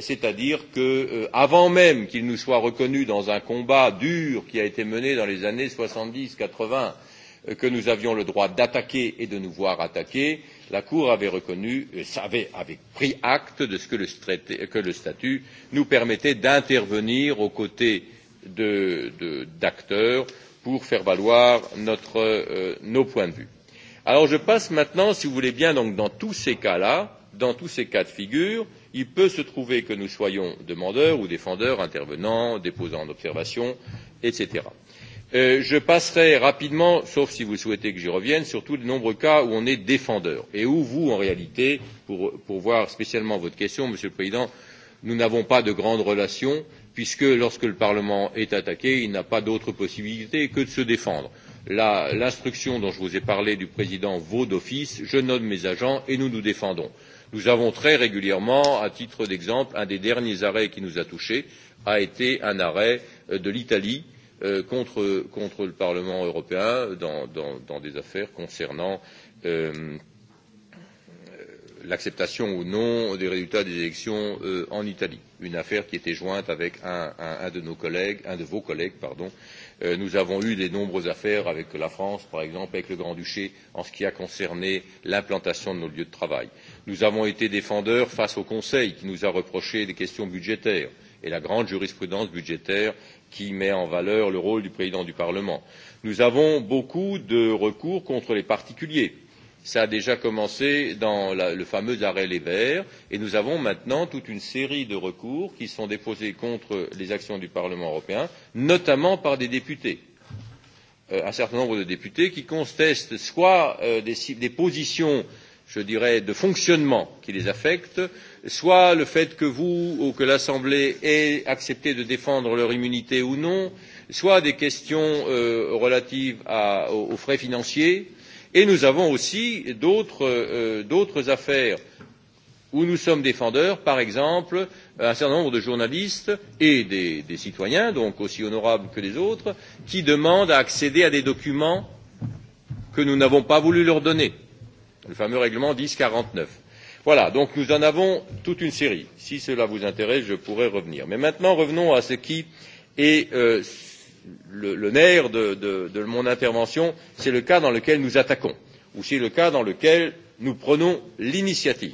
c'est-à-dire que, avant même qu'il nous soit reconnu dans un combat dur qui a été mené dans les années soixante dix quatre vingts que nous avions le droit d'attaquer et de nous voir attaquer, la Cour avait reconnu, avait, pris acte de ce que le, statut nous permettait d'intervenir aux côtés d'acteurs pour faire valoir nos points de vue. Alors je passe maintenant, si vous voulez bien, donc dans tous ces cas-là, dans tous ces cas de figure, il peut se trouver que nous soyons demandeurs ou défendeurs, intervenants, déposants en observation, etc. je passerai rapidement, sauf si vous souhaitez que j'y revienne, sur tous les nombreux cas où on est défendeur et où vous, en réalité, pour, pour voir spécialement votre question, Monsieur le Président, nous n'avons pas de grandes relations, puisque lorsque le Parlement est attaqué, il n'a pas d'autre possibilité que de se défendre l'instruction dont je vous ai parlé du président vaut d'office je nomme mes agents et nous nous défendons. Nous avons très régulièrement, à titre d'exemple, un des derniers arrêts qui nous a touchés a été un arrêt de l'Italie contre, le Parlement européen dans, des affaires concernant l'acceptation ou non des résultats des élections en Italie. Une affaire qui était jointe avec un, de nos collègues, un de vos collègues, pardon. nous avons eu de nombreuses affaires avec la France, par exemple, avec le Grand-Duché, en ce qui a concerné l'implantation de nos lieux de travail nous avons été défendeurs face au conseil qui nous a reproché des questions budgétaires et la grande jurisprudence budgétaire qui met en valeur le rôle du président du parlement. nous avons beaucoup de recours contre les particuliers cela a déjà commencé dans le fameux arrêt les verts et nous avons maintenant toute une série de recours qui sont déposés contre les actions du parlement européen notamment par des députés un certain nombre de députés qui contestent soit des positions euh, je dirais, de fonctionnement qui les affectent, soit le fait que vous ou que l'Assemblée ait accepté de défendre leur immunité ou non, soit des questions relatives aux, frais financiers, et nous avons aussi d'autres affaires où nous sommes défendeurs, par exemple, un certain nombre de journalistes et des, des citoyens, donc aussi honorables que les autres, qui demandent à accéder à des documents que nous n'avons pas voulu leur donner le fameux règlement dix quarante neuf voilà donc nous en avons toute une série si cela vous intéresse je pourrais revenir mais maintenant revenons à ce qui est le nerf de mon intervention c'est le cas dans lequel nous attaquons ou c'est le cas dans lequel nous prenons l'initiative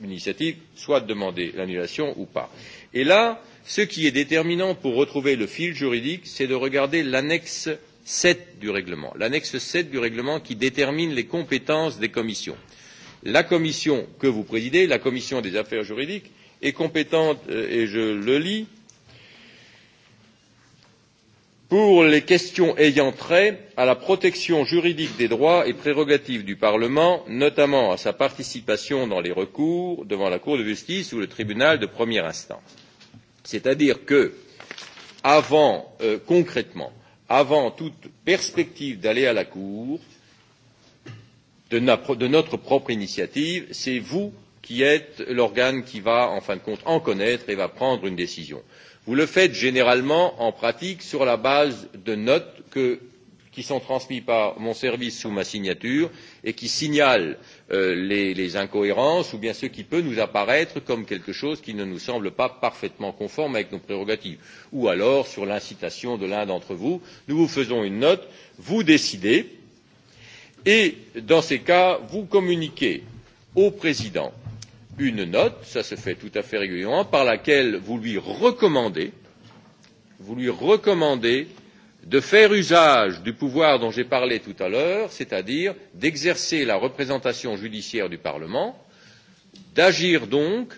l'initiative soit de demander l'annulation ou pas. et là ce qui est déterminant pour retrouver le fil juridique c'est de regarder l'annexe 7 du règlement, l'annexe 7 du règlement qui détermine les compétences des commissions. La commission que vous présidez, la commission des affaires juridiques, est compétente, et je le lis, pour les questions ayant trait à la protection juridique des droits et prérogatives du parlement notamment à sa participation dans les recours devant la cour de justice ou le tribunal de première instance. c'est à dire que avant concrètement avant toute perspective d'aller à la Cour de, notre propre initiative, c'est vous qui êtes l'organe qui va, en fin de compte, en connaître et va prendre une décision. Vous le faites généralement en pratique sur la base de notes que qui sont transmis par mon service sous ma signature et qui signalent les, incohérences ou bien ce qui peut nous apparaître comme quelque chose qui ne nous semble pas parfaitement conforme avec nos prérogatives. Ou alors, sur l'incitation de l'un d'entre vous, nous vous faisons une note, vous décidez et, dans ces cas, vous communiquez au président une note, ça se fait tout à fait régulièrement, par laquelle vous lui recommandez, vous lui recommandez de faire usage du pouvoir dont j'ai parlé tout à l'heure, c'est-à-dire d'exercer la représentation judiciaire du Parlement, d'agir donc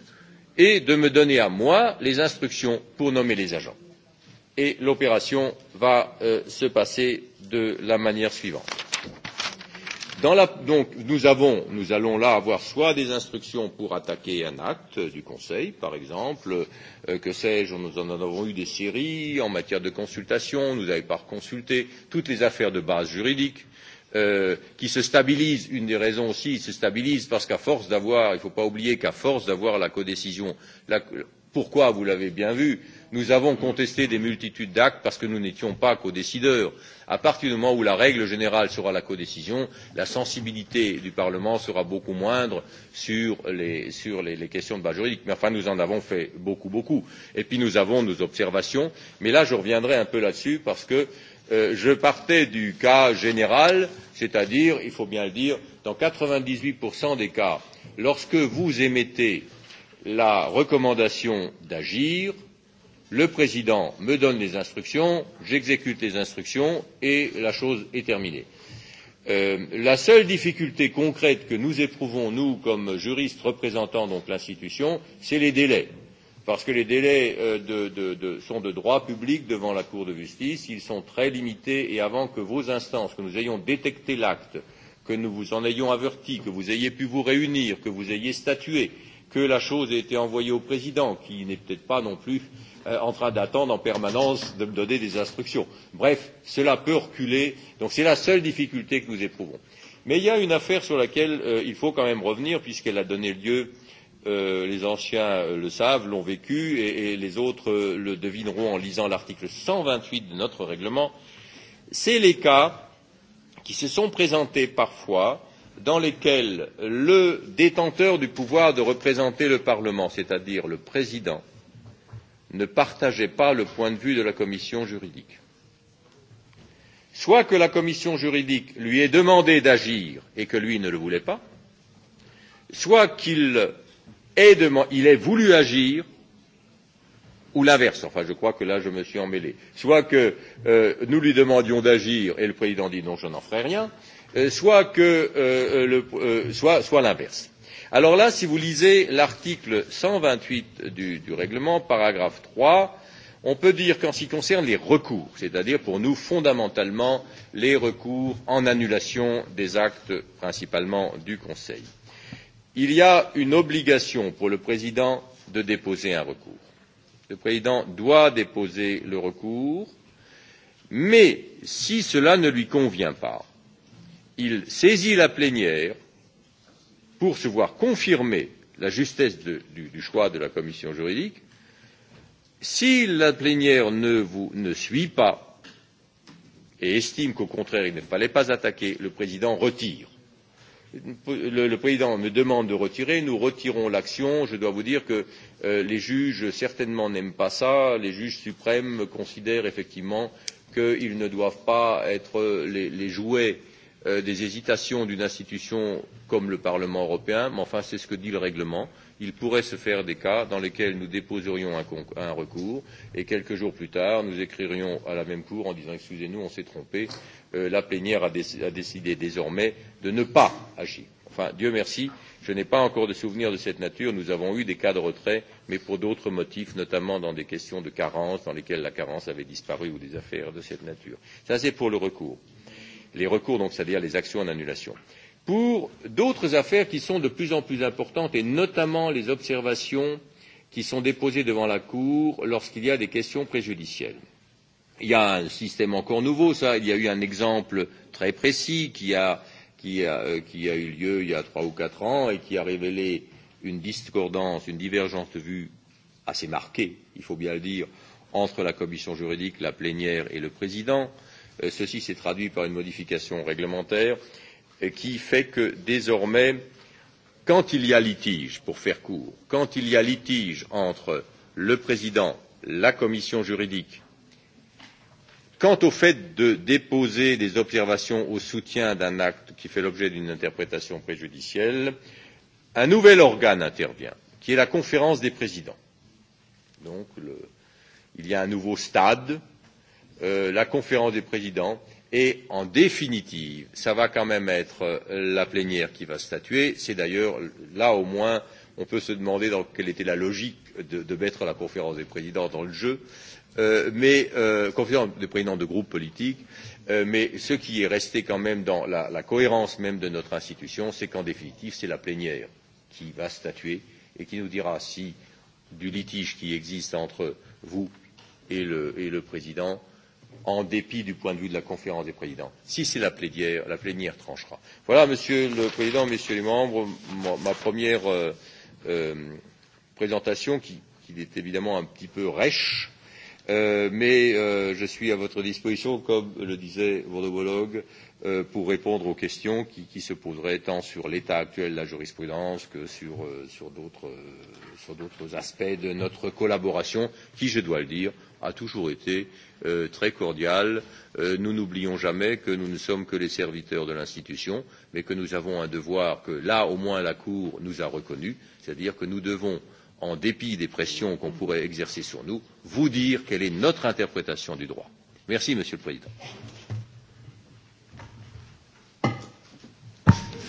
et de me donner à moi les instructions pour nommer les agents. Et l'opération va se passer de la manière suivante. Dans la, donc, nous, avons, nous allons là avoir soit des instructions pour attaquer un acte du Conseil, par exemple, euh, que sais-je, nous en avons eu des séries en matière de consultation, nous n'avons pas consulté toutes les affaires de base juridique euh, qui se stabilisent. Une des raisons aussi, se stabilisent parce qu'à force d'avoir, il ne faut pas oublier qu'à force d'avoir la codécision, la, Pourquoi Vous l'avez bien vu. Nous avons contesté des multitudes d'actes parce que nous n'étions pas codécideurs. À partir du moment où la règle générale sera la codécision, la sensibilité du Parlement sera beaucoup moindre sur les, questions de base juridique. Mais enfin, nous en avons fait beaucoup, beaucoup. Et puis nous avons nos observations. Mais là, je reviendrai un peu là-dessus parce que je partais du cas général, c'est-à-dire, il faut bien le dire, dans quatre-vingt-dix-huit des cas, lorsque vous émettez la recommandation d'agir le président me donne les instructions j'exécute les instructions et la chose est terminée. la seule difficulté concrète que nous éprouvons nous comme juristes représentant donc l'institution c'est les délais parce que les délais sont de droit public devant la cour de justice ils sont très limités et avant que vos instances que nous ayons détecté l'acte que nous vous en ayons averti que vous ayez pu vous réunir que vous ayez statué que la chose ait été envoyée au président, qui n'est peut-être pas non plus en train d'attendre en permanence de me donner des instructions. Bref, cela peut reculer, donc c'est la seule difficulté que nous éprouvons. Mais il y a une affaire sur laquelle il faut quand même revenir, puisqu'elle a donné lieu les anciens le savent, l'ont vécu, et, les autres le devineront en lisant l'article cent vingt huit de notre règlement, c'est les cas qui se sont présentés parfois dans lesquelles le détenteur du pouvoir de représenter le Parlement, c'est-à-dire le président, ne partageait pas le point de vue de la commission juridique. Soit que la commission juridique lui ait demandé d'agir et que lui ne le voulait pas, soit qu'il ait, il ait voulu agir ou l'inverse. Enfin, je crois que là, je me suis emmêlé. Soit que euh, nous lui demandions d'agir et le président dit non, je n'en ferai rien, soit, l'inverse. Alors là, si vous lisez l'article cent vingt huit du règlement, paragraphe trois, on peut dire qu'en ce qui concerne les recours, c'est-à-dire pour nous fondamentalement les recours en annulation des actes principalement du Conseil, il y a une obligation pour le président de déposer un recours. Le président doit déposer le recours, mais si cela ne lui convient pas, il saisit la plénière pour se voir confirmer la justesse de, du, du choix de la commission juridique. Si la plénière ne, vous, ne suit pas et estime qu'au contraire il ne fallait pas attaquer, le président retire. Le, le président me demande de retirer, nous retirons l'action. Je dois vous dire que euh, les juges certainement n'aiment pas ça. Les juges suprêmes considèrent effectivement qu'ils ne doivent pas être les, les jouets euh, des hésitations d'une institution comme le Parlement européen, mais enfin c'est ce que dit le règlement. Il pourrait se faire des cas dans lesquels nous déposerions un, recours et quelques jours plus tard nous écririons à la même cour en disant excusez nous, on s'est trompé, la plénière a, décidé désormais de ne pas agir. Enfin, Dieu merci, je n'ai pas encore de souvenirs de cette nature. Nous avons eu des cas de retrait, mais pour d'autres motifs, notamment dans des questions de carence, dans lesquelles la carence avait disparu ou des affaires de cette nature. Ça, c'est pour le recours les recours, donc c'est-à-dire les actions en annulation. Pour d'autres affaires qui sont de plus en plus importantes, et notamment les observations qui sont déposées devant la Cour lorsqu'il y a des questions préjudicielles. Il y a un système encore nouveau, ça. Il y a eu un exemple très précis qui a, qui a, qui a eu lieu il y a trois ou quatre ans et qui a révélé une discordance, une divergence de vues assez marquée, il faut bien le dire, entre la commission juridique, la plénière et le président. Euh, Ceci s'est traduit par une modification réglementaire qui fait que désormais, quand il y a litige, pour faire court, quand il y a litige entre le président, la commission juridique, quant au fait de déposer des observations au soutien d'un acte qui fait l'objet d'une interprétation préjudicielle, un nouvel organe intervient, qui est la conférence des présidents. Donc, le, il y a un nouveau stade la conférence des présidents et en définitive, ça va quand même être la plénière qui va statuer. C'est d'ailleurs là au moins, on peut se demander dans quelle était la logique de, de mettre la conférence des présidents dans le jeu, euh, mais euh, conférence des présidents de groupes politiques. Euh, mais ce qui est resté quand même dans la, la cohérence même de notre institution, c'est qu'en définitive, c'est la plénière qui va statuer et qui nous dira si du litige qui existe entre vous et le, et le président euh, en dépit du point de vue de la conférence des présidents. Si c'est la plénière, la plénière tranchera. Voilà, Monsieur le Président, Messieurs les membres, ma, première euh, euh, présentation qui, qui est évidemment un petit peu rêche, euh, mais euh, je suis à votre disposition, comme le disait votre homologue, euh, pour répondre aux questions qui, qui se poseraient tant sur l'état actuel de la jurisprudence que sur, euh, sur d'autres aspects de notre collaboration, qui, je dois le dire, a toujours été euh, très cordiale. Euh, nous n'oublions jamais que nous ne sommes que les serviteurs de l'institution, mais que nous avons un devoir que là, au moins, la Cour nous a reconnu, c'est-à-dire que nous devons en dépit des pressions qu'on pourrait exercer sur nous, vous dire quelle est notre interprétation du droit. Merci, Monsieur le Président.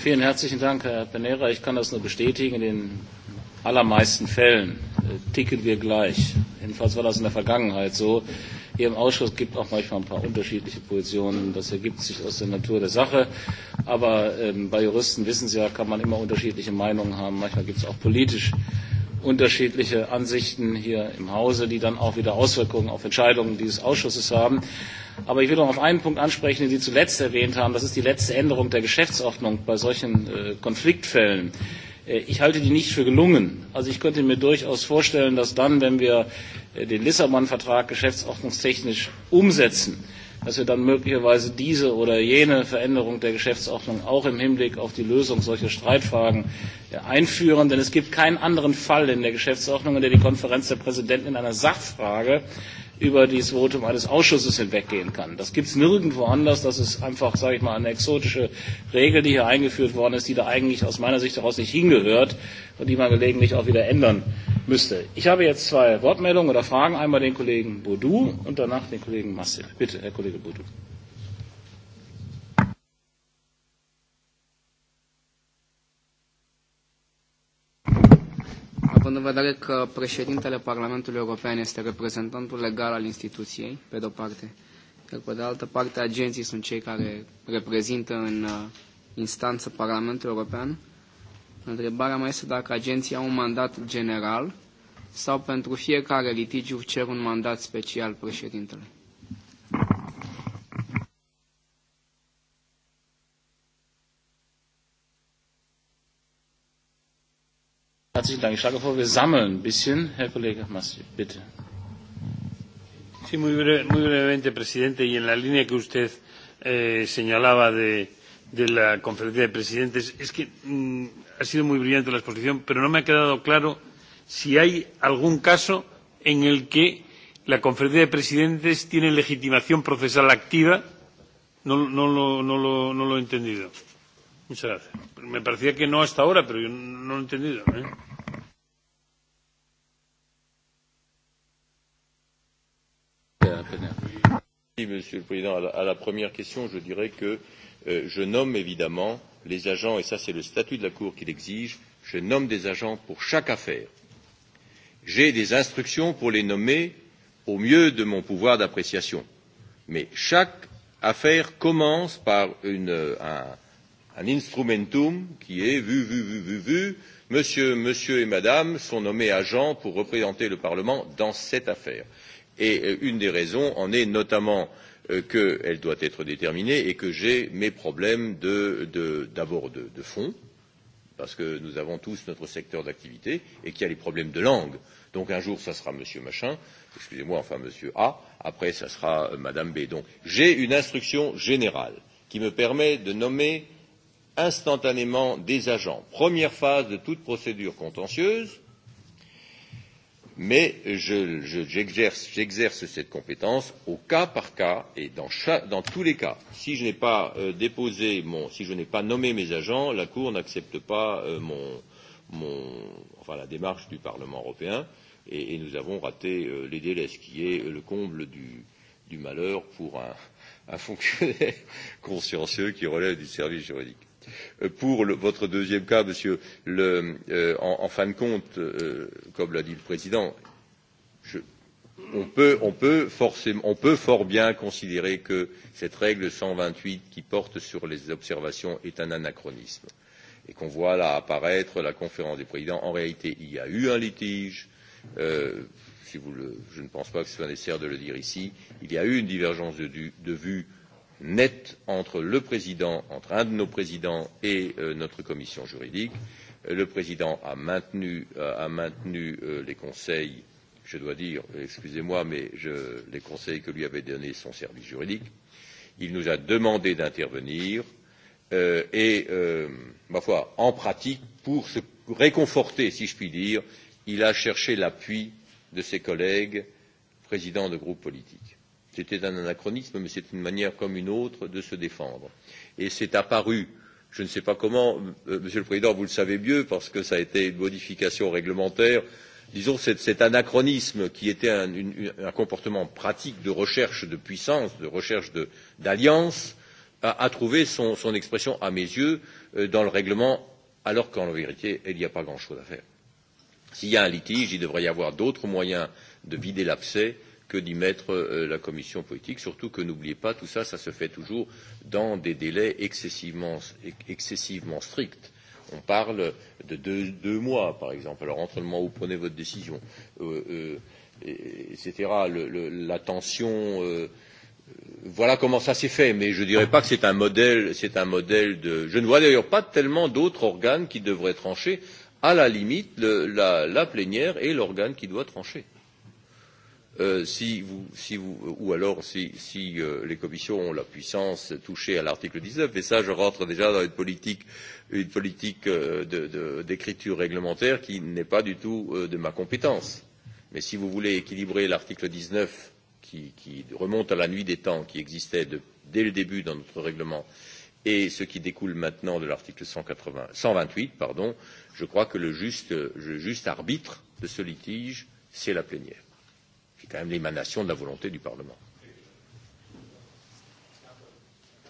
Vielen herzlichen Dank, Herr Penera. Ich kann das nur bestätigen. In den allermeisten Fällen ticken wir gleich. Jedenfalls war das in der Vergangenheit so. Hier im Ausschuss gibt es auch manchmal ein paar unterschiedliche Positionen. Das ergibt sich aus der Natur der Sache. Aber bei Juristen wissen Sie ja, kann man immer unterschiedliche Meinungen haben. Manchmal gibt es auch politisch unterschiedliche Ansichten hier im Hause, die dann auch wieder Auswirkungen auf Entscheidungen dieses Ausschusses haben. Aber ich will noch auf einen Punkt ansprechen, den Sie zuletzt erwähnt haben. Das ist die letzte Änderung der Geschäftsordnung bei solchen Konfliktfällen. Ich halte die nicht für gelungen. Also ich könnte mir durchaus vorstellen, dass dann, wenn wir den Lissabon-Vertrag geschäftsordnungstechnisch umsetzen, dass wir dann möglicherweise diese oder jene Veränderung der Geschäftsordnung auch im Hinblick auf die Lösung solcher Streitfragen einführen. Denn es gibt keinen anderen Fall in der Geschäftsordnung, in der die Konferenz der Präsidenten in einer Sachfrage über das Votum eines Ausschusses hinweggehen kann. Das gibt es nirgendwo anders. Das ist einfach, sage ich mal, eine exotische Regel, die hier eingeführt worden ist, die da eigentlich aus meiner Sicht heraus nicht hingehört und die man gelegentlich auch wieder ändern müsste. Ich habe jetzt zwei Wortmeldungen oder Fragen. Einmal den Kollegen Boudou und danach den Kollegen Massif. Bitte, Herr Kollege Boudou. vedere că președintele Parlamentului European este reprezentantul legal al instituției, pe de-o parte, iar pe de altă parte agenții sunt cei care reprezintă în instanță Parlamentul European, întrebarea mai este dacă agenții au un mandat general sau pentru fiecare litigiu cer un mandat special președintelui. Herzlichen Dank. Ich schlage vor, wir sammeln ein bisschen. Herr Kollege Massi, bitte. Sí, muy, breve, muy brevemente, presidente, y en la línea que usted eh, señalaba de, de la conferencia de presidentes, es que mm, ha sido muy brillante la exposición, pero no me ha quedado claro si hay algún caso en el que la conferencia de presidentes tiene legitimación procesal activa. No, no, lo, no, lo, no lo he entendido. Muchas gracias. Me parecía que no hasta ahora, pero yo no lo he entendido. ¿eh? Monsieur le Président, à la première question, je dirais que je nomme évidemment les agents, et ça c'est le statut de la Cour qui l'exige, je nomme des agents pour chaque affaire. J'ai des instructions pour les nommer au mieux de mon pouvoir d'appréciation. Mais chaque affaire commence par une, un, un instrumentum qui est vu, vu, vu, vu, vu, monsieur, monsieur et madame sont nommés agents pour représenter le Parlement dans cette affaire. Et une des raisons en est notamment qu'elle doit être déterminée et que j'ai mes problèmes d'abord de, de, de fond, parce que nous avons tous notre secteur d'activité et qu'il y a les problèmes de langue. Donc un jour, ça sera Monsieur Machin, excusez-moi, enfin Monsieur A, après, ça sera Madame B. Donc j'ai une instruction générale qui me permet de nommer instantanément des agents. Première phase de toute procédure contentieuse, mais j'exerce cette compétence au cas par cas et dans, tous les cas. Si je n'ai pas déposé mon, si je n'ai pas nommé mes agents, la Cour n'accepte pas la démarche du Parlement européen et, nous avons raté les délais, ce qui est le comble du, malheur pour un fonctionnaire consciencieux qui relève du service juridique. Pour votre deuxième cas, monsieur, en, fin de compte, comme l'a dit le président, on peut, fort bien considérer que cette règle cent vingt huit qui porte sur les observations est un anachronisme et qu'on voit là apparaître la conférence des présidents. En réalité, il y a eu un litige. je ne pense pas que ce soit nécessaire de le dire ici. Il y a eu une divergence de, vues net entre le président, entre un de nos présidents et notre commission juridique. Le président a maintenu, les conseils, je dois dire, excusez-moi, mais les conseils que lui avait donnés son service juridique. Il nous a demandé d'intervenir et, ma foi, en pratique, pour se réconforter, si je puis dire, il a cherché l'appui de ses collègues présidents de groupes politiques C'était un anachronisme, mais c'est une manière comme une autre de se défendre. Et c'est apparu, je ne sais pas comment, Monsieur le Président, vous le savez mieux, parce que cela a été une modification réglementaire, disons cet anachronisme qui était un, comportement pratique de recherche de puissance, de recherche d'alliance, a, trouvé son, expression, à mes yeux, dans le règlement, alors qu'en vérité, il n'y a pas grand-chose à faire. S'il y a un litige, il devrait y avoir d'autres moyens de vider l'abcès que d'y mettre la commission politique, surtout que n'oubliez pas, tout ça, ça se fait toujours dans des délais excessivement, excessivement stricts. On parle de deux, deux mois, par exemple. Alors, entre le moment où vous prenez votre décision, euh, euh, etc., le, le, la tension. Euh, voilà comment ça s'est fait, mais je ne dirais pas que c'est un modèle, un modèle de. Je ne vois d'ailleurs pas tellement d'autres organes qui devraient trancher. À la limite, le, la, la plénière est l'organe qui doit trancher si vous, ou alors si, si euh, les commissions ont la puissance touchée à l'article 19, et ça je rentre déjà dans une politique, une politique euh, d'écriture de, de, réglementaire qui n'est pas du tout euh, de ma compétence. Mais si vous voulez équilibrer l'article 19 qui, qui remonte à la nuit des temps, qui existait de, dès le début dans notre règlement, et ce qui découle maintenant de l'article 128, huit, je crois que le juste, le juste arbitre de ce litige, c'est la plénière. C'est quand même l'émanation de la volonté du Parlement.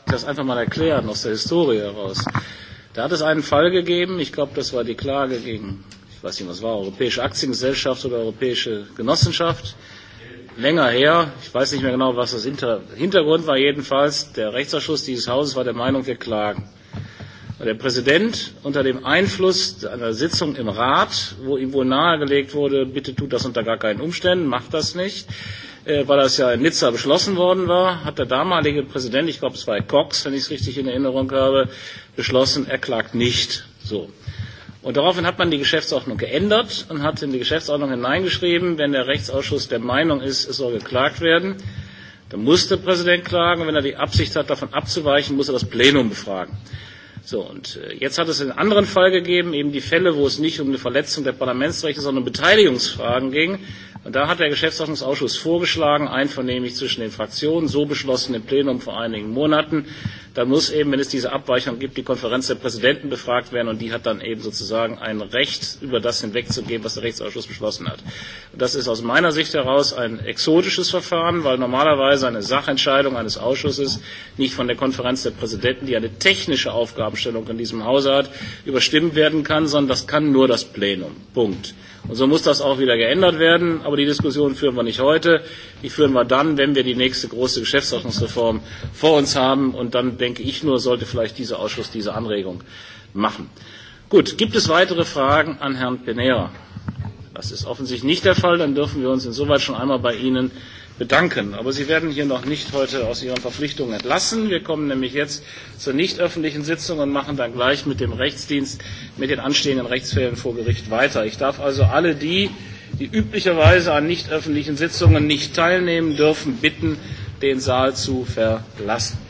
Das einfach mal erklären aus der Historie heraus. Da hat es einen Fall gegeben, ich glaube, das war die Klage gegen, ich weiß nicht, was war, Europäische Aktiengesellschaft oder Europäische Genossenschaft. Länger her, ich weiß nicht mehr genau, was das Hintergrund war, jedenfalls, der Rechtsausschuss dieses Hauses war der Meinung, wir klagen der Präsident unter dem Einfluss einer Sitzung im Rat, wo ihm wohl nahegelegt wurde, bitte tut das unter gar keinen Umständen, macht das nicht, weil das ja in Nizza beschlossen worden war, hat der damalige Präsident, ich glaube es war Cox, wenn ich es richtig in Erinnerung habe, beschlossen, er klagt nicht. So. Und daraufhin hat man die Geschäftsordnung geändert und hat in die Geschäftsordnung hineingeschrieben, wenn der Rechtsausschuss der Meinung ist, es soll geklagt werden, dann muss der Präsident klagen. Wenn er die Absicht hat, davon abzuweichen, muss er das Plenum befragen. So, und jetzt hat es einen anderen Fall gegeben, eben die Fälle, wo es nicht um eine Verletzung der Parlamentsrechte, sondern um Beteiligungsfragen ging. Und da hat der Geschäftsordnungsausschuss vorgeschlagen, einvernehmlich zwischen den Fraktionen, so beschlossen im Plenum vor einigen Monaten. Da muss eben, wenn es diese Abweichung gibt, die Konferenz der Präsidenten befragt werden und die hat dann eben sozusagen ein Recht, über das hinwegzugehen, was der Rechtsausschuss beschlossen hat. Das ist aus meiner Sicht heraus ein exotisches Verfahren, weil normalerweise eine Sachentscheidung eines Ausschusses nicht von der Konferenz der Präsidenten, die eine technische Aufgabe Aufgabenstellung in diesem Hause hat, überstimmt werden kann, sondern das kann nur das Plenum. Punkt. Und so muss das auch wieder geändert werden. Aber die Diskussion führen wir nicht heute. Die führen wir dann, wenn wir die nächste große Geschäftsordnungsreform vor uns haben. Und dann denke ich nur, sollte vielleicht dieser Ausschuss diese Anregung machen. Gut, gibt es weitere Fragen an Herrn Penera? Das ist offensichtlich nicht der Fall. Dann dürfen wir uns insoweit schon einmal bei Ihnen bedanken. Aber Sie werden hier noch nicht heute aus Ihren Verpflichtungen entlassen. Wir kommen nämlich jetzt zur nicht öffentlichen Sitzung und machen dann gleich mit dem Rechtsdienst, mit den anstehenden Rechtsfällen vor Gericht weiter. Ich darf also alle die, die üblicherweise an nicht öffentlichen Sitzungen nicht teilnehmen dürfen, bitten, den Saal zu verlassen.